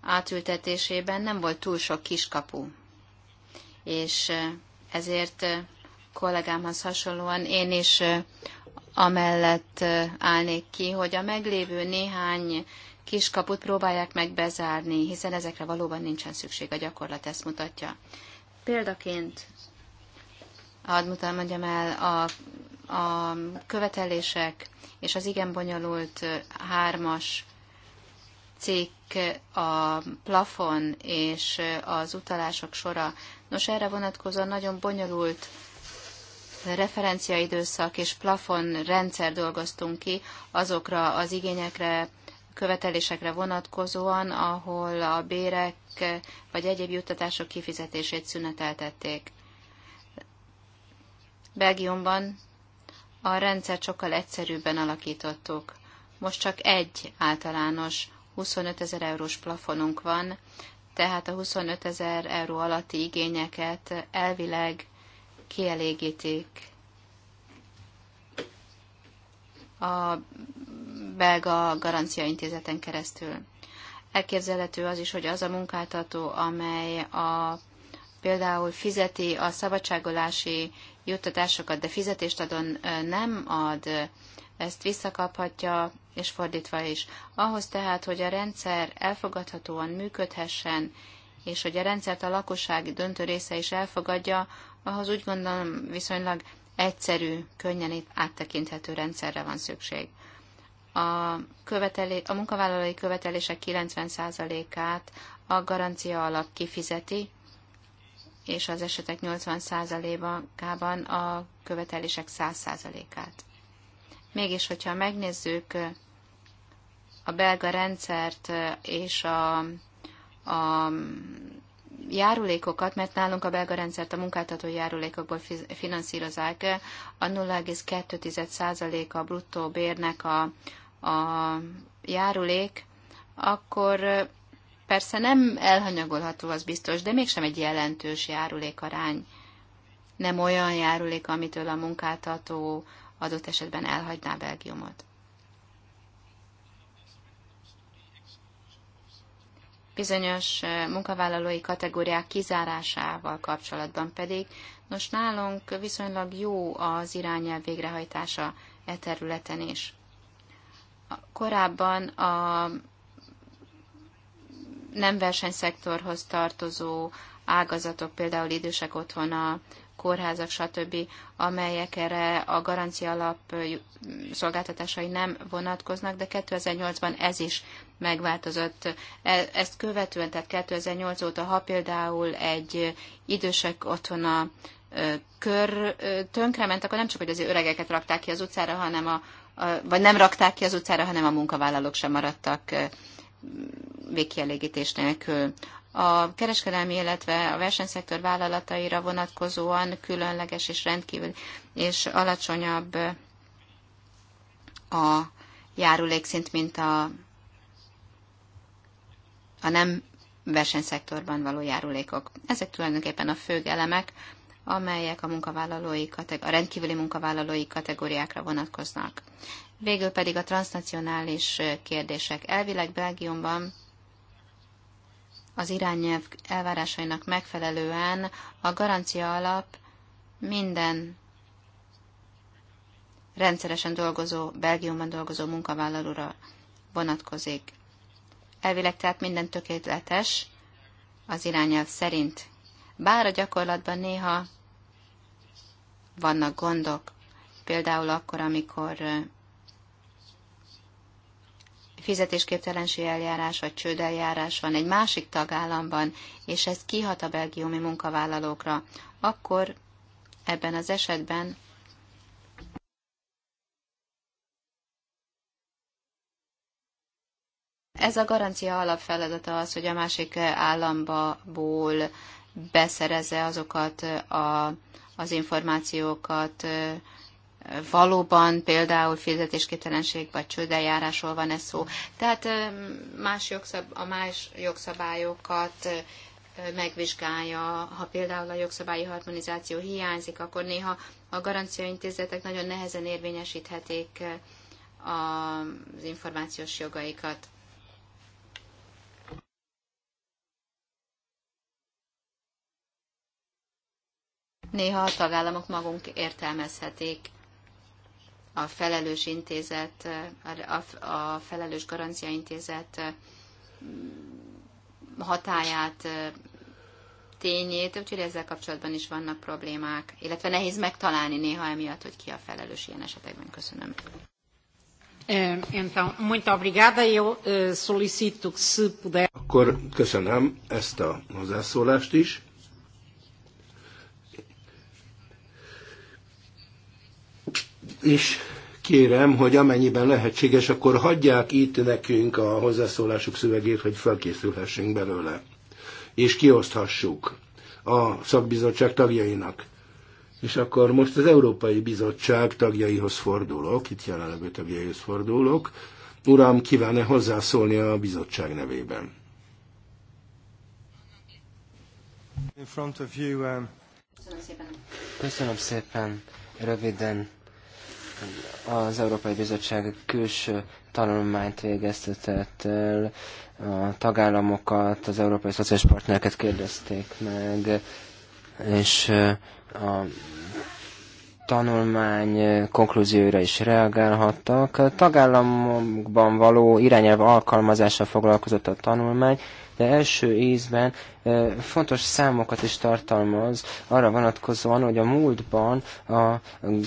átültetésében nem volt túl sok kiskapu, és ezért kollégámhoz hasonlóan én is amellett állnék ki, hogy a meglévő néhány kiskaput próbálják meg bezárni, hiszen ezekre valóban nincsen szükség, a gyakorlat ezt mutatja. Példaként hadd mutam, mondjam el, a, a követelések és az igen bonyolult hármas cikk, a plafon és az utalások sora. Nos, erre vonatkozóan nagyon bonyolult referenciaidőszak és plafon rendszer dolgoztunk ki azokra az igényekre, követelésekre vonatkozóan, ahol a bérek vagy egyéb juttatások kifizetését szüneteltették. Belgiumban a rendszer sokkal egyszerűbben alakítottuk. Most csak egy általános 25 ezer eurós plafonunk van, tehát a 25 ezer euró alatti igényeket elvileg kielégítik a belga garanciaintézeten keresztül. Elképzelhető az is, hogy az a munkáltató, amely a, például fizeti a szabadságolási juttatásokat, de fizetést adon nem ad, ezt visszakaphatja, és fordítva is. Ahhoz tehát, hogy a rendszer elfogadhatóan működhessen, és hogy a rendszert a lakosság döntő része is elfogadja, ahhoz úgy gondolom viszonylag egyszerű, könnyen áttekinthető rendszerre van szükség. A, követeli a munkavállalói követelések 90%-át a garancia alap kifizeti, és az esetek 80%-ában a követelések 100%-át. Mégis, hogyha megnézzük a belga rendszert és a, a járulékokat, mert nálunk a belga rendszert a munkáltató járulékokból finanszírozák, a 0,2% a bruttó bérnek a, a járulék, akkor persze nem elhanyagolható, az biztos, de mégsem egy jelentős járulékarány. Nem olyan járulék, amitől a munkáltató adott esetben elhagyná Belgiumot. Bizonyos eh, munkavállalói kategóriák kizárásával kapcsolatban pedig, nos nálunk viszonylag jó az irányelv végrehajtása e területen is. Korábban a nem versenyszektorhoz tartozó ágazatok, például idősek otthona, kórházak, stb., amelyek erre a garancia alap szolgáltatásai nem vonatkoznak, de 2008-ban ez is megváltozott. E, ezt követően, tehát 2008 óta, ha például egy idősek otthona kör tönkrement, akkor nem csak, hogy az öregeket rakták ki az utcára, hanem a, a, vagy nem rakták ki az utcára, hanem a munkavállalók sem maradtak végkielégítés nélkül. A kereskedelmi, illetve a versenyszektor vállalataira vonatkozóan különleges és rendkívül és alacsonyabb a járulékszint, mint a, a nem versenyszektorban való járulékok. Ezek tulajdonképpen a fő elemek, amelyek a, munkavállalói, a rendkívüli munkavállalói kategóriákra vonatkoznak. Végül pedig a transnacionális kérdések. Elvileg Belgiumban az irányelv elvárásainak megfelelően a garancia alap minden rendszeresen dolgozó, Belgiumban dolgozó munkavállalóra vonatkozik. Elvileg tehát minden tökéletes az irányelv szerint. Bár a gyakorlatban néha vannak gondok, például akkor, amikor fizetésképtelenségi eljárás vagy csődeljárás van egy másik tagállamban, és ez kihat a belgiumi munkavállalókra, akkor ebben az esetben ez a garancia alapfeladata az, hogy a másik államból beszerezze azokat a, az információkat, valóban például fizetésképtelenség vagy csődeljárásról van ez szó. Tehát más jogszab, a más jogszabályokat megvizsgálja, ha például a jogszabályi harmonizáció hiányzik, akkor néha a garanciaintézetek nagyon nehezen érvényesíthetik az információs jogaikat. Néha a tagállamok magunk értelmezhetik a felelős intézet, a felelős garancia intézet mm, hatáját, tényét, úgyhogy ezzel kapcsolatban is vannak problémák, illetve nehéz megtalálni néha emiatt, hogy ki a felelős ilyen esetekben. Köszönöm. Então, muito obrigada. Eu solicito que se puder. Akkor köszönöm ezt a hozzászólást is. is kérem, hogy amennyiben lehetséges, akkor hagyják itt nekünk a hozzászólásuk szövegét, hogy felkészülhessünk belőle, és kioszthassuk a szakbizottság tagjainak. És akkor most az Európai Bizottság tagjaihoz fordulok, itt jelenlegő tagjaihoz fordulok. Uram, kíván-e hozzászólni a bizottság nevében? In front of you, um... Köszönöm szépen. Köszönöm szépen. Röviden az Európai Bizottság külső tanulmányt végeztetett el, a tagállamokat, az európai szociális partnereket kérdezték meg, és a tanulmány konklúzióira is reagálhattak. Tagállamokban való irányelv alkalmazással foglalkozott a tanulmány, de első ízben fontos számokat is tartalmaz arra vonatkozóan, hogy a múltban a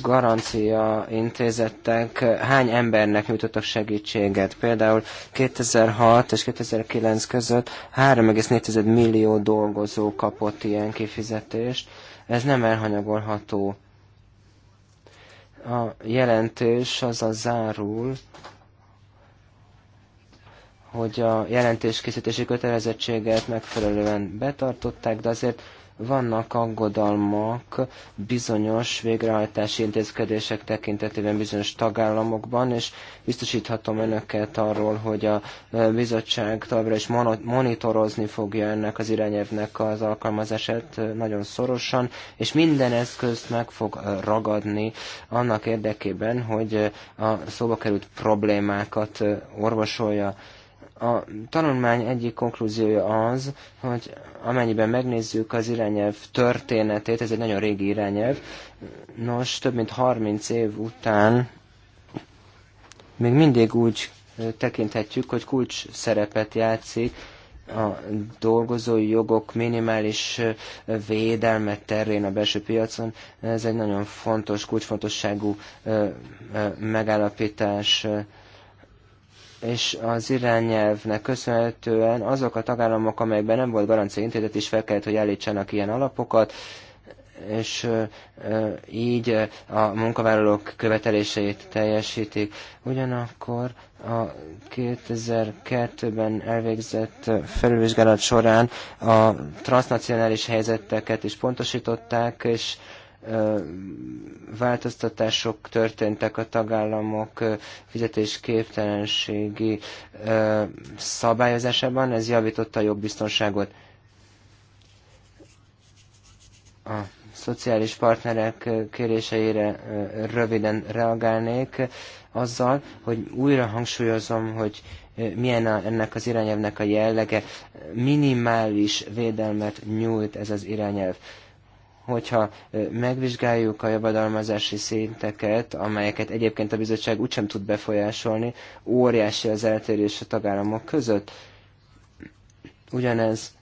garancia intézettek hány embernek nyújtottak segítséget. Például 2006 és 2009 között 3,4 millió dolgozó kapott ilyen kifizetést. Ez nem elhanyagolható. A jelentés az a zárul, hogy a jelentéskészítési kötelezettséget megfelelően betartották, de azért vannak aggodalmak bizonyos végrehajtási intézkedések tekintetében bizonyos tagállamokban, és biztosíthatom önöket arról, hogy a e, bizottság továbbra is monitorozni fogja ennek az irányelvnek az alkalmazását e, nagyon szorosan, és minden eszközt meg fog e, ragadni annak érdekében, hogy a szóba került problémákat orvosolja. A tanulmány egyik konklúziója az, hogy amennyiben megnézzük az irányelv történetét, ez egy nagyon régi irányelv, nos, több mint 30 év után még mindig úgy tekinthetjük, hogy kulcs szerepet játszik a dolgozói jogok minimális védelme terén a belső piacon. Ez egy nagyon fontos, kulcsfontosságú megállapítás és az irányelvnek köszönhetően azok a tagállamok, amelyekben nem volt garancia intézet, is fel kellett, hogy állítsanak ilyen alapokat, és így a munkavállalók követeléseit teljesítik. Ugyanakkor a 2002-ben elvégzett felülvizsgálat során a transnacionális helyzeteket is pontosították, és változtatások történtek a tagállamok fizetésképtelenségi szabályozásában, ez javította a jobb biztonságot A szociális partnerek kéréseire röviden reagálnék azzal, hogy újra hangsúlyozom, hogy milyen a, ennek az irányelvnek a jellege. Minimális védelmet nyújt ez az irányelv hogyha megvizsgáljuk a javadalmazási szinteket, amelyeket egyébként a bizottság úgysem tud befolyásolni, óriási az eltérés a tagállamok között. Ugyanez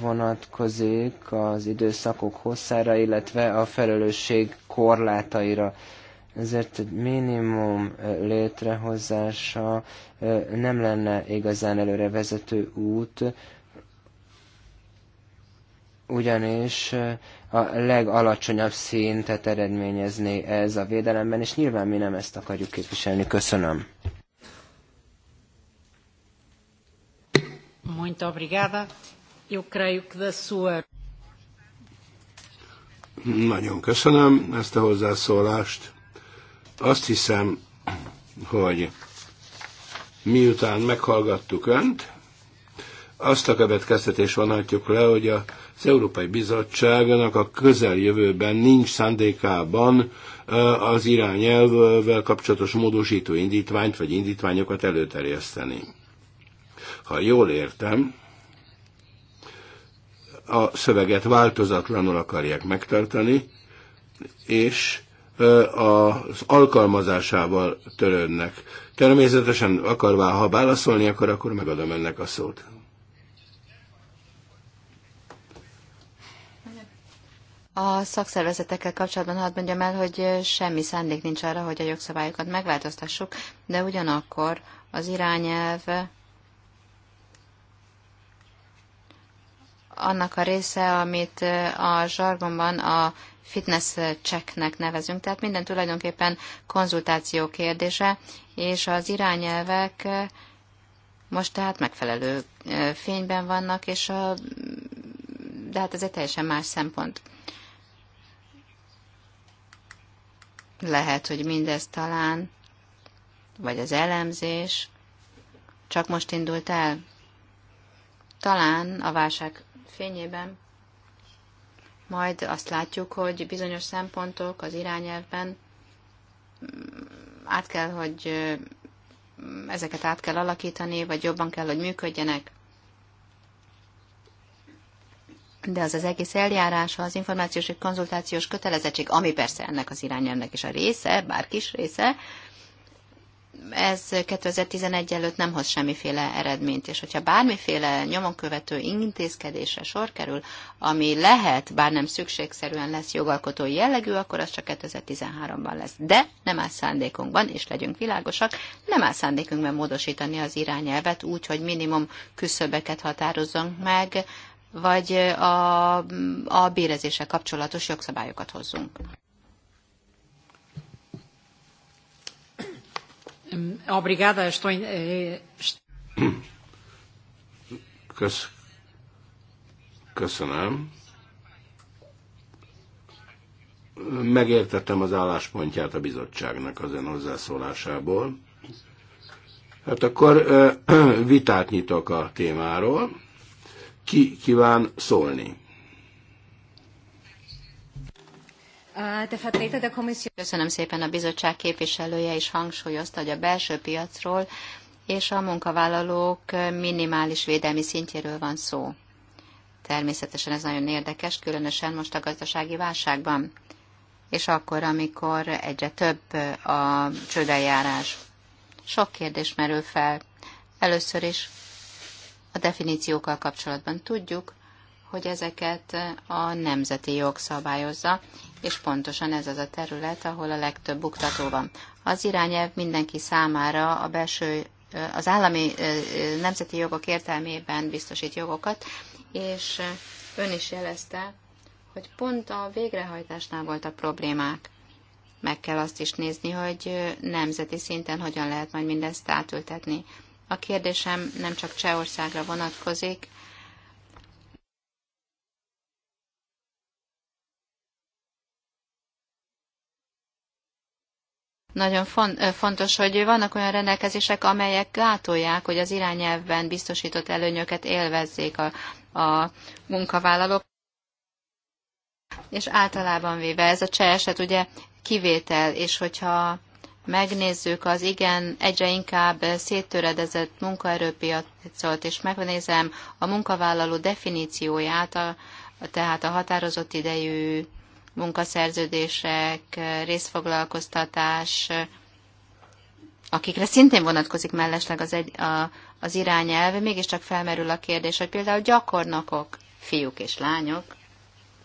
vonatkozik az időszakok hosszára, illetve a felelősség korlátaira. Ezért egy minimum létrehozása nem lenne igazán előrevezető út, ugyanis a legalacsonyabb szintet eredményezné ez a védelemben, és nyilván mi nem ezt akarjuk képviselni. Köszönöm. Muito obrigada. Eu creio que da sua... Nagyon köszönöm ezt a hozzászólást. Azt hiszem, hogy miután meghallgattuk Önt, azt a következtetés vonhatjuk le, hogy a az Európai Bizottságnak a közeljövőben nincs szándékában az irányelvvel kapcsolatos módosító indítványt vagy indítványokat előterjeszteni. Ha jól értem, a szöveget változatlanul akarják megtartani, és az alkalmazásával törődnek. Természetesen akarvá, ha válaszolni akar, akkor megadom ennek a szót. A szakszervezetekkel kapcsolatban hadd mondjam el, hogy semmi szándék nincs arra, hogy a jogszabályokat megváltoztassuk, de ugyanakkor az irányelv annak a része, amit a zsargonban a fitness checknek nevezünk, tehát minden tulajdonképpen konzultáció kérdése, és az irányelvek most tehát megfelelő fényben vannak, és a, de hát ez egy teljesen más szempont. Lehet, hogy mindez talán, vagy az elemzés csak most indult el. Talán a válság fényében majd azt látjuk, hogy bizonyos szempontok az irányelvben mm, át kell, hogy mm, ezeket át kell alakítani, vagy jobban kell, hogy működjenek. de az az egész eljárása, az információs és konzultációs kötelezettség, ami persze ennek az irányelvnek is a része, bár kis része, ez 2011 előtt nem hoz semmiféle eredményt, és hogyha bármiféle nyomon követő intézkedésre sor kerül, ami lehet, bár nem szükségszerűen lesz jogalkotó jellegű, akkor az csak 2013-ban lesz. De nem áll szándékunkban, és legyünk világosak, nem áll szándékunkban módosítani az irányelvet úgy, hogy minimum küszöbeket határozzunk meg, vagy a, a bérezéssel kapcsolatos jogszabályokat hozzunk. Obrigada, estou... Eh, Kösz... Köszönöm. Megértettem az álláspontját a bizottságnak az ön hozzászólásából. Hát akkor eh, vitát nyitok a témáról ki kíván szólni? Köszönöm szépen a bizottság képviselője is hangsúlyozta, hogy a belső piacról és a munkavállalók minimális védelmi szintjéről van szó. Természetesen ez nagyon érdekes, különösen most a gazdasági válságban, és akkor, amikor egyre több a csődeljárás. Sok kérdés merül fel. Először is a definíciókkal kapcsolatban tudjuk, hogy ezeket a nemzeti jog szabályozza, és pontosan ez az a terület, ahol a legtöbb buktató van. Az irányelv mindenki számára a belső, az állami nemzeti jogok értelmében biztosít jogokat, és ön is jelezte, hogy pont a végrehajtásnál voltak problémák. Meg kell azt is nézni, hogy nemzeti szinten hogyan lehet majd mindezt átültetni. A kérdésem nem csak Csehországra vonatkozik, nagyon fontos, hogy vannak olyan rendelkezések, amelyek gátolják, hogy az irányelvben biztosított előnyöket élvezzék a, a munkavállalók. És általában véve ez a cseh eset ugye kivétel, és hogyha megnézzük az igen egyre inkább széttöredezett munkaerőpiacot, és megnézem a munkavállaló definícióját, a, tehát a határozott idejű munkaszerződések, részfoglalkoztatás, akikre szintén vonatkozik mellesleg az, egy, a, az irányelv, mégiscsak felmerül a kérdés, hogy például gyakornokok, fiúk és lányok,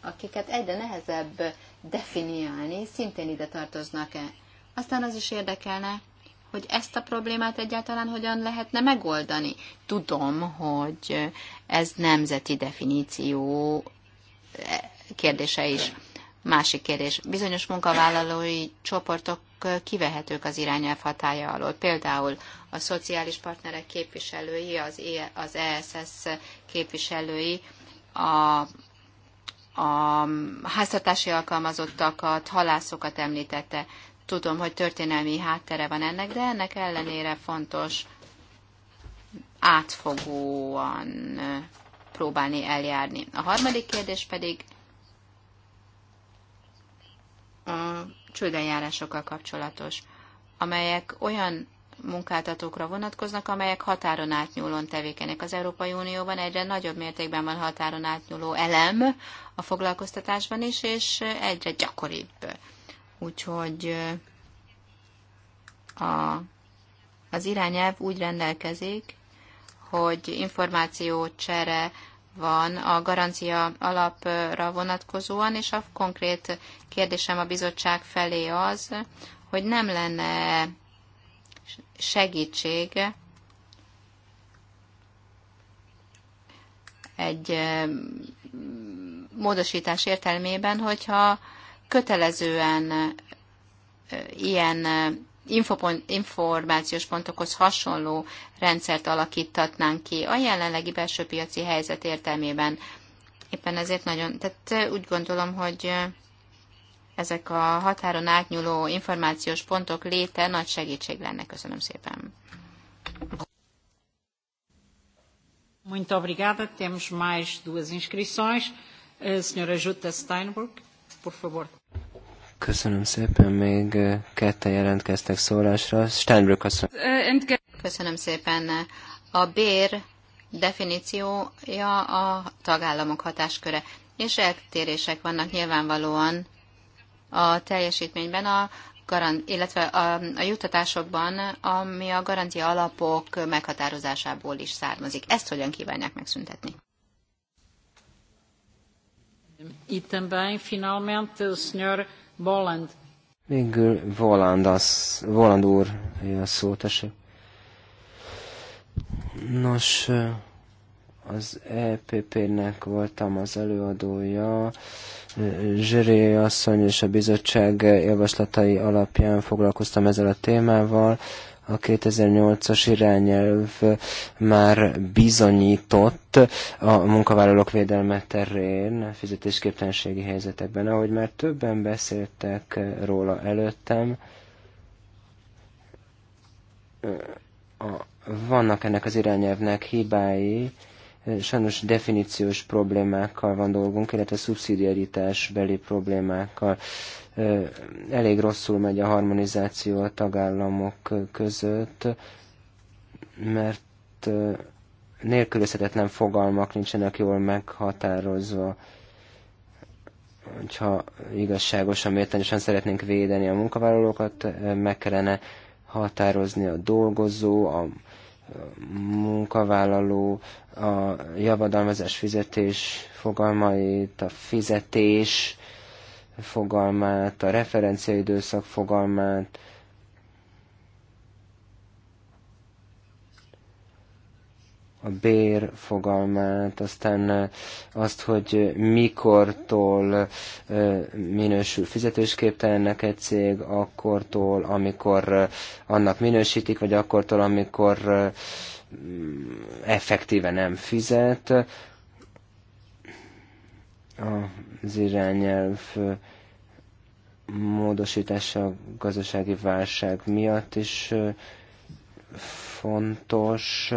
akiket egyre nehezebb definiálni, szintén ide tartoznak-e aztán az is érdekelne, hogy ezt a problémát egyáltalán hogyan lehetne megoldani. Tudom, hogy ez nemzeti definíció kérdése is. Másik kérdés. Bizonyos munkavállalói csoportok kivehetők az irányelv hatája alól. Például a szociális partnerek képviselői, az, e, az ESS képviselői, a, a háztartási alkalmazottakat, halászokat említette. Tudom, hogy történelmi háttere van ennek, de ennek ellenére fontos átfogóan próbálni eljárni. A harmadik kérdés pedig a csődenjárásokkal kapcsolatos, amelyek olyan munkáltatókra vonatkoznak, amelyek határon átnyúlón tevékenek. Az Európai Unióban egyre nagyobb mértékben van határon átnyúló elem a foglalkoztatásban is, és egyre gyakoribb Úgyhogy a, az irányelv úgy rendelkezik, hogy információcsere van a garancia alapra vonatkozóan, és a konkrét kérdésem a bizottság felé az, hogy nem lenne segítség egy módosítás értelmében, hogyha kötelezően ilyen információs pontokhoz hasonló rendszert alakítatnánk ki a jelenlegi belső piaci helyzet értelmében. Éppen ezért nagyon, tehát úgy gondolom, hogy ezek a határon átnyúló információs pontok léte nagy segítség lenne. Köszönöm szépen. Muito obrigada. Temos mais duas inscrições. A eh, senhora Jutta Steinberg, por favor. Köszönöm szépen, még ketten jelentkeztek szólásra. Steinbrück asszony. Köszönöm szépen. A bér definíciója a tagállamok hatásköre, és eltérések vannak nyilvánvalóan a teljesítményben, a garant, illetve a, a juttatásokban, ami a garantia alapok meghatározásából is származik. Ezt hogyan kívánják megszüntetni? Itt e também, finalmente, o Bolland. Végül Voland, az, Voland úr, a szó, tessék. Nos, az EPP-nek voltam az előadója. Zsiré asszony és a bizottság javaslatai alapján foglalkoztam ezzel a témával a 2008-as irányelv már bizonyított a munkavállalók védelme terén, a fizetésképtelenségi helyzetekben, ahogy már többen beszéltek róla előttem, a, vannak ennek az irányelvnek hibái, sajnos definíciós problémákkal van dolgunk, illetve szubszidiaritás beli problémákkal elég rosszul megy a harmonizáció a tagállamok között, mert nélkülözhetetlen fogalmak nincsenek jól meghatározva, hogyha igazságosan, méltányosan szeretnénk védeni a munkavállalókat, meg kellene határozni a dolgozó, a munkavállaló, a javadalmazás fizetés fogalmait, a fizetés, fogalmát, a referenciaidőszak fogalmát, a bér fogalmát, aztán azt, hogy mikortól minősül fizetősképtelennek egy cég, akkortól, amikor annak minősítik, vagy akkortól, amikor effektíve nem fizet az irányelv módosítása a gazdasági válság miatt is fontos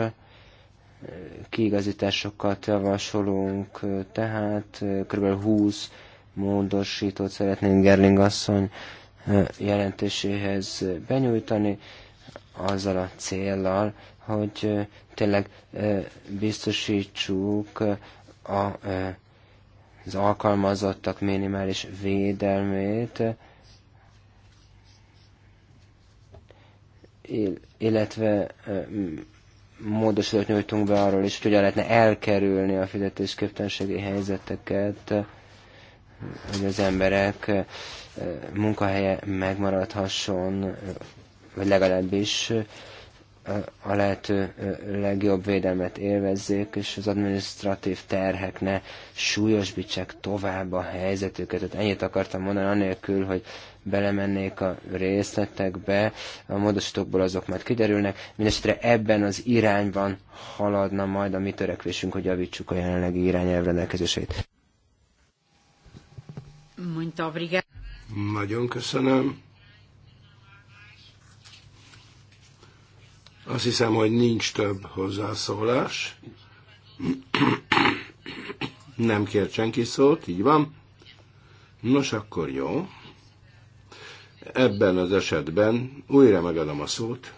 kiigazításokat javasolunk, tehát kb. 20 módosítót szeretnénk Gerling asszony jelentéséhez benyújtani, azzal a céllal, hogy tényleg biztosítsuk a az alkalmazottak minimális védelmét, illetve módosítót nyújtunk be arról is, hogy hogyan lehetne elkerülni a fizetésképtelenségi helyzeteket, hogy az emberek munkahelye megmaradhasson, vagy legalábbis a lehető legjobb védelmet élvezzék, és az administratív terhek ne súlyosbítsák tovább a helyzetüket. Tehát ennyit akartam mondani, anélkül, hogy belemennék a részletekbe, a módosítókból azok majd kiderülnek. Mindenesetre ebben az irányban haladna majd a mi törekvésünk, hogy javítsuk a jelenlegi irányelv rendelkezését. Nagyon köszönöm. Azt hiszem, hogy nincs több hozzászólás. Nem kér senki szót, így van. Nos, akkor jó. Ebben az esetben újra megadom a szót.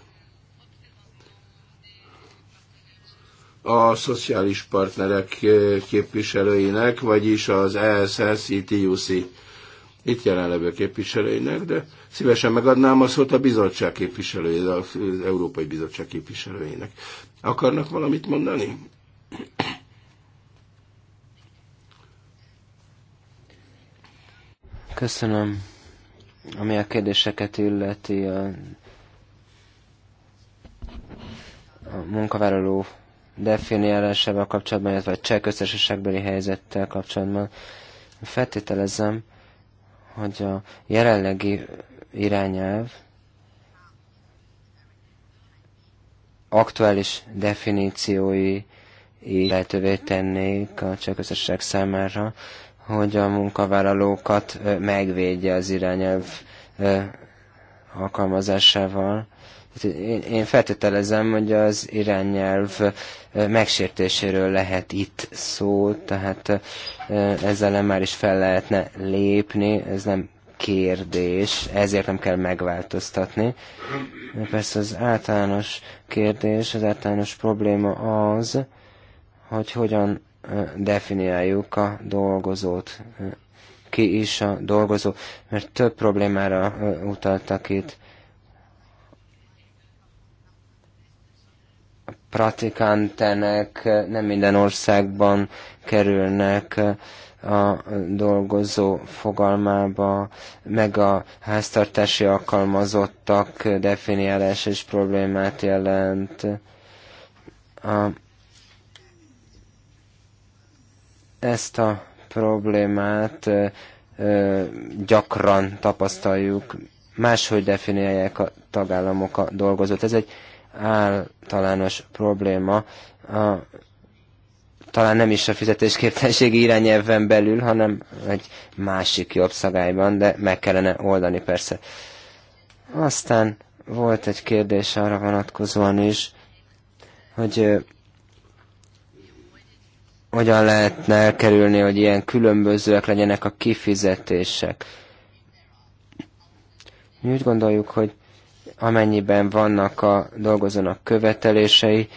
a szociális partnerek képviselőinek, vagyis az ESS, ITUC itt jelenlevő képviselőinek, de Szívesen megadnám a szót a bizottság képviselőjének, az Európai Bizottság képviselőjének. Akarnak valamit mondani? Köszönöm. Ami a kérdéseket illeti, a, a munkavállaló definiálásával kapcsolatban, illetve a cseh köztársaságbeli helyzettel kapcsolatban feltételezem, hogy a jelenlegi irányelv aktuális definíciói lehetővé tennék a csehközösség számára, hogy a munkavállalókat megvédje az irányelv alkalmazásával. Én feltételezem, hogy az irányelv megsértéséről lehet itt szó, tehát ezzel már is fel lehetne lépni, ez nem kérdés, ezért nem kell megváltoztatni. De persze az általános kérdés, az általános probléma az, hogy hogyan definiáljuk a dolgozót, ki is a dolgozó, mert több problémára utaltak itt. A pratikantenek nem minden országban kerülnek a dolgozó fogalmába, meg a háztartási alkalmazottak definiálása is problémát jelent. A, ezt a problémát gyakran tapasztaljuk, máshogy definiálják a tagállamok a dolgozót. Ez egy általános probléma. A talán nem is a fizetésképtelenségi irányelven belül, hanem egy másik jogszabályban, de meg kellene oldani persze. Aztán volt egy kérdés arra vonatkozóan is, hogy uh, hogyan lehetne elkerülni, hogy ilyen különbözőek legyenek a kifizetések. Mi úgy gondoljuk, hogy amennyiben vannak a dolgozónak követelései,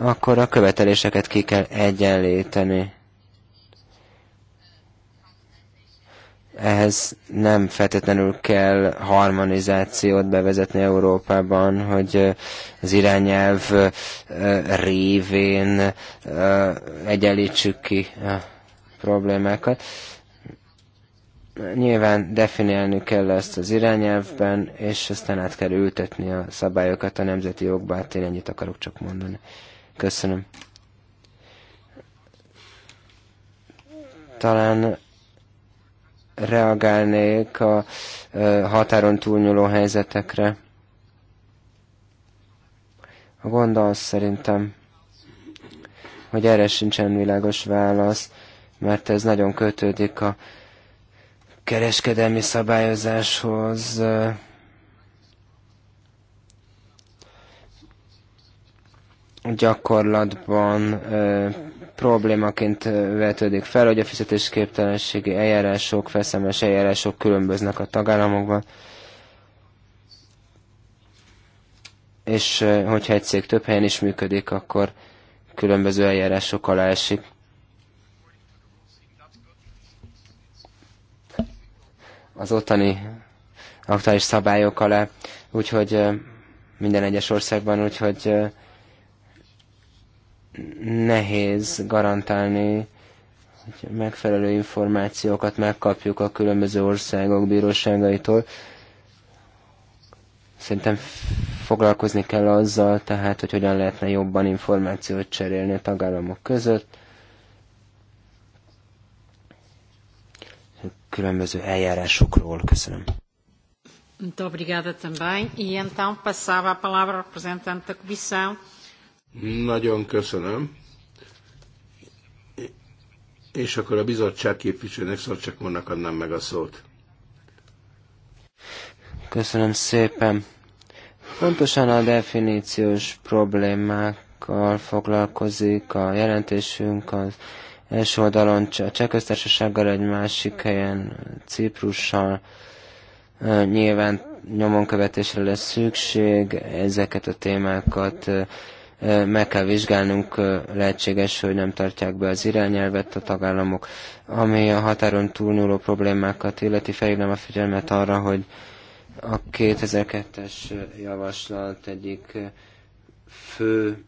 akkor a követeléseket ki kell egyenlíteni. Ehhez nem feltétlenül kell harmonizációt bevezetni Európában, hogy az irányelv révén egyenlítsük ki a problémákat. Nyilván definiálni kell ezt az irányelvben, és aztán át kell ültetni a szabályokat a nemzeti jogba, hát én ennyit akarok csak mondani. Köszönöm. Talán reagálnék a határon túlnyúló helyzetekre. A gond az szerintem, hogy erre sincsen világos válasz, mert ez nagyon kötődik a kereskedelmi szabályozáshoz, gyakorlatban problémaként vetődik fel, hogy a fizetésképtelenségi eljárások, felszámolás eljárások különböznek a tagállamokban. És hogyha egy cég több helyen is működik, akkor különböző eljárások alá esik. Az ottani aktuális szabályok alá, úgyhogy minden egyes országban, úgyhogy nehéz garantálni, hogy megfelelő információkat megkapjuk a különböző országok bíróságaitól. Szerintem foglalkozni kell azzal, tehát, hogy hogyan lehetne jobban információt cserélni a tagállamok között. Különböző eljárásokról. Köszönöm. Muito obrigada também. E então passava a palavra ao representante da Comissão. Nagyon köszönöm. És akkor a bizottság képviselőnek csak mondnak adnám meg a szót. Köszönöm szépen. Pontosan a definíciós problémákkal foglalkozik a jelentésünk az első oldalon a Csehköztársasággal, egy másik helyen Ciprussal. Nyilván nyomonkövetésre lesz szükség, ezeket a témákat meg kell vizsgálnunk, lehetséges, hogy nem tartják be az irányelvet a tagállamok. Ami a határon túlnyúló problémákat illeti, felhívnám a figyelmet arra, hogy a 2002-es javaslat egyik fő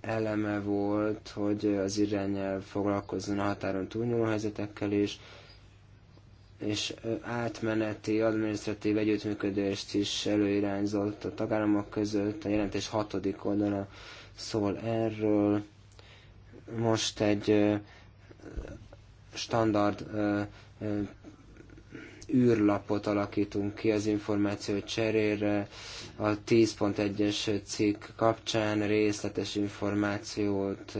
eleme volt, hogy az irányelv foglalkozzon a határon túlnyúló helyzetekkel is, és átmeneti adminisztratív együttműködést is előirányzott a tagállamok között. A jelentés hatodik oldala szól erről. Most egy standard űrlapot alakítunk ki az információ cserére. A 10.1-es cikk kapcsán részletes információt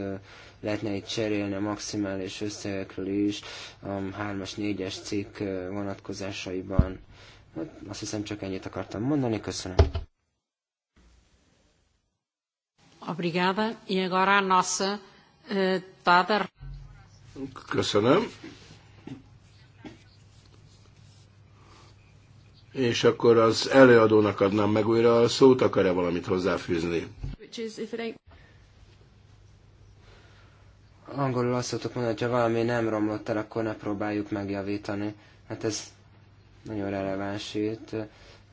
lehetne itt cserélni a maximális összegekről is a 3-as, 4-es cikk vonatkozásaiban. Hát azt hiszem csak ennyit akartam mondani, köszönöm. Obrigada. E agora a nossa deputada. Köszönöm. És akkor az előadónak adnám meg újra a szót, akar-e valamit hozzáfűzni? angolul azt szoktuk mondani, hogy ha valami nem romlott el, akkor ne próbáljuk megjavítani. Hát ez nagyon releváns itt.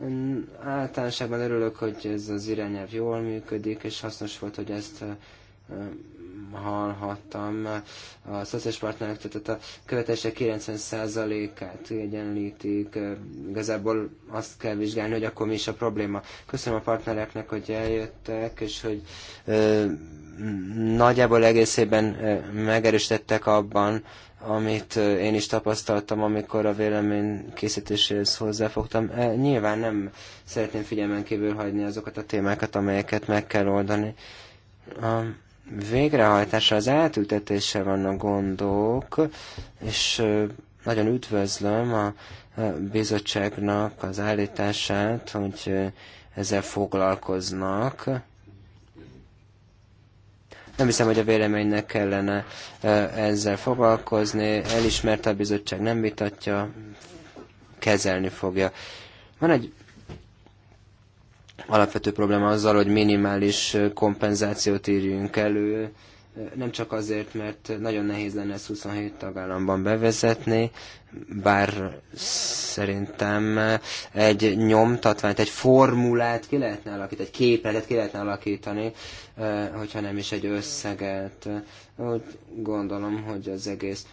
Én általánosságban örülök, hogy ez az irányelv jól működik, és hasznos volt, hogy ezt hallhattam, a szociális partnerek, tehát a követések 90%-át egyenlítik. Igazából azt kell vizsgálni, hogy akkor mi is a probléma. Köszönöm a partnereknek, hogy eljöttek, és hogy ö, nagyjából egészében megerősítettek abban, amit én is tapasztaltam, amikor a vélemény készítéséhez hozzáfogtam. Nyilván nem szeretném figyelmen kívül hagyni azokat a témákat, amelyeket meg kell oldani. Um, végrehajtása, az átültetése a gondok, és nagyon üdvözlöm a bizottságnak az állítását, hogy ezzel foglalkoznak. Nem hiszem, hogy a véleménynek kellene ezzel foglalkozni. Elismerte a bizottság, nem vitatja, kezelni fogja. Van egy alapvető probléma azzal, hogy minimális kompenzációt írjunk elő, nem csak azért, mert nagyon nehéz lenne ezt 27 tagállamban bevezetni, bár szerintem egy nyomtatványt, egy formulát ki lehetne alakítani, egy képletet ki lehetne alakítani, hogyha nem is egy összeget. Úgy gondolom, hogy az egész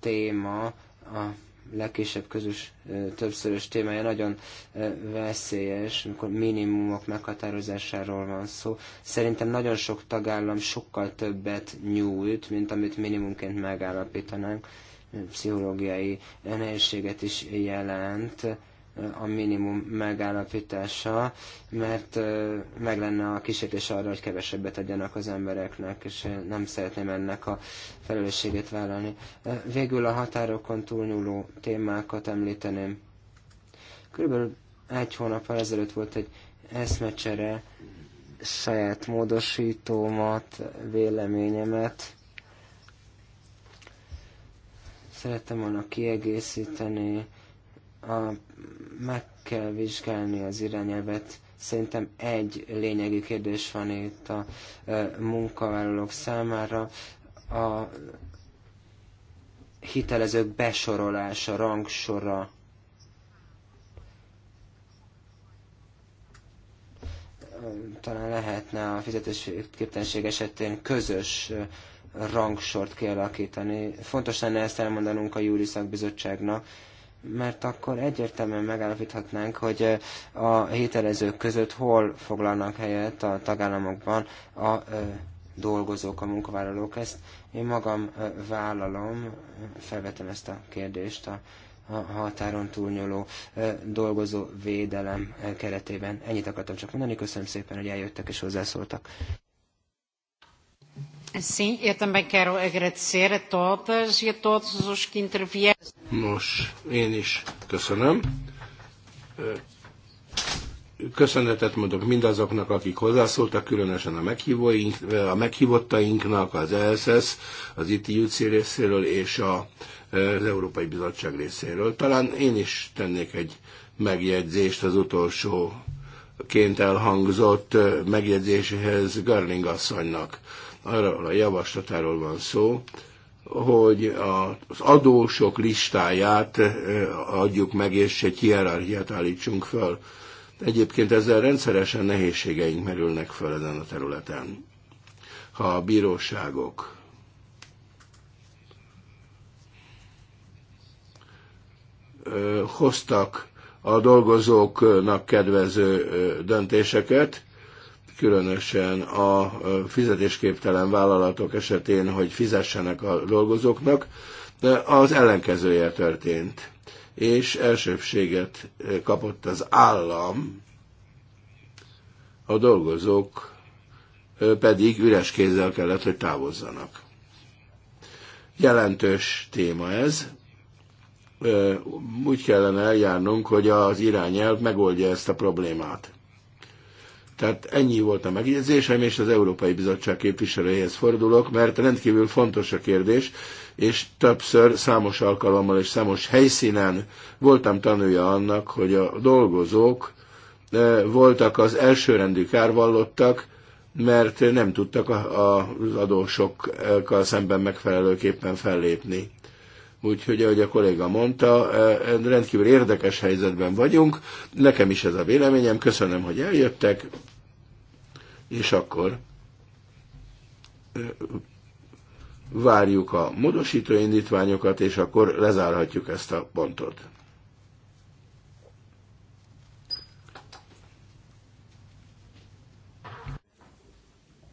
téma a legkisebb közös többszörös témája nagyon veszélyes, amikor minimumok meghatározásáról van szó. Szerintem nagyon sok tagállam sokkal többet nyújt, mint amit minimumként megállapítanánk. Pszichológiai nehézséget is jelent a minimum megállapítása, mert meg lenne a kísértés arra, hogy kevesebbet adjanak az embereknek, és nem szeretném ennek a felelősségét vállalni. Végül a határokon túlnyúló témákat említeném. Körülbelül egy hónappal ezelőtt volt egy eszmecsere, saját módosítómat, véleményemet. Szerettem volna kiegészíteni, a, meg kell vizsgálni az irányelvet. Szerintem egy lényegi kérdés van itt a e, munkavállalók számára. A hitelezők besorolása, rangsora. Talán lehetne a fizetésképtelenség esetén közös e, rangsort kialakítani. Fontos lenne ezt elmondanunk a júli szakbizottságnak, mert akkor egyértelműen megállapíthatnánk, hogy a hitelezők között hol foglalnak helyet a tagállamokban a dolgozók, a munkavállalók. Ezt én magam vállalom, felvetem ezt a kérdést a határon túlnyúló dolgozó védelem keretében. Ennyit akartam csak mondani, köszönöm szépen, hogy eljöttek és hozzászóltak. Sim, eu também quero agradecer a todas e a todos os que intervieram. Nos, én is köszönöm. Köszönetet mondok mindazoknak, akik hozzászóltak, különösen a, meghívóink, a meghívottainknak, az ELSZ, az ITUC részéről és a, az Európai Bizottság részéről. Talán én is tennék egy megjegyzést az utolsó ként elhangzott megjegyzéséhez Görling asszonynak arra a javaslatáról van szó, hogy az adósok listáját eh, adjuk meg, és egy hierarchiát állítsunk föl. Egyébként ezzel rendszeresen nehézségeink merülnek föl ezen a területen. Ha a bíróságok eh, hoztak a dolgozóknak kedvező eh, döntéseket, különösen a fizetésképtelen vállalatok esetén, hogy fizessenek a dolgozóknak, de az ellenkezője történt. És elsőbséget kapott az állam, a dolgozók pedig üres kézzel kellett, hogy távozzanak. Jelentős téma ez. Úgy kellene eljárnunk, hogy az irányelv megoldja ezt a problémát. Tehát ennyi volt a megjegyzésem, és az Európai Bizottság képviselőjéhez fordulok, mert rendkívül fontos a kérdés, és többször számos alkalommal és számos helyszínen voltam tanulja annak, hogy a dolgozók eh, voltak az elsőrendű kárvallottak, mert nem tudtak az adósokkal szemben megfelelőképpen fellépni. Úgyhogy, ahogy a kolléga mondta, eh, rendkívül érdekes helyzetben vagyunk. Nekem is ez a véleményem. Köszönöm, hogy eljöttek és akkor várjuk a módosító indítványokat, és akkor lezárhatjuk ezt a pontot.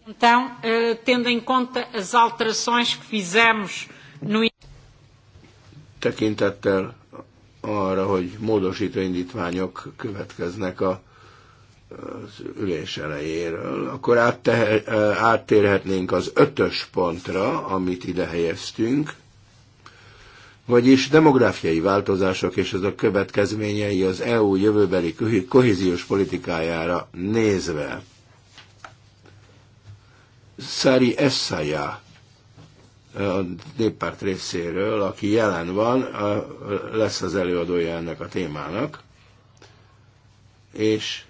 Então, eh, tendo em conta as alterações que fizemos no. Tekintettel arra, hogy módosító indítványok következnek a az ülés elejéről, akkor áttehe, áttérhetnénk az ötös pontra, amit ide helyeztünk, vagyis demográfiai változások és azok következményei az EU jövőbeli kohéziós politikájára nézve. Szári Essaya a néppárt részéről, aki jelen van, lesz az előadója ennek a témának, és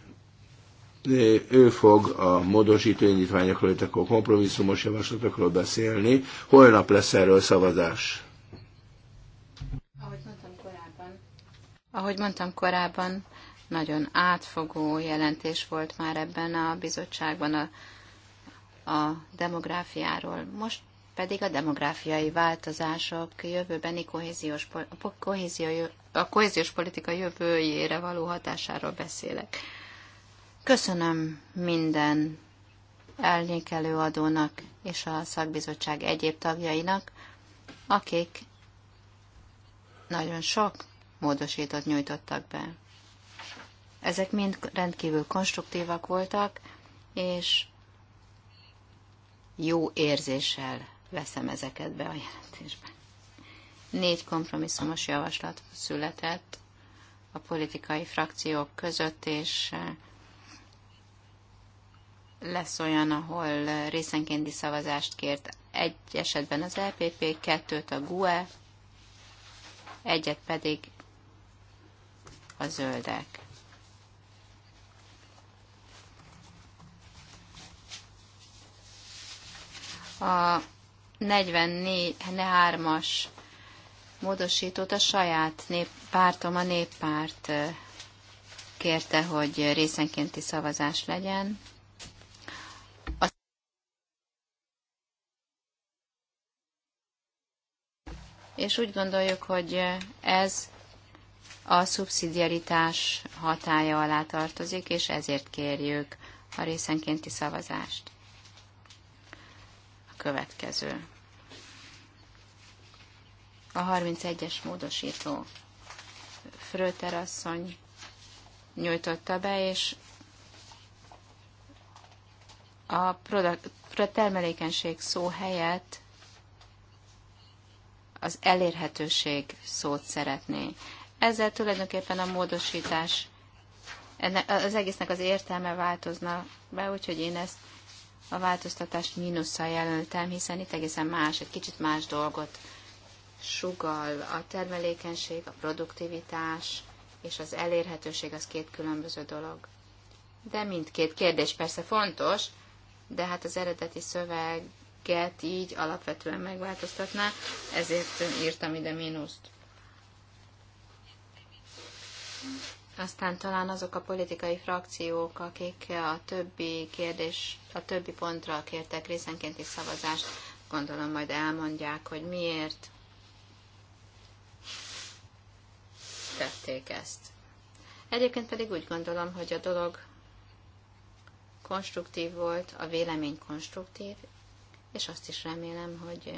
ő fog a módosító indítványokról, a kompromisszumos javaslatokról beszélni. Holnap lesz erről szavazás. Ahogy mondtam korábban, ahogy mondtam korábban nagyon átfogó jelentés volt már ebben a bizottságban a, a demográfiáról. Most pedig a demográfiai változások jövőbeni kohéziós, a kohézió, a kohéziós politika jövőjére való hatásáról beszélek. Köszönöm minden elnyék adónak és a szakbizottság egyéb tagjainak, akik nagyon sok módosítót nyújtottak be. Ezek mind rendkívül konstruktívak voltak, és jó érzéssel veszem ezeket be a jelentésben. Négy kompromisszumos javaslat született a politikai frakciók között, és lesz olyan, ahol részenkénti szavazást kért. Egy esetben az LPP, e kettőt a GUE, egyet pedig a zöldek. A 43-as módosítót a saját nép, pártom, a néppárt kérte, hogy részenkénti szavazás legyen. és úgy gondoljuk, hogy ez a szubszidiaritás hatája alá tartozik, és ezért kérjük a részenkénti szavazást. A következő. A 31-es módosító Fröterasszony nyújtotta be, és a, produk- a termelékenység szó helyett az elérhetőség szót szeretné. Ezzel tulajdonképpen a módosítás, az egésznek az értelme változna be, úgyhogy én ezt a változtatást mínusszal jelöltem, hiszen itt egészen más, egy kicsit más dolgot sugal a termelékenység, a produktivitás és az elérhetőség az két különböző dolog. De mindkét kérdés persze fontos, de hát az eredeti szöveg cikket így alapvetően megváltoztatná, ezért írtam ide mínuszt. Aztán talán azok a politikai frakciók, akik a többi kérdés, a többi pontra kértek részenkénti szavazást, gondolom majd elmondják, hogy miért tették ezt. Egyébként pedig úgy gondolom, hogy a dolog konstruktív volt, a vélemény konstruktív, és azt is remélem, hogy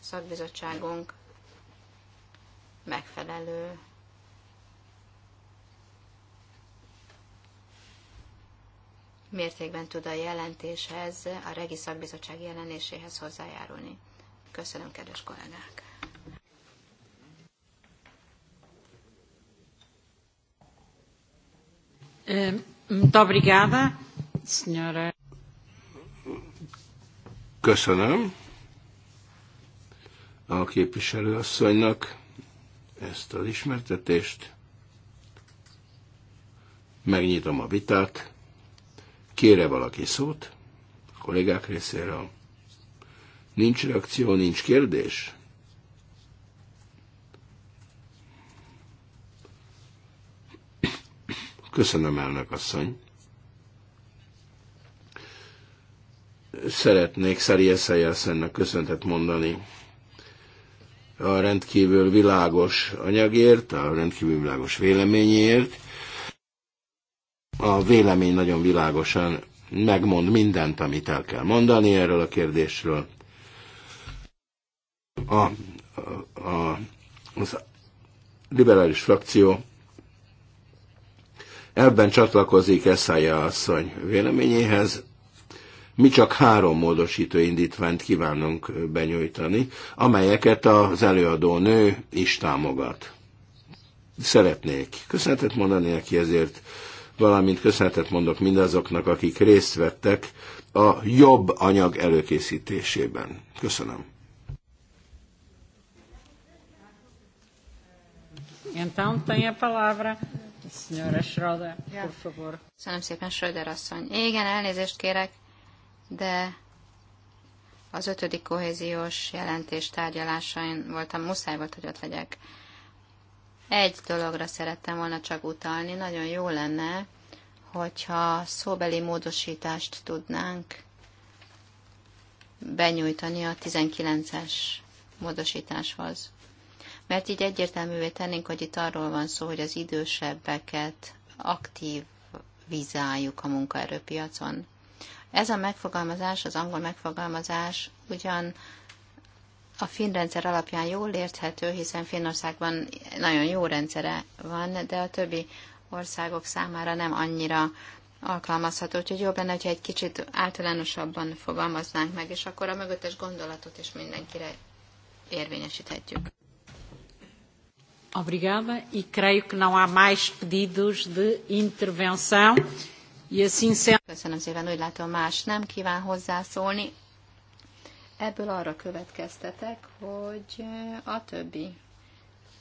szakbizottságunk megfelelő mértékben tud a jelentéshez, a regi szakbizottság jelenéséhez hozzájárulni. Köszönöm, kedves kollégák! Muito obrigada, senhora. Köszönöm a képviselőasszonynak ezt az ismertetést. Megnyitom a vitát. Kére valaki szót? A kollégák részéről. Nincs reakció, nincs kérdés? Köszönöm, elnök asszony. szeretnék Szeri Eszeljelszennek köszöntet mondani a rendkívül világos anyagért, a rendkívül világos véleményért. A vélemény nagyon világosan megmond mindent, amit el kell mondani erről a kérdésről. A, a, a, az liberális frakció ebben csatlakozik Eszája asszony véleményéhez, mi csak három módosító indítványt kívánunk benyújtani, amelyeket az előadó nő is támogat. Szeretnék köszönetet mondani neki ezért, valamint köszönetet mondok mindazoknak, akik részt vettek a jobb anyag előkészítésében. Köszönöm. Então tem a palavra a senhora Schroeder, por favor. Köszönöm szépen, Schröder asszony. Igen, elnézést kérek de az ötödik kohéziós jelentés tárgyalásain voltam, muszáj volt, hogy ott legyek. Egy dologra szerettem volna csak utalni, nagyon jó lenne, hogyha szóbeli módosítást tudnánk benyújtani a 19-es módosításhoz. Mert így egyértelművé tennénk, hogy itt arról van szó, hogy az idősebbeket aktív vizáljuk a munkaerőpiacon. Ez a megfogalmazás, az angol megfogalmazás ugyan a finn rendszer alapján jól érthető, hiszen Finnországban nagyon jó rendszere van, de a többi országok számára nem annyira alkalmazható. Úgyhogy jobb lenne, hogyha egy kicsit általánosabban fogalmaznánk meg, és akkor a mögöttes gondolatot is mindenkire érvényesíthetjük. Obrigada, e creio que não há mais pedidos de intervenção. Köszönöm szépen, úgy látom más nem kíván hozzászólni. Ebből arra következtetek, hogy eh, a többi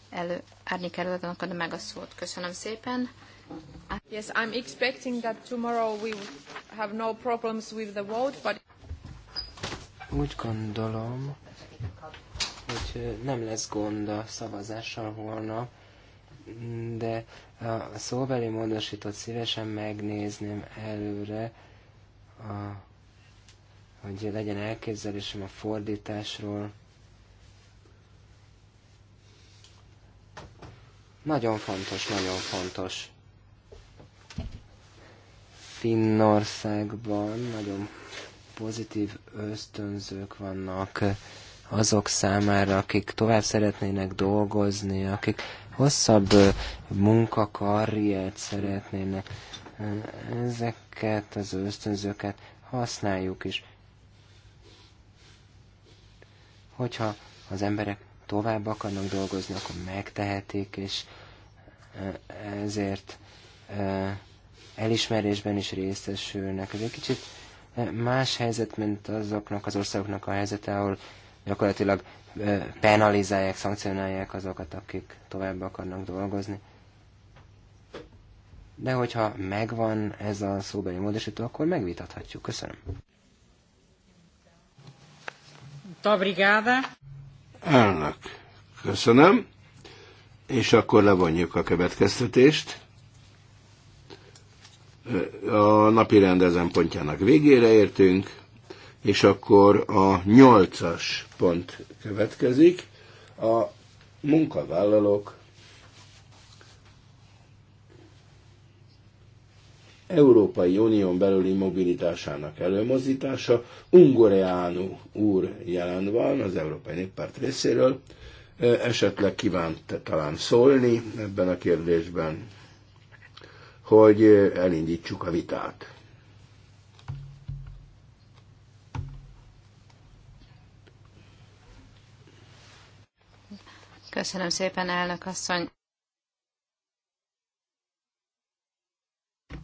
elő, árnyék előadónak adom meg a szót. Köszönöm szépen. Yes, I'm expecting that tomorrow we have no problems with the vote, but... Úgy gondolom, hogy eh, nem lesz gond a szavazással holnap de a szóbeli módosítót szívesen megnézném előre, a, hogy legyen elképzelésem a fordításról. Nagyon fontos, nagyon fontos. Finnországban nagyon pozitív ösztönzők vannak azok számára, akik tovább szeretnének dolgozni, akik hosszabb munkakarriert szeretnének. Ezeket az ösztönzőket használjuk is. Hogyha az emberek tovább akarnak dolgozni, akkor megtehetik, és ezért elismerésben is részesülnek. Ez egy kicsit más helyzet, mint azoknak az országoknak a helyzete, ahol gyakorlatilag penalizálják, szankcionálják azokat, akik tovább akarnak dolgozni. De hogyha megvan ez a szóbeli módosító, akkor megvitathatjuk. Köszönöm. Tabrigáda. Elnök, köszönöm. És akkor levonjuk a következtetést. A napi rendezen pontjának végére értünk és akkor a nyolcas pont következik. A munkavállalók Európai Unión belüli mobilitásának előmozdítása. Ungoreánu úr jelen van az Európai Néppárt részéről. Esetleg kívánt talán szólni ebben a kérdésben, hogy elindítsuk a vitát. Köszönöm szépen, elnök asszony.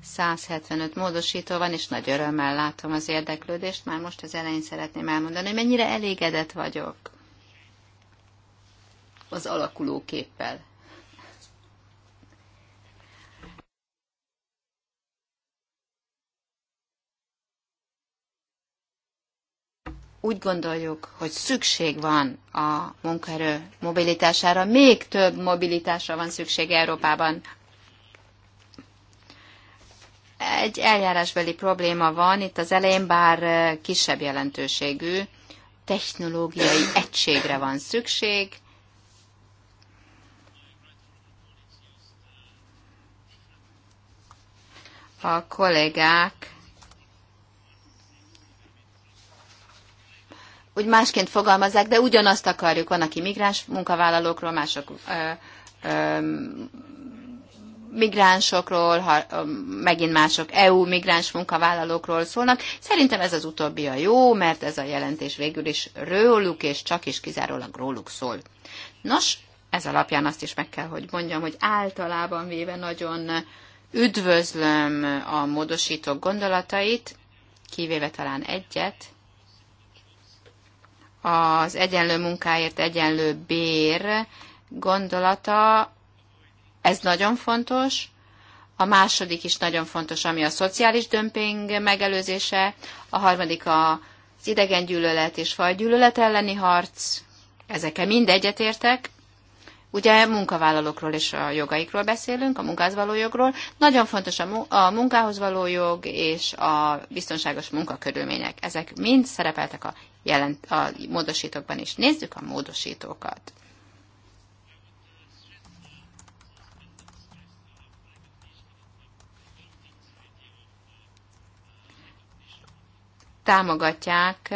175 módosító van, és nagy örömmel látom az érdeklődést. Már most az elején szeretném elmondani, hogy mennyire elégedett vagyok az alakuló képpel. úgy gondoljuk, hogy szükség van a munkaerő mobilitására, még több mobilitásra van szükség Európában. Egy eljárásbeli probléma van itt az elején, bár eh, kisebb jelentőségű technológiai egységre van szükség, a kollégák úgy másként fogalmazzák, de ugyanazt akarjuk. Van, aki migráns munkavállalókról, mások ö, ö, migránsokról, ha, ö, megint mások EU migráns munkavállalókról szólnak. Szerintem ez az utóbbi a jó, mert ez a jelentés végül is róluk, és csak is kizárólag róluk szól. Nos, ez alapján azt is meg kell, hogy mondjam, hogy általában véve nagyon üdvözlöm a módosítók gondolatait, kivéve talán egyet, az egyenlő munkáért egyenlő bér gondolata, ez nagyon fontos. A második is nagyon fontos, ami a szociális dömping megelőzése, a harmadik az idegengyűlölet és fajgyűlölet elleni harc, ezekkel mind egyetértek, Ugye munkavállalókról és a jogaikról beszélünk, a munkához való jogról. Nagyon fontos a munkához való jog és a biztonságos munkakörülmények. Ezek mind szerepeltek a, jelent, a módosítókban is. Nézzük a módosítókat. Támogatják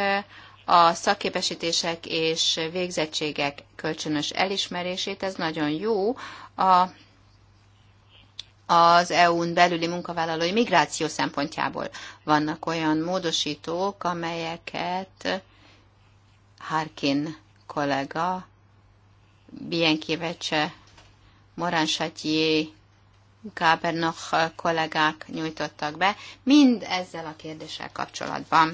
a szakképesítések és végzettségek kölcsönös elismerését. Ez nagyon jó a, az EU-n belüli munkavállalói migráció szempontjából. Vannak olyan módosítók, amelyeket Harkin kollega, Bienkivecse, Morán Satyé, gábernok kollégák nyújtottak be, mind ezzel a kérdéssel kapcsolatban.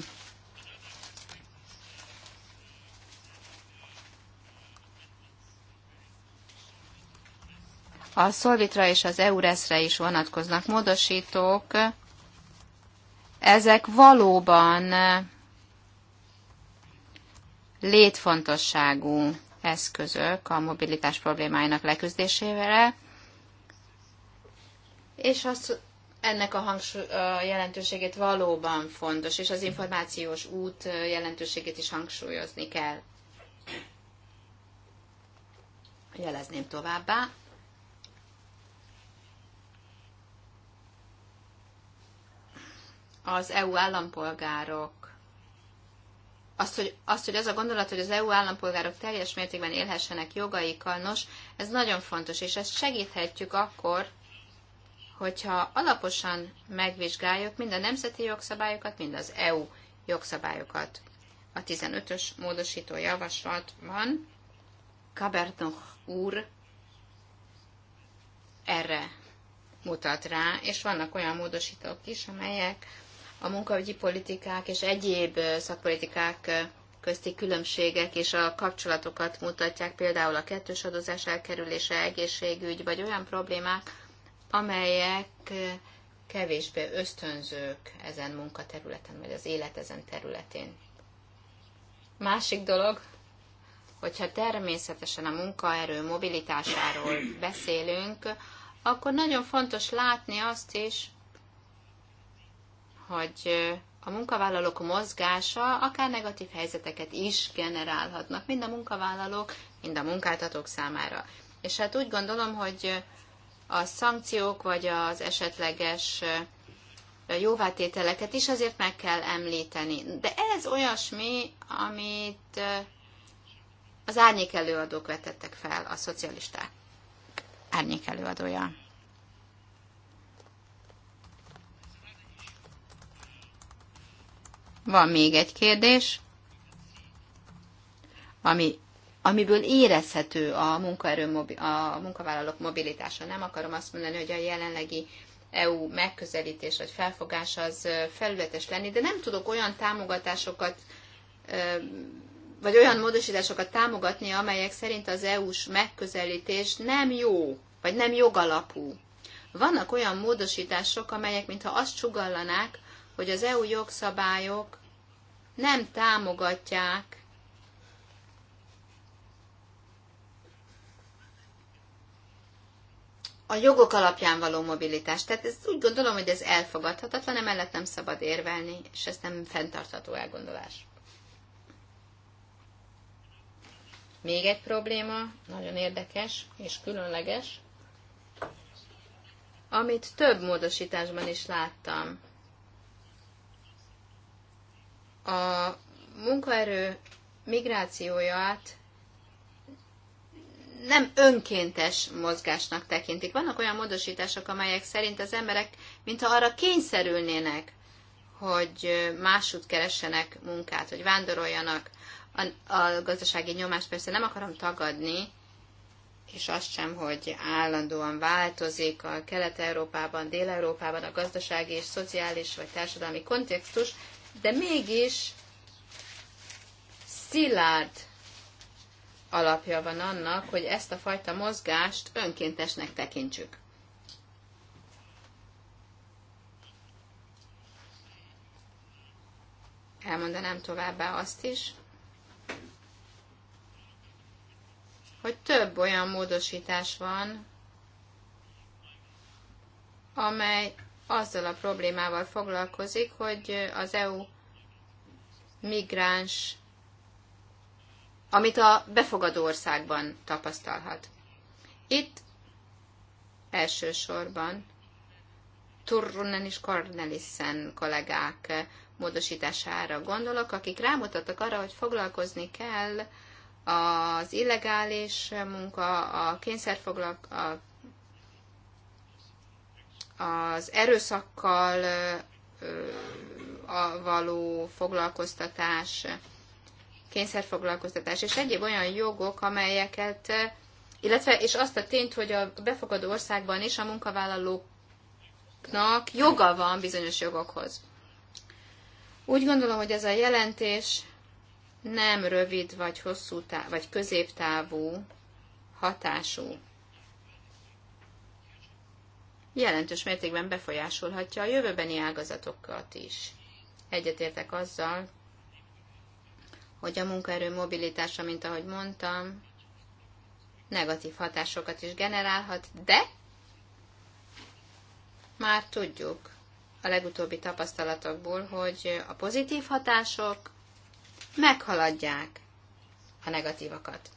A Szolvitra és az eureszre is vonatkoznak módosítók. Ezek valóban létfontosságú eszközök a mobilitás problémáinak leküzdésére, és az, ennek a, hangsúly, a jelentőségét valóban fontos, és az információs út jelentőségét is hangsúlyozni kell. Jelezném továbbá, az EU állampolgárok azt hogy, azt, hogy az a gondolat, hogy az EU állampolgárok teljes mértékben élhessenek jogaikkal, nos, ez nagyon fontos, és ezt segíthetjük akkor, hogyha alaposan megvizsgáljuk mind a nemzeti jogszabályokat, mind az EU jogszabályokat. A 15-ös módosító javaslatban Kabernoch úr erre mutat rá, és vannak olyan módosítók is, amelyek a munkaügyi politikák és egyéb szakpolitikák közti különbségek és a kapcsolatokat mutatják, például a kettős adózás elkerülése, egészségügy, vagy olyan problémák, amelyek kevésbé ösztönzők ezen munkaterületen, vagy az élet ezen területén. Másik dolog, hogyha természetesen a munkaerő mobilitásáról beszélünk, akkor nagyon fontos látni azt is, hogy a munkavállalók mozgása akár negatív helyzeteket is generálhatnak, mind a munkavállalók, mind a munkáltatók számára. És hát úgy gondolom, hogy a szankciók vagy az esetleges jóvátételeket is azért meg kell említeni. De ez olyasmi, amit az árnyék előadók vetettek fel, a szocialisták árnyék előadója. Van még egy kérdés, ami, amiből érezhető a, munkaerő, a munkavállalók mobilitása. Nem akarom azt mondani, hogy a jelenlegi EU megközelítés vagy felfogás az felületes lenni, de nem tudok olyan támogatásokat vagy olyan módosításokat támogatni, amelyek szerint az EU-s megközelítés nem jó, vagy nem jogalapú. Vannak olyan módosítások, amelyek mintha azt csugallanák, hogy az EU jogszabályok nem támogatják a jogok alapján való mobilitás. Tehát ez úgy gondolom, hogy ez elfogadhatatlan, emellett nem szabad érvelni, és ez nem fenntartható elgondolás. Még egy probléma, nagyon érdekes és különleges, amit több módosításban is láttam a munkaerő migrációját nem önkéntes mozgásnak tekintik. Vannak olyan módosítások, amelyek szerint az emberek, mintha arra kényszerülnének, hogy máshogy keressenek munkát, hogy vándoroljanak. A, a gazdasági nyomást persze nem akarom tagadni, és azt sem, hogy állandóan változik a Kelet-Európában, Dél-Európában a gazdasági és szociális vagy társadalmi kontextus, de mégis szilárd alapja van annak, hogy ezt a fajta mozgást önkéntesnek tekintsük. Elmondanám továbbá azt is, hogy több olyan módosítás van, amely azzal a problémával foglalkozik, hogy az EU migráns, amit a befogadó országban tapasztalhat. Itt elsősorban Turunen és Cornelissen kollégák módosítására gondolok, akik rámutattak arra, hogy foglalkozni kell az illegális munka, a a az erőszakkal a való foglalkoztatás, kényszerfoglalkoztatás és egyéb olyan jogok, amelyeket, illetve és azt a tényt, hogy a befogadó országban is a munkavállalóknak joga van bizonyos jogokhoz. Úgy gondolom, hogy ez a jelentés nem rövid vagy hosszú táv, vagy középtávú hatású jelentős mértékben befolyásolhatja a jövőbeni ágazatokat is. Egyetértek azzal, hogy a munkaerő mobilitása, mint ahogy mondtam, negatív hatásokat is generálhat, de már tudjuk a legutóbbi tapasztalatokból, hogy a pozitív hatások meghaladják a negatívakat.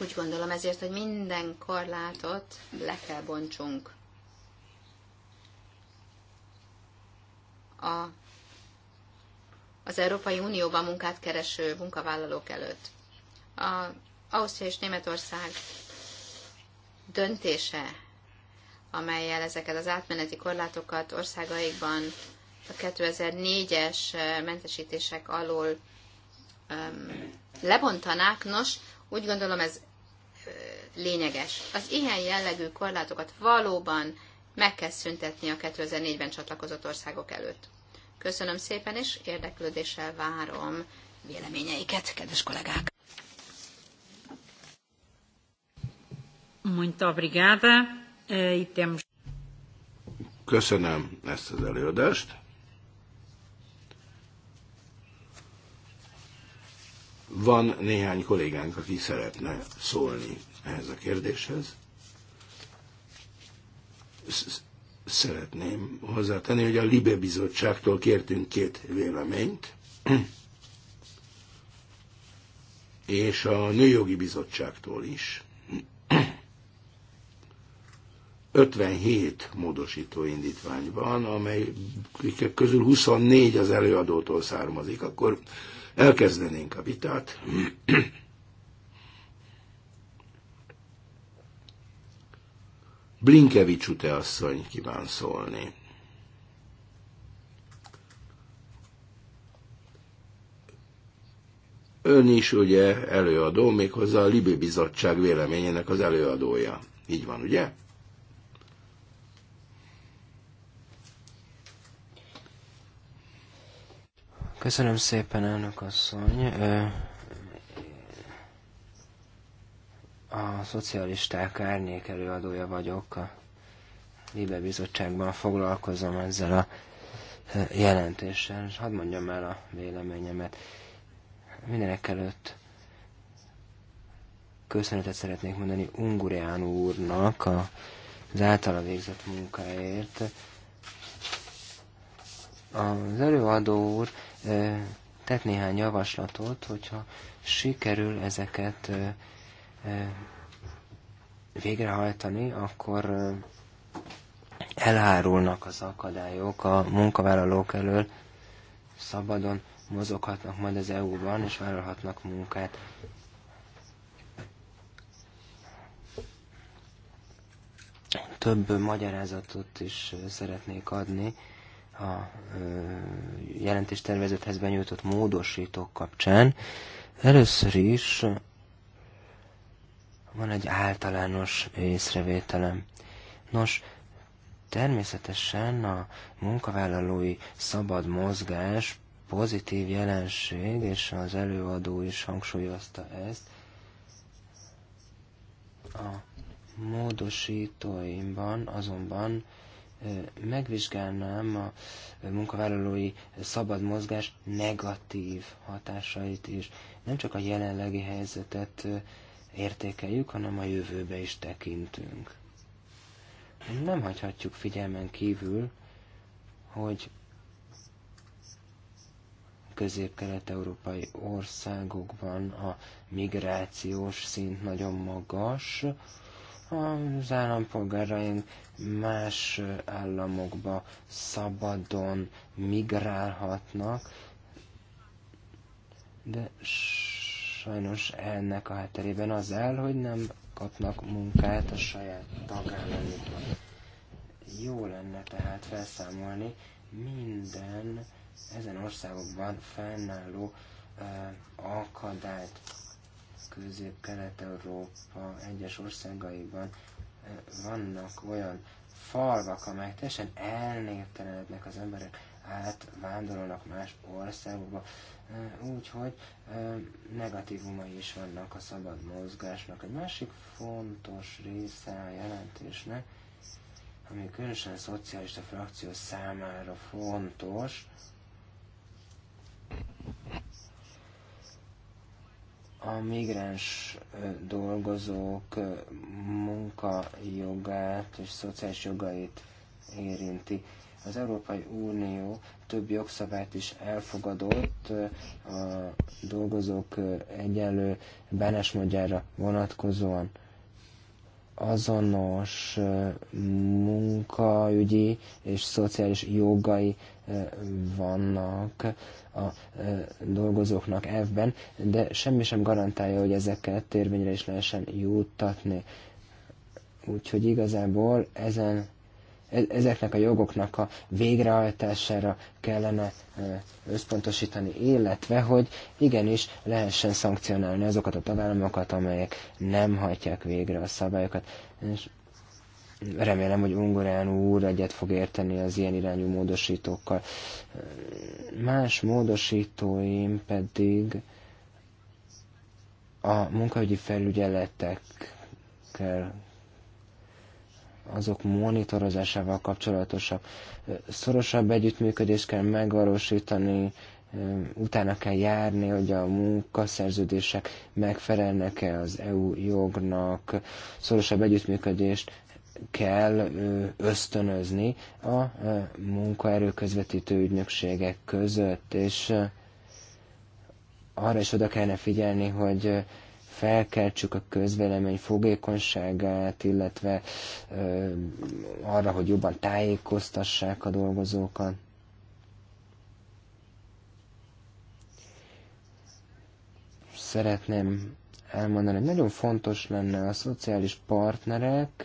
Úgy gondolom ezért, hogy minden korlátot le kell bontsunk. A, az Európai Unióban munkát kereső munkavállalók előtt. A Ausztria és Németország döntése, amelyel ezeket az átmeneti korlátokat országaikban a 2004-es mentesítések alól um, lebontanák. Nos, úgy gondolom ez lényeges. Az ilyen jellegű korlátokat valóban meg kell szüntetni a 2004-ben csatlakozott országok előtt. Köszönöm szépen, és érdeklődéssel várom véleményeiket, kedves kollégák! Muito obrigada. Eh, e Köszönöm ezt az előadást. Van néhány kollégánk, aki szeretne szólni ehhez a kérdéshez. Szeretném hozzátenni, hogy a Libe Bizottságtól kértünk két véleményt, és a Nőjogi Bizottságtól is. 57 módosító indítvány van, amely közül 24 az előadótól származik, akkor elkezdenénk a vitát. Blinkevics Ute asszony kíván szólni. Ön is ugye előadó, méghozzá a Libé Bizottság véleményének az előadója. Így van, ugye? Köszönöm szépen, elnök asszony. A szocialisták árnyék előadója vagyok. A Libe Bizottságban foglalkozom ezzel a jelentéssel, és hadd mondjam el a véleményemet. Mindenek előtt köszönetet szeretnék mondani Ungurián úrnak az általa végzett munkáért. Az előadó úr tett néhány javaslatot, hogyha sikerül ezeket végrehajtani, akkor elhárulnak az akadályok a munkavállalók elől, szabadon mozoghatnak majd az EU-ban, és vállalhatnak munkát. Több magyarázatot is szeretnék adni a jelentéstervezethez benyújtott módosítók kapcsán. Először is van egy általános észrevételem. Nos, természetesen a munkavállalói szabad mozgás pozitív jelenség, és az előadó is hangsúlyozta ezt. A módosítóimban azonban megvizsgálnám a munkavállalói szabad mozgás negatív hatásait is. Nem csak a jelenlegi helyzetet értékeljük, hanem a jövőbe is tekintünk. Nem hagyhatjuk figyelmen kívül, hogy közép-kelet-európai országokban a migrációs szint nagyon magas, az állampolgáraink más államokba szabadon migrálhatnak, de sajnos ennek a hátterében az el, hogy nem kapnak munkát a saját tagállamukban. Jó lenne tehát felszámolni minden ezen országokban fennálló uh, akadályt közép-kelet-európa egyes országaiban eh, vannak olyan falvak, amelyek teljesen elnéptelenednek az emberek, átvándorolnak más országokba, eh, úgyhogy eh, negatívumai is vannak a szabad mozgásnak. Egy másik fontos része a jelentésnek, ami különösen a szocialista frakció számára fontos, a migráns dolgozók munkajogát és szociális jogait érinti. Az Európai Unió több jogszabályt is elfogadott a dolgozók egyenlő bánásmódjára vonatkozóan azonos munkaügyi és szociális jogai vannak a dolgozóknak ebben, de semmi sem garantálja, hogy ezeket térvényre is lehessen juttatni. Úgyhogy igazából ezen ezeknek a jogoknak a végrehajtására kellene összpontosítani, illetve hogy igenis lehessen szankcionálni azokat a tagállamokat, amelyek nem hajtják végre a szabályokat. És remélem, hogy Ungorán úr egyet fog érteni az ilyen irányú módosítókkal. Más módosítóim pedig a munkahogyi felügyeletekkel azok monitorozásával kapcsolatosak. Szorosabb együttműködést kell megvalósítani, utána kell járni, hogy a munkaszerződések megfelelnek-e az EU jognak, szorosabb együttműködést kell ösztönözni a munkaerő közvetítő ügynökségek között, és arra is oda kellene figyelni, hogy felkeltsük a közvélemény fogékonyságát, illetve arra, hogy jobban tájékoztassák a dolgozókat. Szeretném elmondani, hogy nagyon fontos lenne a szociális partnerek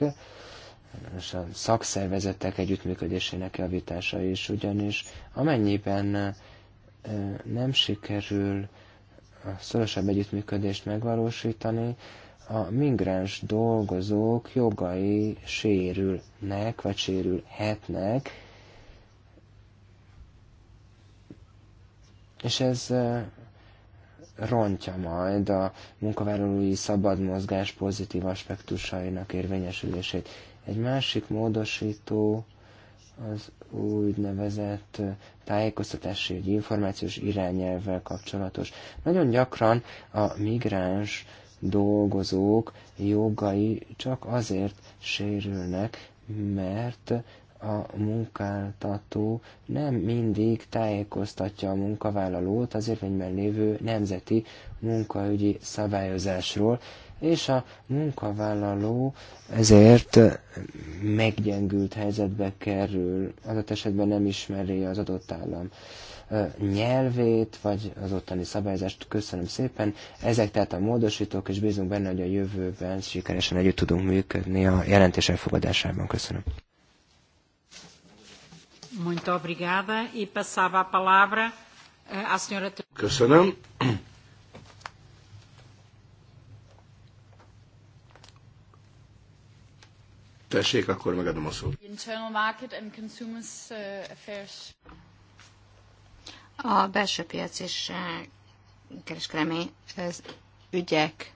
és a szakszervezetek együttműködésének javítása is, ugyanis amennyiben nem sikerül a szorosabb együttműködést megvalósítani, a migráns dolgozók jogai sérülnek, vagy sérülhetnek, és ez rontja majd a munkavállalói szabad mozgás pozitív aspektusainak érvényesülését. Egy másik módosító az úgynevezett tájékoztatási vagy információs irányelvvel kapcsolatos. Nagyon gyakran a migráns dolgozók jogai csak azért sérülnek, mert a munkáltató nem mindig tájékoztatja a munkavállalót az érvényben lévő nemzeti munkaügyi szabályozásról, és a munkavállaló ezért meggyengült helyzetbe kerül, adott esetben nem ismeri az adott állam nyelvét, vagy az ottani szabályzást. Köszönöm szépen. Ezek tehát a módosítók, és bízunk benne, hogy a jövőben sikeresen együtt tudunk működni a jelentés elfogadásában. Köszönöm. Muito obrigada e passava a palavra eh, à senhora Köszönöm. Tessék, akkor megadom a szót. Uh, a belső piac és uh, kereskedelmi uh, ügyek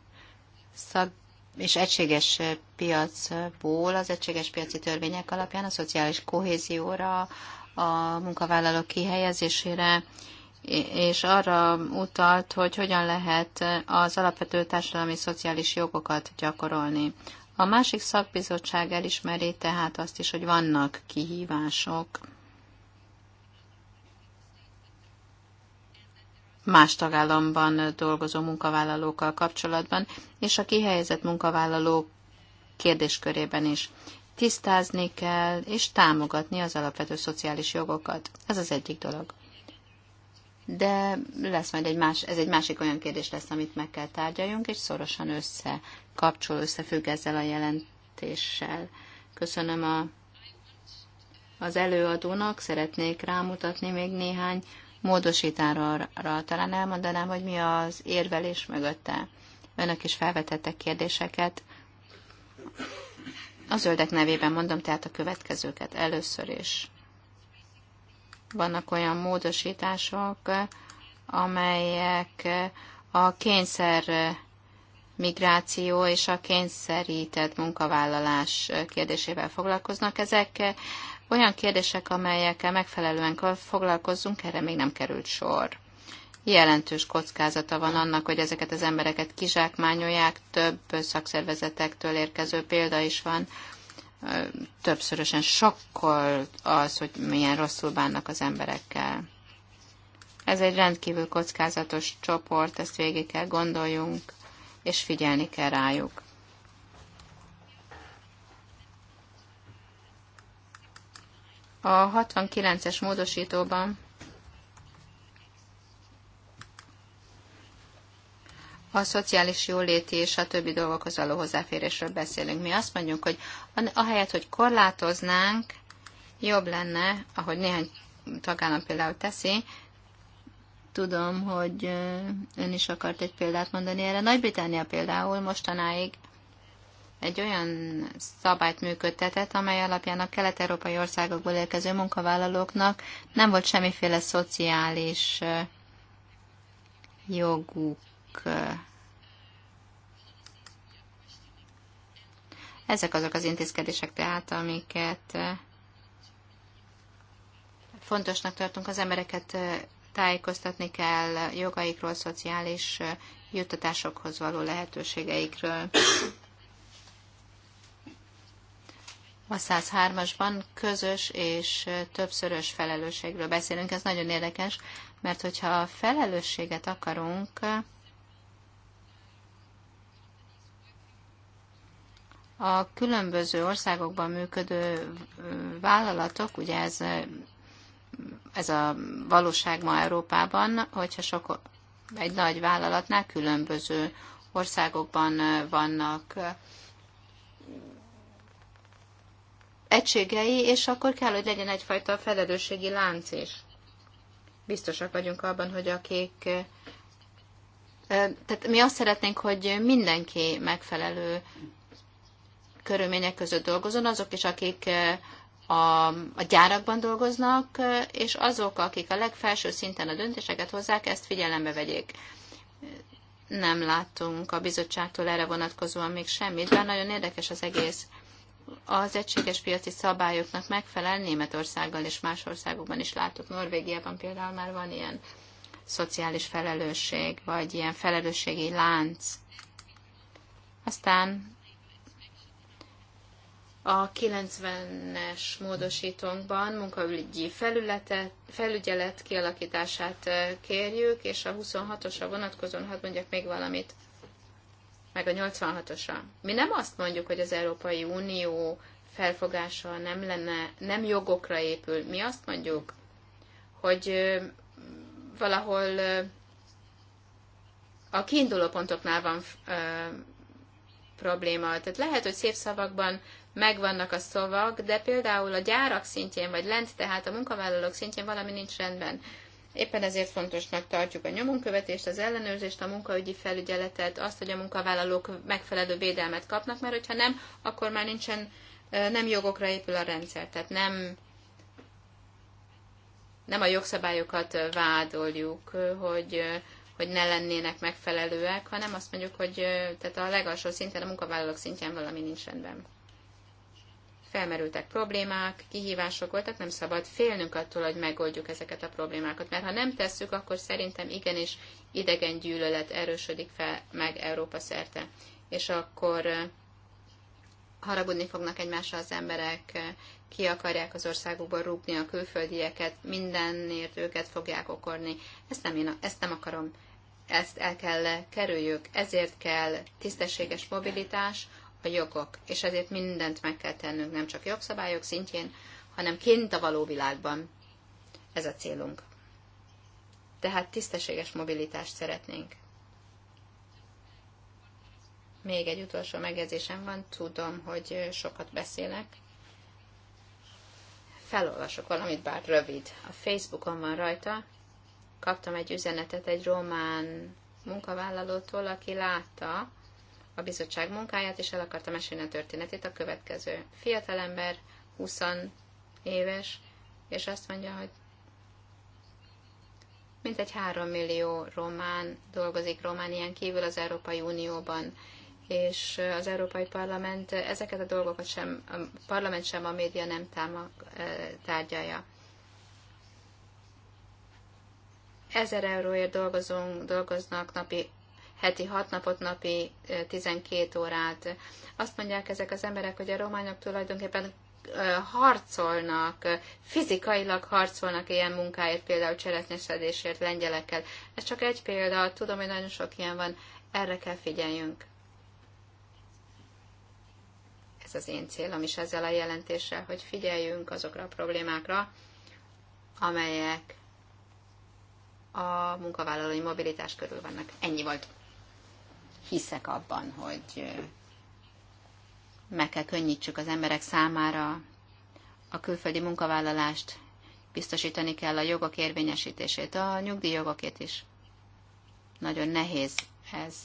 szag és egységes piacból, az egységes piaci törvények alapján a szociális kohézióra, a munkavállalók kihelyezésére, és arra utalt, hogy hogyan lehet az alapvető társadalmi szociális jogokat gyakorolni. A másik szakbizottság elismeri tehát azt is, hogy vannak kihívások más tagállamban dolgozó munkavállalókkal kapcsolatban, és a kihelyezett munkavállalók kérdéskörében is. Tisztázni kell, és támogatni az alapvető szociális jogokat. Ez az egyik dolog de lesz majd egy más, ez egy másik olyan kérdés lesz, amit meg kell tárgyaljunk, és szorosan összekapcsol, összefügg ezzel a jelentéssel. Köszönöm a, az előadónak, szeretnék rámutatni még néhány módosítára, talán elmondanám, hogy mi az érvelés mögötte. Önök is felvetettek kérdéseket. A zöldek nevében mondom tehát a következőket először is vannak olyan módosítások, amelyek a kényszer migráció és a kényszerített munkavállalás kérdésével foglalkoznak. Ezek olyan kérdések, amelyekkel megfelelően foglalkozzunk, erre még nem került sor. Jelentős kockázata van annak, hogy ezeket az embereket kizsákmányolják, több szakszervezetektől érkező példa is van többszörösen sokkal az, hogy milyen rosszul bánnak az emberekkel. Ez egy rendkívül kockázatos csoport, ezt végig kell gondoljunk, és figyelni kell rájuk. A 69-es módosítóban a szociális jóléti és a többi dolgokhoz való hozzáférésről beszélünk. Mi azt mondjuk, hogy ahelyett, hogy korlátoznánk, jobb lenne, ahogy néhány tagállam például teszi, tudom, hogy ön is akart egy példát mondani erre. Nagy-Britannia például mostanáig egy olyan szabályt működtetett, amely alapján a kelet-európai országokból érkező munkavállalóknak nem volt semmiféle szociális joguk ezek azok az intézkedések tehát, amiket fontosnak tartunk, az embereket tájékoztatni kell jogaikról, szociális juttatásokhoz való lehetőségeikről. A 103-asban közös és többszörös felelősségről beszélünk. Ez nagyon érdekes, mert hogyha felelősséget akarunk, a különböző országokban működő vállalatok, ugye ez, ez a valóság ma Európában, hogyha sok, egy nagy vállalatnál különböző országokban vannak egységei, és akkor kell, hogy legyen egyfajta felelősségi lánc is. Biztosak vagyunk abban, hogy akik. Tehát mi azt szeretnénk, hogy mindenki megfelelő körülmények között dolgozon, azok is, akik eh, a, a gyárakban dolgoznak, eh, és azok, akik a legfelső szinten a döntéseket hozzák, ezt figyelembe vegyék. Nem láttunk a bizottságtól erre vonatkozóan még semmit, bár nagyon érdekes az egész. Az egységes piaci szabályoknak megfelel Németországgal és más országokban is látok. Norvégiában például már van ilyen szociális felelősség, vagy ilyen felelősségi lánc. Aztán a 90-es módosítónkban munkaügyi felületet, felügyelet kialakítását kérjük, és a 26-osra vonatkozóan hadd mondjak még valamit, meg a 86-osra. Mi nem azt mondjuk, hogy az Európai Unió felfogása nem lenne, nem jogokra épül. Mi azt mondjuk, hogy valahol a kiinduló pontoknál van probléma. Tehát lehet, hogy szép szavakban megvannak a szavak, de például a gyárak szintjén, vagy lent, tehát a munkavállalók szintjén valami nincs rendben. Éppen ezért fontosnak tartjuk a nyomonkövetést, az ellenőrzést, a munkaügyi felügyeletet, azt, hogy a munkavállalók megfelelő védelmet kapnak, mert hogyha nem, akkor már nincsen, nem jogokra épül a rendszer, tehát nem, nem a jogszabályokat vádoljuk, hogy, hogy ne lennének megfelelőek, hanem azt mondjuk, hogy tehát a legalsó szinten, a munkavállalók szintjén valami nincs rendben felmerültek problémák, kihívások voltak, nem szabad félnünk attól, hogy megoldjuk ezeket a problémákat, mert ha nem tesszük, akkor szerintem igenis idegen gyűlölet erősödik fel meg Európa szerte, és akkor haragudni fognak egymásra az emberek, ki akarják az országukból rúgni a külföldieket, mindenért őket fogják okorni. Ezt nem, én, ezt nem akarom, ezt el kell kerüljük. Ezért kell tisztességes mobilitás, a jogok, és ezért mindent meg kell tennünk, nem csak jogszabályok szintjén, hanem kint a való világban. Ez a célunk. Tehát tisztességes mobilitást szeretnénk. Még egy utolsó megjegyzésem van, tudom, hogy sokat beszélek. Felolvasok valamit, bár rövid. A Facebookon van rajta. Kaptam egy üzenetet egy román munkavállalótól, aki látta, a bizottság munkáját, és el akartam mesélni a történetét. A következő fiatalember, 20 éves, és azt mondja, hogy mintegy 3 millió román dolgozik Románián kívül az Európai Unióban, és az Európai Parlament ezeket a dolgokat sem, a parlament sem a média nem táma tárgyalja. Ezer euróért dolgozunk, dolgoznak napi heti 6 napot, napi 12 órát. Azt mondják ezek az emberek, hogy a románok tulajdonképpen harcolnak, fizikailag harcolnak ilyen munkáért, például cseretnyeszedésért lengyelekkel. Ez csak egy példa, tudom, hogy nagyon sok ilyen van, erre kell figyeljünk. Ez az én célom is ezzel a jelentéssel, hogy figyeljünk azokra a problémákra, amelyek a munkavállalói mobilitás körül vannak. Ennyi volt hiszek abban, hogy meg kell könnyítsük az emberek számára a külföldi munkavállalást, biztosítani kell a jogok érvényesítését, a nyugdíjjogokét is. Nagyon nehéz ez,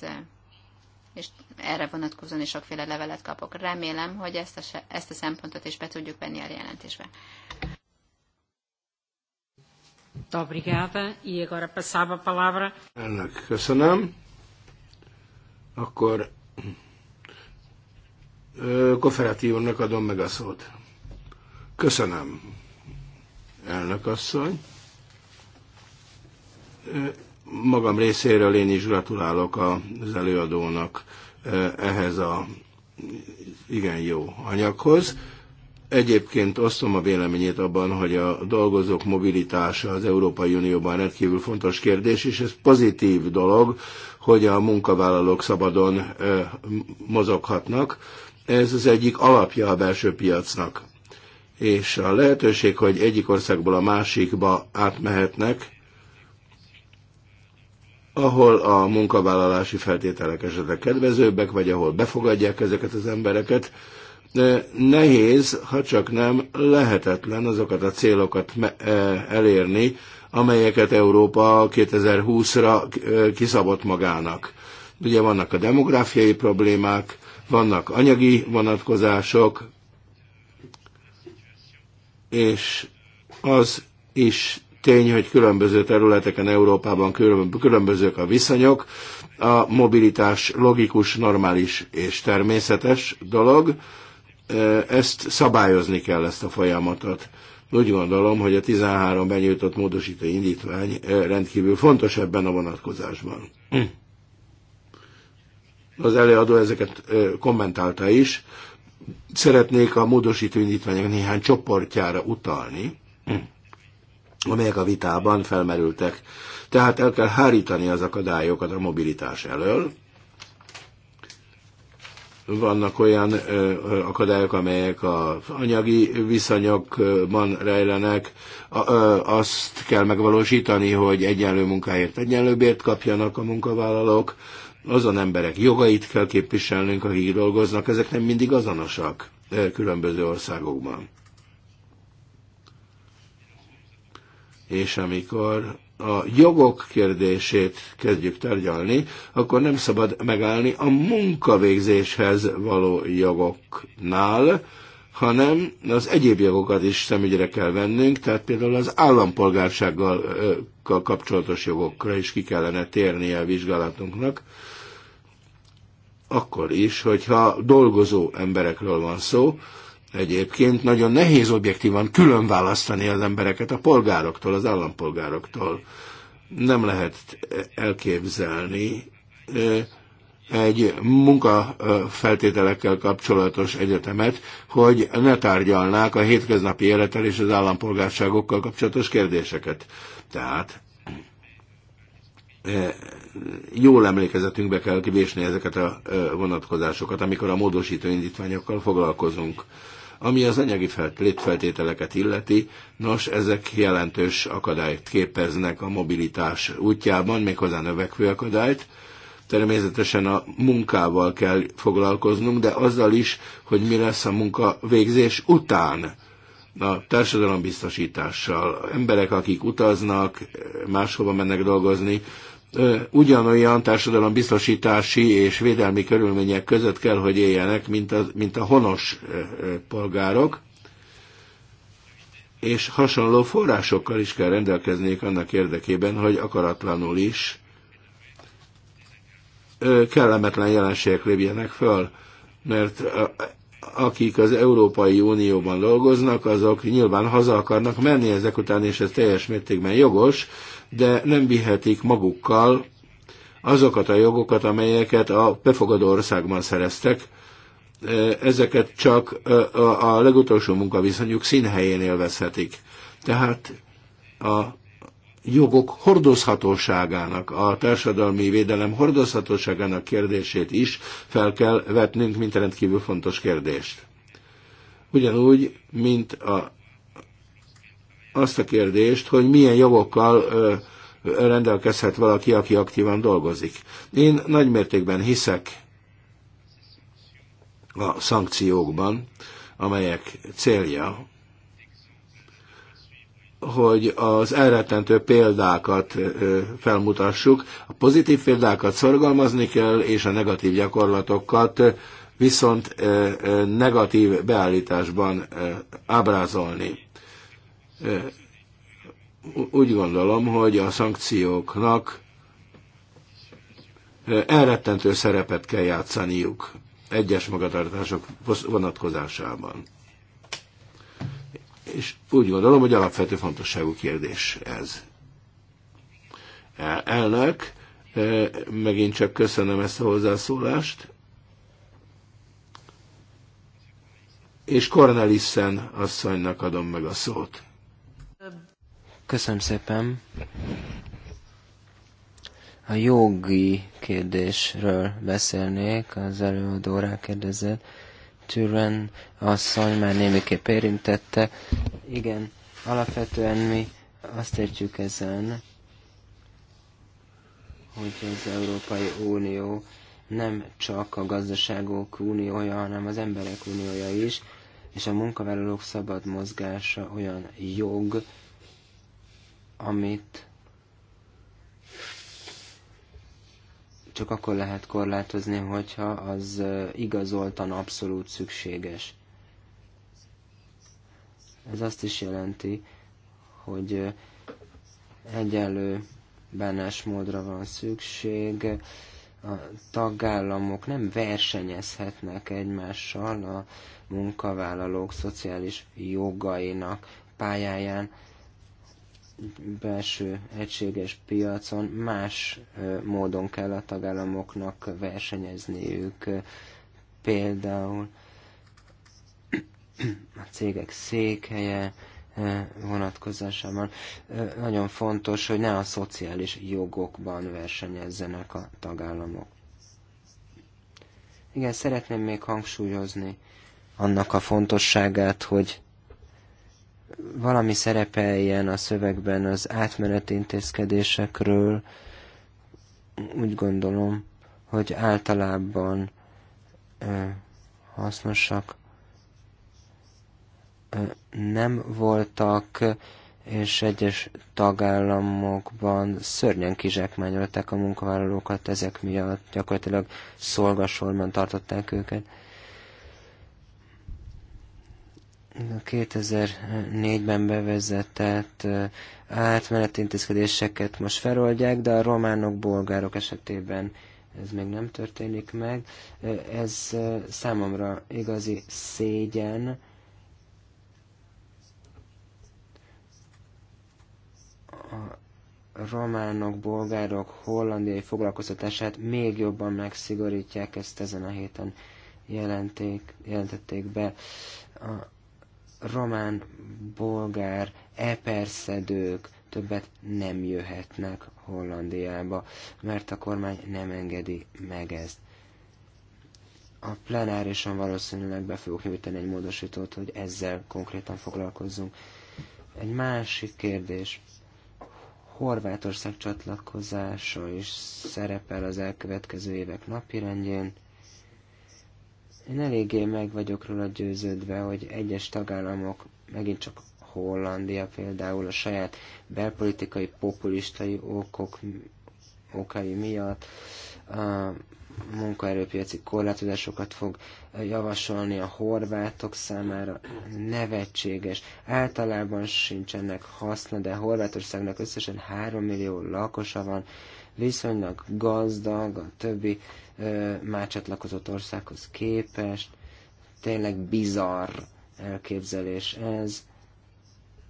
és erre vonatkozóan is sokféle levelet kapok. Remélem, hogy ezt a, ezt a szempontot is be tudjuk venni a jelentésbe. E a palavra. Ennek köszönöm. Akkor Koferáti úrnak adom meg a szót. Köszönöm, elnök asszony. Magam részéről én is gratulálok az előadónak ehhez a igen jó anyaghoz. Egyébként osztom a véleményét abban, hogy a dolgozók mobilitása az Európai Unióban rendkívül fontos kérdés, és ez pozitív dolog, hogy a munkavállalók szabadon mozoghatnak. Ez az egyik alapja a belső piacnak. És a lehetőség, hogy egyik országból a másikba átmehetnek, ahol a munkavállalási feltételek esetleg kedvezőbbek, vagy ahol befogadják ezeket az embereket, nehéz, ha csak nem lehetetlen azokat a célokat e, elérni, amelyeket Európa 2020-ra e, kiszabott magának. Ugye vannak a demográfiai problémák, vannak anyagi vonatkozások, és az is tény, hogy különböző területeken Európában különbözők a viszonyok, a mobilitás logikus, normális és természetes dolog, ezt szabályozni kell ezt a folyamatot. Úgy gondolom, hogy a 13 benyújtott módosító indítvány rendkívül fontos ebben a vonatkozásban. Hm. Az előadó ezeket kommentálta is. Szeretnék a módosító indítványok néhány csoportjára utalni, hm, amelyek a vitában felmerültek. Tehát el kell hárítani az akadályokat a mobilitás elől, vannak olyan akadályok, amelyek az anyagi viszonyokban rejlenek. Azt kell megvalósítani, hogy egyenlő munkáért egyenlő bért kapjanak a munkavállalók. Azon emberek jogait kell képviselnünk, akik dolgoznak, ezek nem mindig azonosak különböző országokban. És amikor a jogok kérdését kezdjük tárgyalni, akkor nem szabad megállni a munkavégzéshez való jogoknál, hanem az egyéb jogokat is szemügyre kell vennünk, tehát például az állampolgársággal kapcsolatos jogokra is ki kellene térnie a vizsgálatunknak, akkor is, hogyha dolgozó emberekről van szó, egyébként nagyon nehéz objektívan külön választani az embereket a polgároktól, az állampolgároktól. Nem lehet elképzelni egy munkafeltételekkel kapcsolatos egyetemet, hogy ne tárgyalnák a hétköznapi élettel és az állampolgárságokkal kapcsolatos kérdéseket. Tehát jól emlékezetünkbe kell kivésni ezeket a vonatkozásokat, amikor a módosító indítványokkal foglalkozunk. Ami az anyagi létfeltételeket illeti, nos, ezek jelentős akadályt képeznek a mobilitás útjában, méghozzá növekvő akadályt. Természetesen a munkával kell foglalkoznunk, de azzal is, hogy mi lesz a munka végzés után a társadalombiztosítással. Emberek, akik utaznak, máshova mennek dolgozni, ugyanolyan biztosítási és védelmi körülmények között kell, hogy éljenek, mint a, mint a honos polgárok, és hasonló forrásokkal is kell rendelkezniük annak érdekében, hogy akaratlanul is kellemetlen jelenségek lépjenek föl, mert akik az Európai Unióban dolgoznak, azok nyilván haza akarnak menni ezek után, és ez teljes mértékben jogos, de nem vihetik magukkal azokat a jogokat, amelyeket a befogadó országban szereztek, e, ezeket csak e, a legutolsó munkaviszonyuk színhelyén élvezhetik. Tehát a jogok hordozhatóságának, a társadalmi védelem hordozhatóságának kérdését is fel kell vetnünk, mint rendkívül fontos kérdést. Ugyanúgy, mint a azt a kérdést, hogy milyen jogokkal rendelkezhet valaki, aki aktívan dolgozik. Én nagymértékben hiszek a szankciókban, amelyek célja, hogy az elrettentő példákat felmutassuk, a pozitív példákat szorgalmazni kell, és a negatív gyakorlatokat viszont negatív beállításban ábrázolni. Úgy gondolom, hogy a szankcióknak elrettentő szerepet kell játszaniuk egyes magatartások vonatkozásában. És úgy gondolom, hogy alapvető fontosságú kérdés ez. E, elnök, megint csak köszönöm ezt a hozzászólást. És Cornelissen asszonynak adom meg a szót. Köszönöm szépen. A jogi kérdésről beszélnék, az előadó kérdezett. Türen asszony már némiképp érintette. Igen, alapvetően mi azt értjük ezen, hogy az Európai Unió nem csak a gazdaságok uniója, hanem az emberek uniója is, és a munkavállalók szabad mozgása olyan jog, amit csak akkor lehet korlátozni, hogyha az igazoltan abszolút szükséges. Ez azt is jelenti, hogy egyenlő bánásmódra van szükség, a tagállamok nem versenyezhetnek egymással a munkavállalók szociális jogainak pályáján, belső egységes piacon más módon kell a tagállamoknak versenyezniük. Például a cégek székhelye vonatkozásában nagyon fontos, hogy ne a szociális jogokban versenyezzenek a tagállamok. Igen, szeretném még hangsúlyozni annak a fontosságát, hogy valami szerepeljen a szövegben az átmeneti intézkedésekről, úgy gondolom, hogy általában ö, hasznosak ö, nem voltak, és egyes tagállamokban szörnyen kizsákmányolták a munkavállalókat ezek miatt, gyakorlatilag szolgasorban tartották őket. 2004-ben bevezetett átmeneti intézkedéseket most feloldják, de a románok, bolgárok esetében ez még nem történik meg. Ez számomra igazi szégyen. A románok, bolgárok, hollandiai foglalkoztatását még jobban megszigorítják, ezt ezen a héten jelenték, jelentették be. A román, bolgár, eperszedők többet nem jöhetnek Hollandiába, mert a kormány nem engedi meg ezt. A plenárisan valószínűleg be fogok nyújtani egy módosítót, hogy ezzel konkrétan foglalkozzunk. Egy másik kérdés. Horvátország csatlakozása is szerepel az elkövetkező évek napirendjén. Én eléggé meg vagyok róla győződve, hogy egyes tagállamok, megint csak Hollandia például a saját belpolitikai populistai okok, okai miatt a munkaerőpiaci korlátozásokat fog javasolni a horvátok számára. Nevetséges. Általában ennek haszna, de Horvátországnak összesen 3 millió lakosa van, viszonylag gazdag, a többi már csatlakozott országhoz képest. Tényleg bizarr elképzelés ez.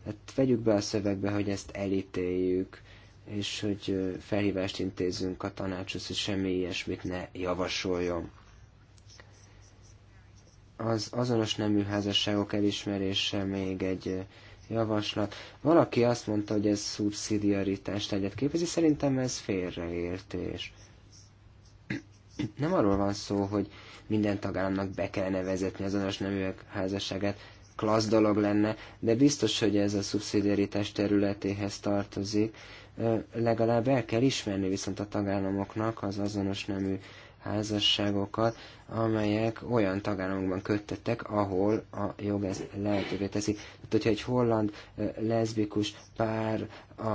Hát vegyük be a szövegbe, hogy ezt elítéljük, és hogy felhívást intézünk a tanácshoz, hogy semmi ilyesmit ne javasoljon. Az azonos nemű házasságok elismerése még egy javaslat. Valaki azt mondta, hogy ez szubszidiaritást egyet képezi, szerintem ez félreértés. Itt nem arról van szó, hogy minden tagállamnak be kellene vezetni az azonos neműek házasságát, klassz dolog lenne, de biztos, hogy ez a szubszidiaritás területéhez tartozik. Legalább el kell ismerni viszont a tagállamoknak az azonos nemű házasságokat, amelyek olyan tagállamokban köttettek, ahol a jog ezt lehetővé teszi. Tehát, hogyha egy holland leszbikus pár a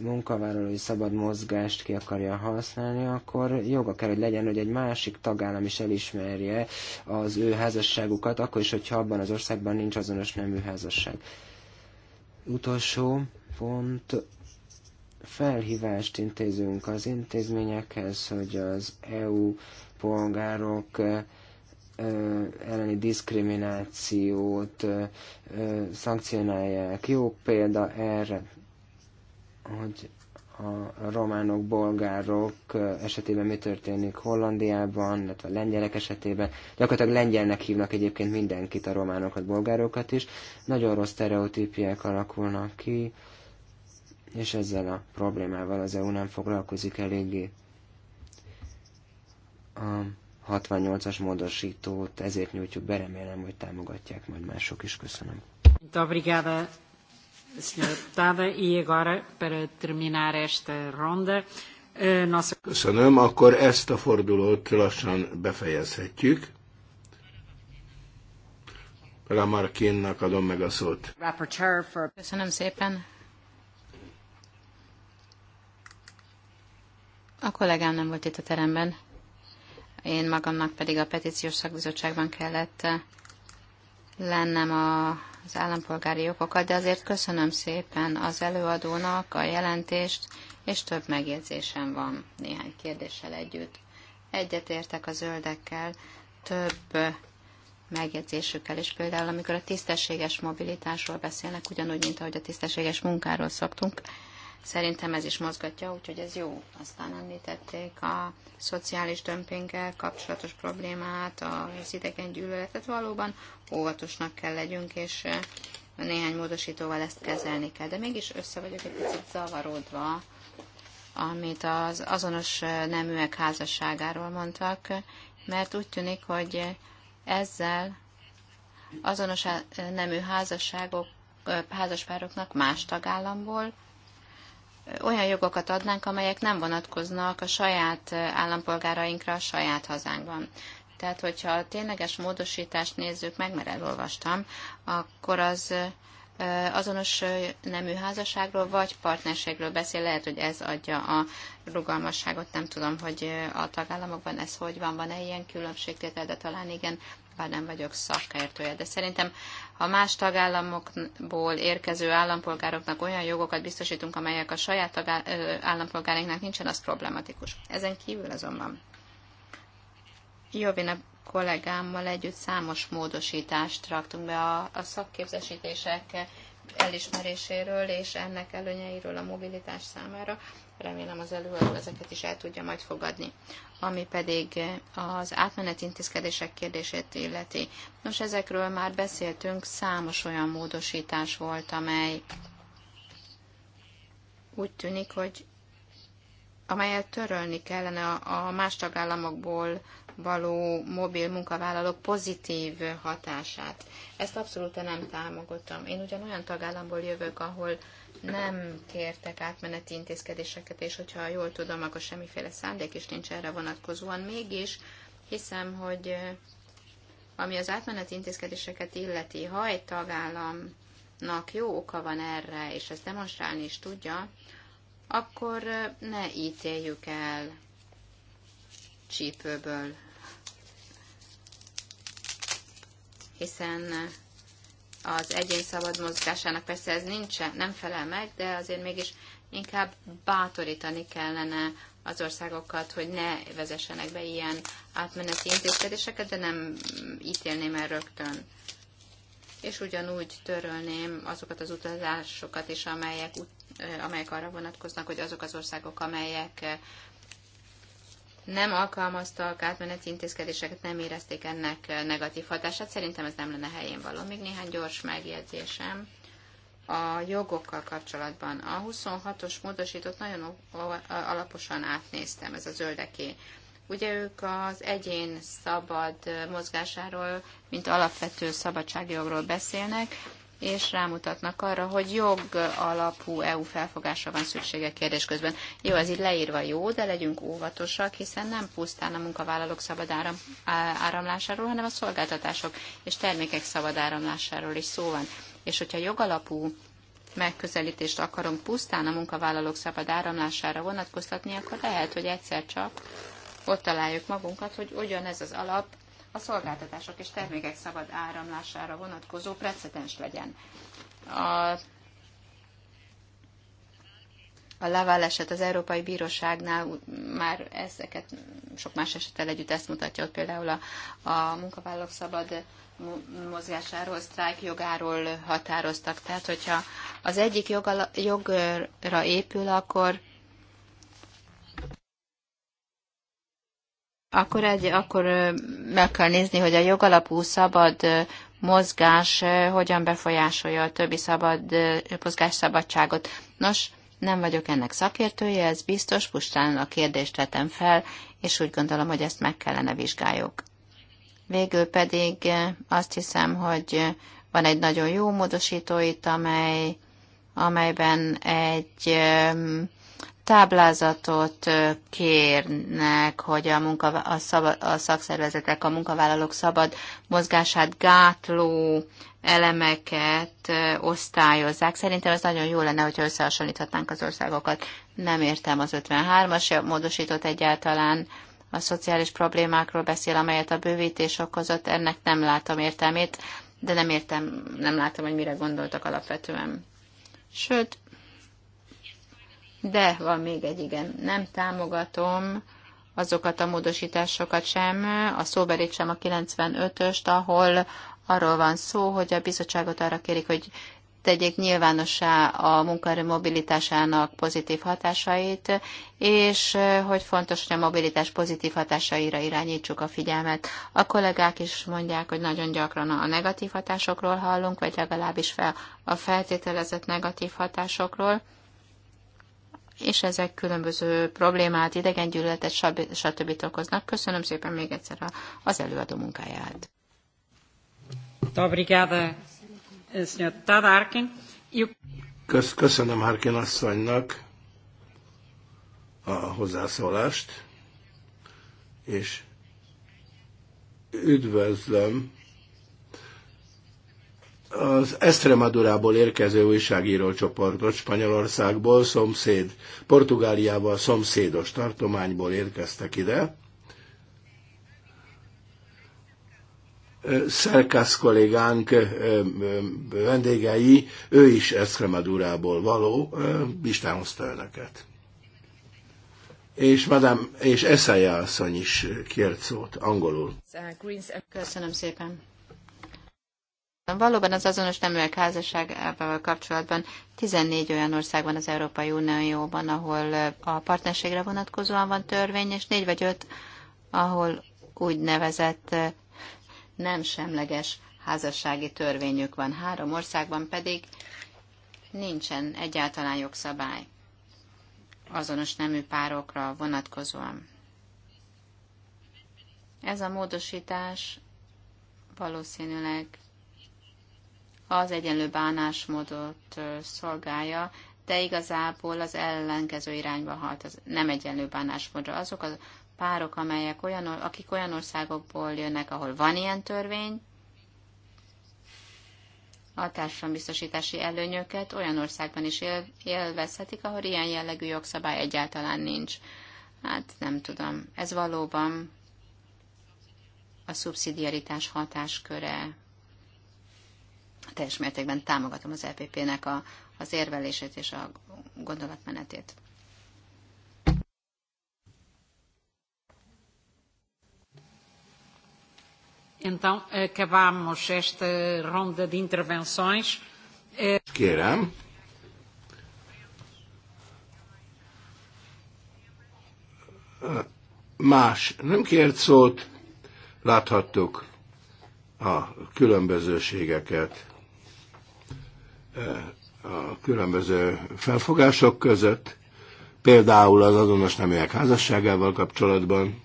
munkavállalói szabad mozgást ki akarja használni, akkor joga kell, hogy legyen, hogy egy másik tagállam is elismerje az ő házasságukat, akkor is, hogyha abban az országban nincs azonos nemű házasság. Utolsó pont felhívást intézünk az intézményekhez, hogy az EU polgárok elleni diszkriminációt szankcionálják. Jó példa erre, hogy a románok, bolgárok esetében mi történik Hollandiában, illetve a lengyelek esetében. Gyakorlatilag lengyelnek hívnak egyébként mindenkit, a románokat, bolgárokat is. Nagyon rossz stereotípiák alakulnak ki és ezzel a problémával az EU nem foglalkozik eléggé. A 68-as módosítót ezért nyújtjuk be, remélem, hogy támogatják majd mások is. Köszönöm. Obrigada, E agora, para terminar esta ronda, Köszönöm, akkor ezt a fordulót lassan befejezhetjük. Lamarkinnak adom meg a szót. Köszönöm szépen. A kollégám nem volt itt a teremben, én magamnak pedig a petíciós szakbizottságban kellett eh, lennem a, az állampolgári jogokat, de azért köszönöm szépen az előadónak a jelentést, és több megjegyzésem van néhány kérdéssel együtt. Egyetértek a zöldekkel, több eh, megjegyzésükkel, és például amikor a tisztességes mobilitásról beszélnek, ugyanúgy, mint ahogy a tisztességes munkáról szoktunk, Szerintem ez is mozgatja, úgyhogy ez jó. Aztán említették a szociális dömpinggel kapcsolatos problémát, az idegen gyűlöletet valóban óvatosnak kell legyünk, és néhány módosítóval ezt kezelni kell. De mégis össze vagyok egy picit zavarodva, amit az azonos neműek házasságáról mondtak, mert úgy tűnik, hogy ezzel azonos nemű házasságok, házaspároknak más tagállamból olyan jogokat adnánk, amelyek nem vonatkoznak a saját állampolgárainkra a saját hazánkban. Tehát, hogyha a tényleges módosítást nézzük meg, mert elolvastam, akkor az azonos nemű házasságról vagy partnerségről beszél, lehet, hogy ez adja a rugalmasságot, nem tudom, hogy a tagállamokban ez hogy van, van-e ilyen különbségtétel, de talán igen, bár nem vagyok szakértője, de szerintem ha más tagállamokból érkező állampolgároknak olyan jogokat biztosítunk, amelyek a saját állampolgárainknak nincsen, az problematikus. Ezen kívül azonban Jovina kollégámmal együtt számos módosítást raktunk be a, a szakképzesítések elismeréséről és ennek előnyeiről a mobilitás számára. Remélem az előadó ezeket is el tudja majd fogadni. Ami pedig az átmeneti intézkedések kérdését illeti. Nos, ezekről már beszéltünk, számos olyan módosítás volt, amely úgy tűnik, hogy amelyet törölni kellene a más tagállamokból való mobil munkavállalók pozitív hatását. Ezt abszolút nem támogatom. Én ugyan olyan tagállamból jövök, ahol nem kértek átmeneti intézkedéseket, és hogyha jól tudom, akkor semmiféle szándék is nincs erre vonatkozóan. Mégis hiszem, hogy ami az átmeneti intézkedéseket illeti, ha egy tagállamnak jó oka van erre, és ezt demonstrálni is tudja, akkor ne ítéljük el csípőből, hiszen az egyén szabad mozgásának persze ez nincsen, nem felel meg, de azért mégis inkább bátorítani kellene az országokat, hogy ne vezessenek be ilyen átmeneti intézkedéseket, de nem ítélném el rögtön. És ugyanúgy törölném azokat az utazásokat is, amelyek, eh, amelyek arra vonatkoznak, hogy azok az országok, amelyek eh, nem alkalmaztak átmeneti intézkedéseket, nem érezték ennek negatív hatását. Szerintem ez nem lenne helyén való. Még néhány gyors megjegyzésem a jogokkal kapcsolatban. A 26-os módosított nagyon alaposan átnéztem, ez a zöldeké. Ugye ők az egyén szabad mozgásáról, mint alapvető szabadságjogról beszélnek, és rámutatnak arra, hogy jog alapú EU felfogásra van szüksége kérdés közben. Jó, ez így leírva jó, de legyünk óvatosak, hiszen nem pusztán a munkavállalók szabad áram, áramlásáról, hanem a szolgáltatások és termékek szabad áramlásáról is szó van. És hogyha jogalapú megközelítést akarunk pusztán a munkavállalók szabad áramlására vonatkoztatni, akkor lehet, hogy egyszer csak ott találjuk magunkat, hogy ugyanez az alap a szolgáltatások és termékek szabad áramlására vonatkozó precedens legyen. A, a Laval eset az Európai Bíróságnál már ezeket, sok más esettel együtt ezt mutatja, ott például a, a munkavállalók szabad mozgásáról, sztrájk jogáról határoztak. Tehát, hogyha az egyik jogra épül, akkor Akkor, egy, akkor meg kell nézni, hogy a jogalapú szabad mozgás hogyan befolyásolja a többi szabad, mozgás szabadságot. Nos, nem vagyok ennek szakértője, ez biztos, pusztán a kérdést vetem fel, és úgy gondolom, hogy ezt meg kellene vizsgáljuk. Végül pedig azt hiszem, hogy van egy nagyon jó módosító itt, amely, amelyben egy táblázatot kérnek, hogy a, munka, a, szab, a szakszervezetek a munkavállalók szabad mozgását gátló elemeket osztályozzák. Szerintem ez nagyon jó lenne, hogyha összehasonlíthatnánk az országokat. Nem értem az 53-as módosított egyáltalán a szociális problémákról beszél, amelyet a bővítés okozott, ennek nem látom értelmét, de nem értem, nem látom, hogy mire gondoltak alapvetően. Sőt, de van még egy igen, nem támogatom azokat a módosításokat sem, a szóbelit sem a 95-öst, ahol arról van szó, hogy a bizottságot arra kérik, hogy tegyék nyilvánossá a munkaerő mobilitásának pozitív hatásait, és eh, hogy fontos, hogy a mobilitás pozitív hatásaira irányítsuk a figyelmet. A kollégák is mondják, hogy nagyon gyakran a negatív hatásokról hallunk, vagy legalábbis fel a feltételezett negatív hatásokról és ezek különböző problémát, idegengyűlöletet, stb. okoznak. Köszönöm szépen még egyszer az előadó munkáját. Eh, Kösz, köszönöm Harkin asszonynak a hozzászólást, és üdvözlöm az Estremadurából érkező újságíró csoportot Spanyolországból, szomszéd, Portugáliával szomszédos tartományból érkeztek ide. Szerkász kollégánk vendégei, ő is Estremadurából való, Isten hozta önöket. És madám, és Eszája asszony is kért szót angolul. Köszönöm szépen. Valóban az azonos neműek házasságával kapcsolatban 14 olyan ország van az Európai Unióban, ahol a partnerségre vonatkozóan van törvény, és 4 vagy 5, ahol úgynevezett nem semleges házassági törvényük van. Három országban pedig nincsen egyáltalán jogszabály azonos nemű párokra vonatkozóan. Ez a módosítás valószínűleg az egyenlő bánásmódot szolgálja, de igazából az ellenkező irányba halt, az nem egyenlő bánásmódra. Azok a párok, amelyek olyan, akik olyan országokból jönnek, ahol van ilyen törvény, a biztosítási előnyöket olyan országban is él, élvezhetik, ahol ilyen jellegű jogszabály egyáltalán nincs. Hát nem tudom. Ez valóban a szubszidiaritás hatásköre teljes mértékben támogatom az EPP-nek a, az érvelését és a gondolatmenetét. Então, acabamos esta ronda de intervenções. Kérem. Más nem kért szót, láthattuk a különbözőségeket a különböző felfogások között, például az azonos neműek házasságával kapcsolatban,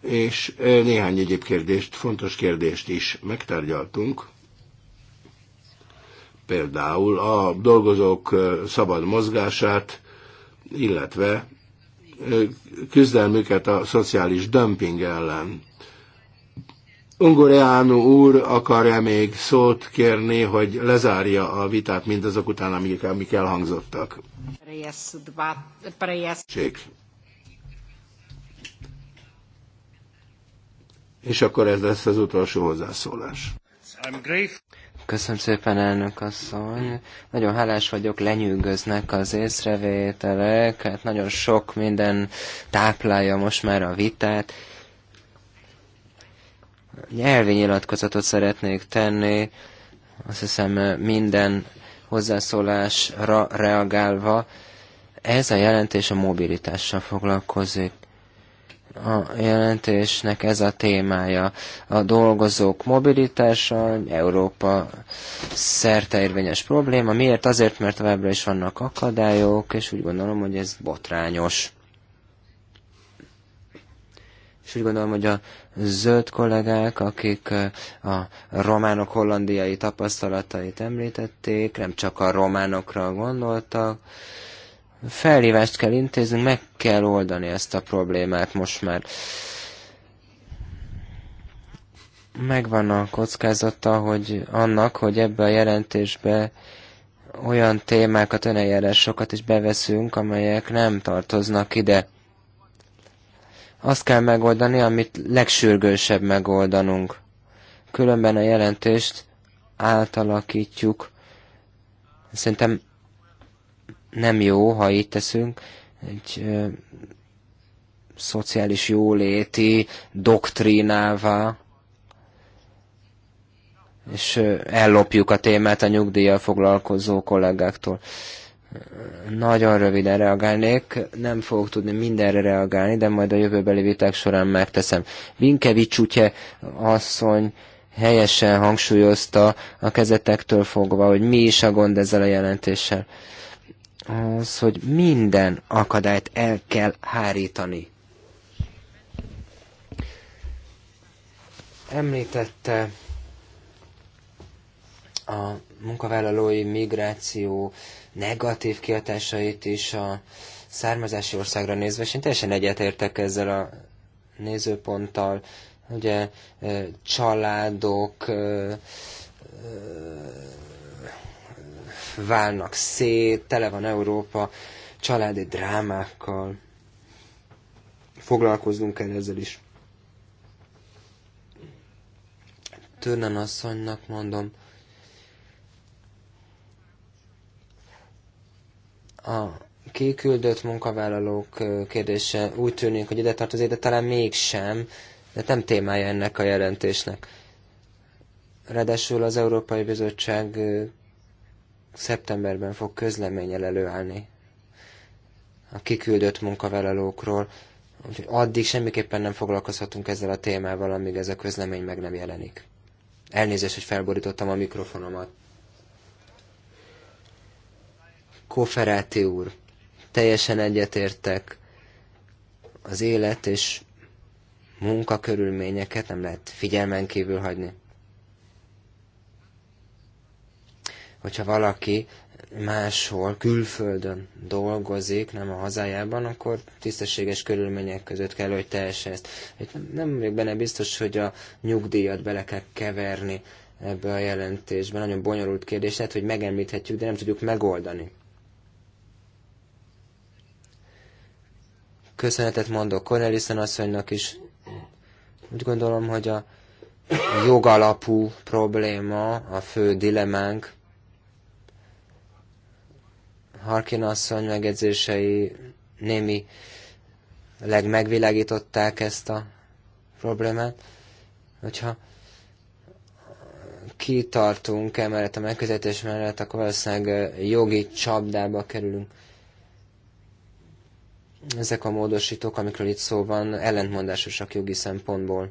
és néhány egyéb kérdést, fontos kérdést is megtárgyaltunk. Például a dolgozók szabad mozgását, illetve küzdelmüket a szociális dömping ellen. Ungoreánu úr akarja még szót kérni, hogy lezárja a vitát mindazok után, amik, amik elhangzottak. Ség. És akkor ez lesz az utolsó hozzászólás. Köszönöm szépen, elnök asszony. Nagyon hálás vagyok, lenyűgöznek az észrevételek, hát nagyon sok minden táplálja most már a vitát nyelvi nyilatkozatot szeretnék tenni, azt hiszem minden hozzászólásra reagálva. Ez a jelentés a mobilitással foglalkozik. A jelentésnek ez a témája. A dolgozók mobilitása, Európa szerte érvényes probléma. Miért? Azért, mert továbbra is vannak akadályok, és úgy gondolom, hogy ez botrányos és úgy gondolom, hogy a zöld kollégák, akik a románok hollandiai tapasztalatait említették, nem csak a románokra gondoltak, felhívást kell intézni, meg kell oldani ezt a problémát most már. Megvan a kockázata, hogy annak, hogy ebbe a jelentésbe olyan témákat, önejárásokat sokat is beveszünk, amelyek nem tartoznak ide. Azt kell megoldani, amit legsürgősebb megoldanunk. Különben a jelentést átalakítjuk. Szerintem nem jó, ha így teszünk. Egy ö, szociális jóléti doktrínává és ellopjuk a témát a nyugdíjjal foglalkozó kollégáktól. Nagyon röviden reagálnék, nem fogok tudni mindenre reagálni, de majd a jövőbeli viták során megteszem. Vinkevics útje asszony helyesen hangsúlyozta a kezetektől fogva, hogy mi is a gond ezzel a jelentéssel. Az, hogy minden akadályt el kell hárítani. Említette a munkavállalói migráció negatív kihatásait is a származási országra nézve, és én teljesen egyetértek ezzel a nézőponttal, ugye családok válnak szét, tele van Európa családi drámákkal. Foglalkoznunk kell ezzel is. Törnen asszonynak mondom, A kiküldött munkavállalók kérdése úgy tűnik, hogy ide tartozik, de talán mégsem, de nem témája ennek a jelentésnek. Ráadásul az Európai Bizottság szeptemberben fog közleményel előállni a kiküldött munkavállalókról, úgyhogy addig semmiképpen nem foglalkozhatunk ezzel a témával, amíg ez a közlemény meg nem jelenik. Elnézést, hogy felborítottam a mikrofonomat. Koferáti úr, teljesen egyetértek. Az élet és munkakörülményeket nem lehet figyelmen kívül hagyni. Hogyha valaki máshol, külföldön dolgozik, nem a hazájában, akkor tisztességes körülmények között kell, hogy tehesse ezt. Nem még benne biztos, hogy a nyugdíjat bele kell keverni ebbe a jelentésbe. Nagyon bonyolult kérdés, lehet, hogy megemlíthetjük, de nem tudjuk megoldani. Köszönetet mondok Cornelison asszonynak is. Úgy gondolom, hogy a jogalapú probléma, a fő dilemánk. Harkin asszony megedzései némi legmegvilágították ezt a problémát. Hogyha kitartunk emellett a megközelítés mellett, akkor valószínűleg jogi csapdába kerülünk ezek a módosítók, amikről itt szó van, ellentmondásosak jogi szempontból.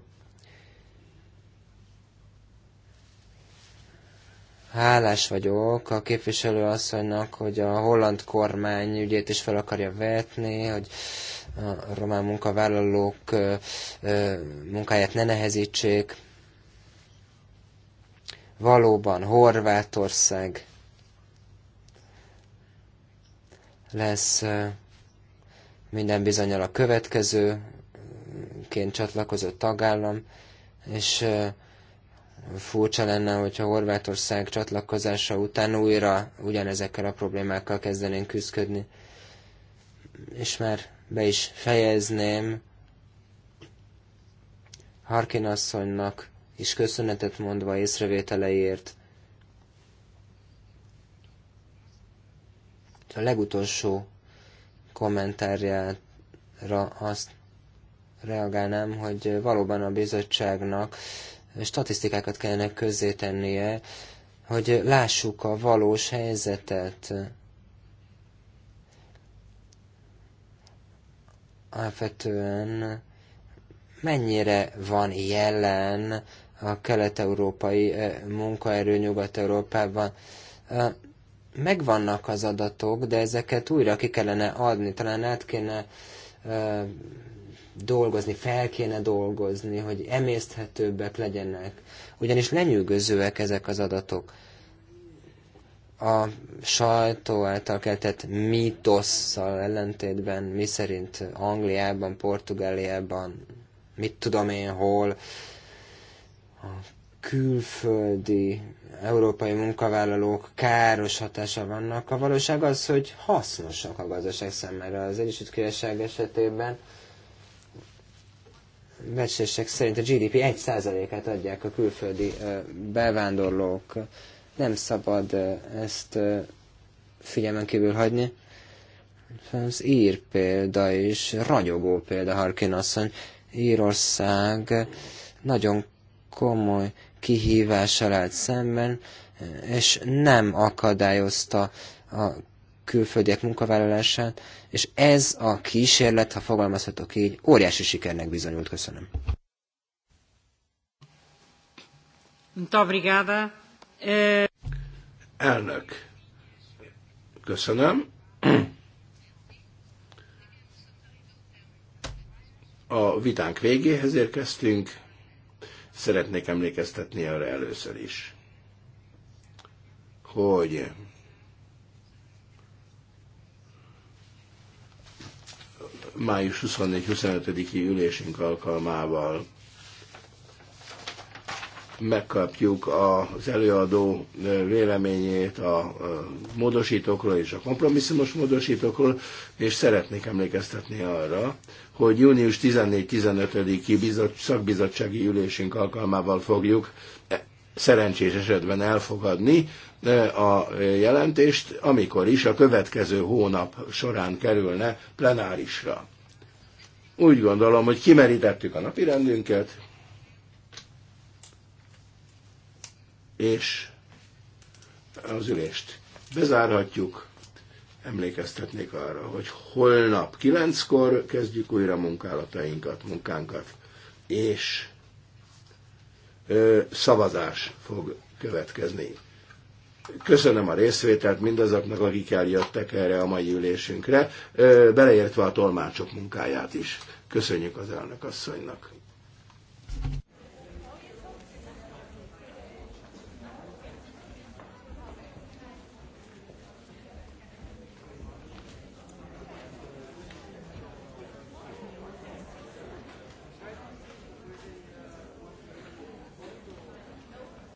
Hálás vagyok a képviselő asszonynak, hogy a holland kormány ügyét is fel akarja vetni, hogy a román munkavállalók munkáját ne nehezítsék. Valóban Horvátország lesz minden bizonyal a következőként csatlakozott tagállam, és furcsa lenne, hogyha Horvátország csatlakozása után újra ugyanezekkel a problémákkal kezdenénk küzdködni. És már be is fejezném Harkin asszonynak is köszönetet mondva észrevételeiért. A legutolsó kommentárjára azt reagálnám, hogy valóban a bizottságnak statisztikákat kellene közzétennie, hogy lássuk a valós helyzetet. Alapvetően mennyire van jelen a kelet-európai munkaerő Nyugat-Európában megvannak az adatok, de ezeket újra ki kellene adni, talán át kéne ö, dolgozni, fel kéne dolgozni, hogy emészthetőbbek legyenek. Ugyanis lenyűgözőek ezek az adatok. A sajtó által keltett mítosszal ellentétben, mi szerint Angliában, Portugáliában, mit tudom én hol, a külföldi európai munkavállalók káros hatása vannak. A valóság az, hogy hasznosak a gazdaság számára. Az Egyesült Királyság esetében Becsések szerint a GDP 1%-át adják a külföldi bevándorlók. Nem szabad ezt figyelmen kívül hagyni. Az ír példa is, ragyogó példa, Harkin asszony. Írország nagyon komoly kihívással állt szemben, és nem akadályozta a külföldiek munkavállalását, és ez a kísérlet, ha fogalmazhatok így, óriási sikernek bizonyult. Köszönöm. Obrigada. Elnök, köszönöm. A vitánk végéhez érkeztünk. Szeretnék emlékeztetni arra először is, hogy május 24-25-i ülésünk alkalmával megkapjuk az előadó véleményét a módosítókról és a kompromisszumos módosítókról, és szeretnék emlékeztetni arra, hogy június 14-15-i szakbizottsági ülésünk alkalmával fogjuk e, szerencsés esetben elfogadni a jelentést, amikor is a következő hónap során kerülne plenárisra. Úgy gondolom, hogy kimerítettük a napirendünket, és az ülést bezárhatjuk. Emlékeztetnék arra, hogy holnap kilenckor kezdjük újra munkálatainkat, munkánkat, és ö, szavazás fog következni. Köszönöm a részvételt mindazoknak, akik eljöttek erre a mai ülésünkre, ö, beleértve a tolmácsok munkáját is. Köszönjük az elnök asszonynak.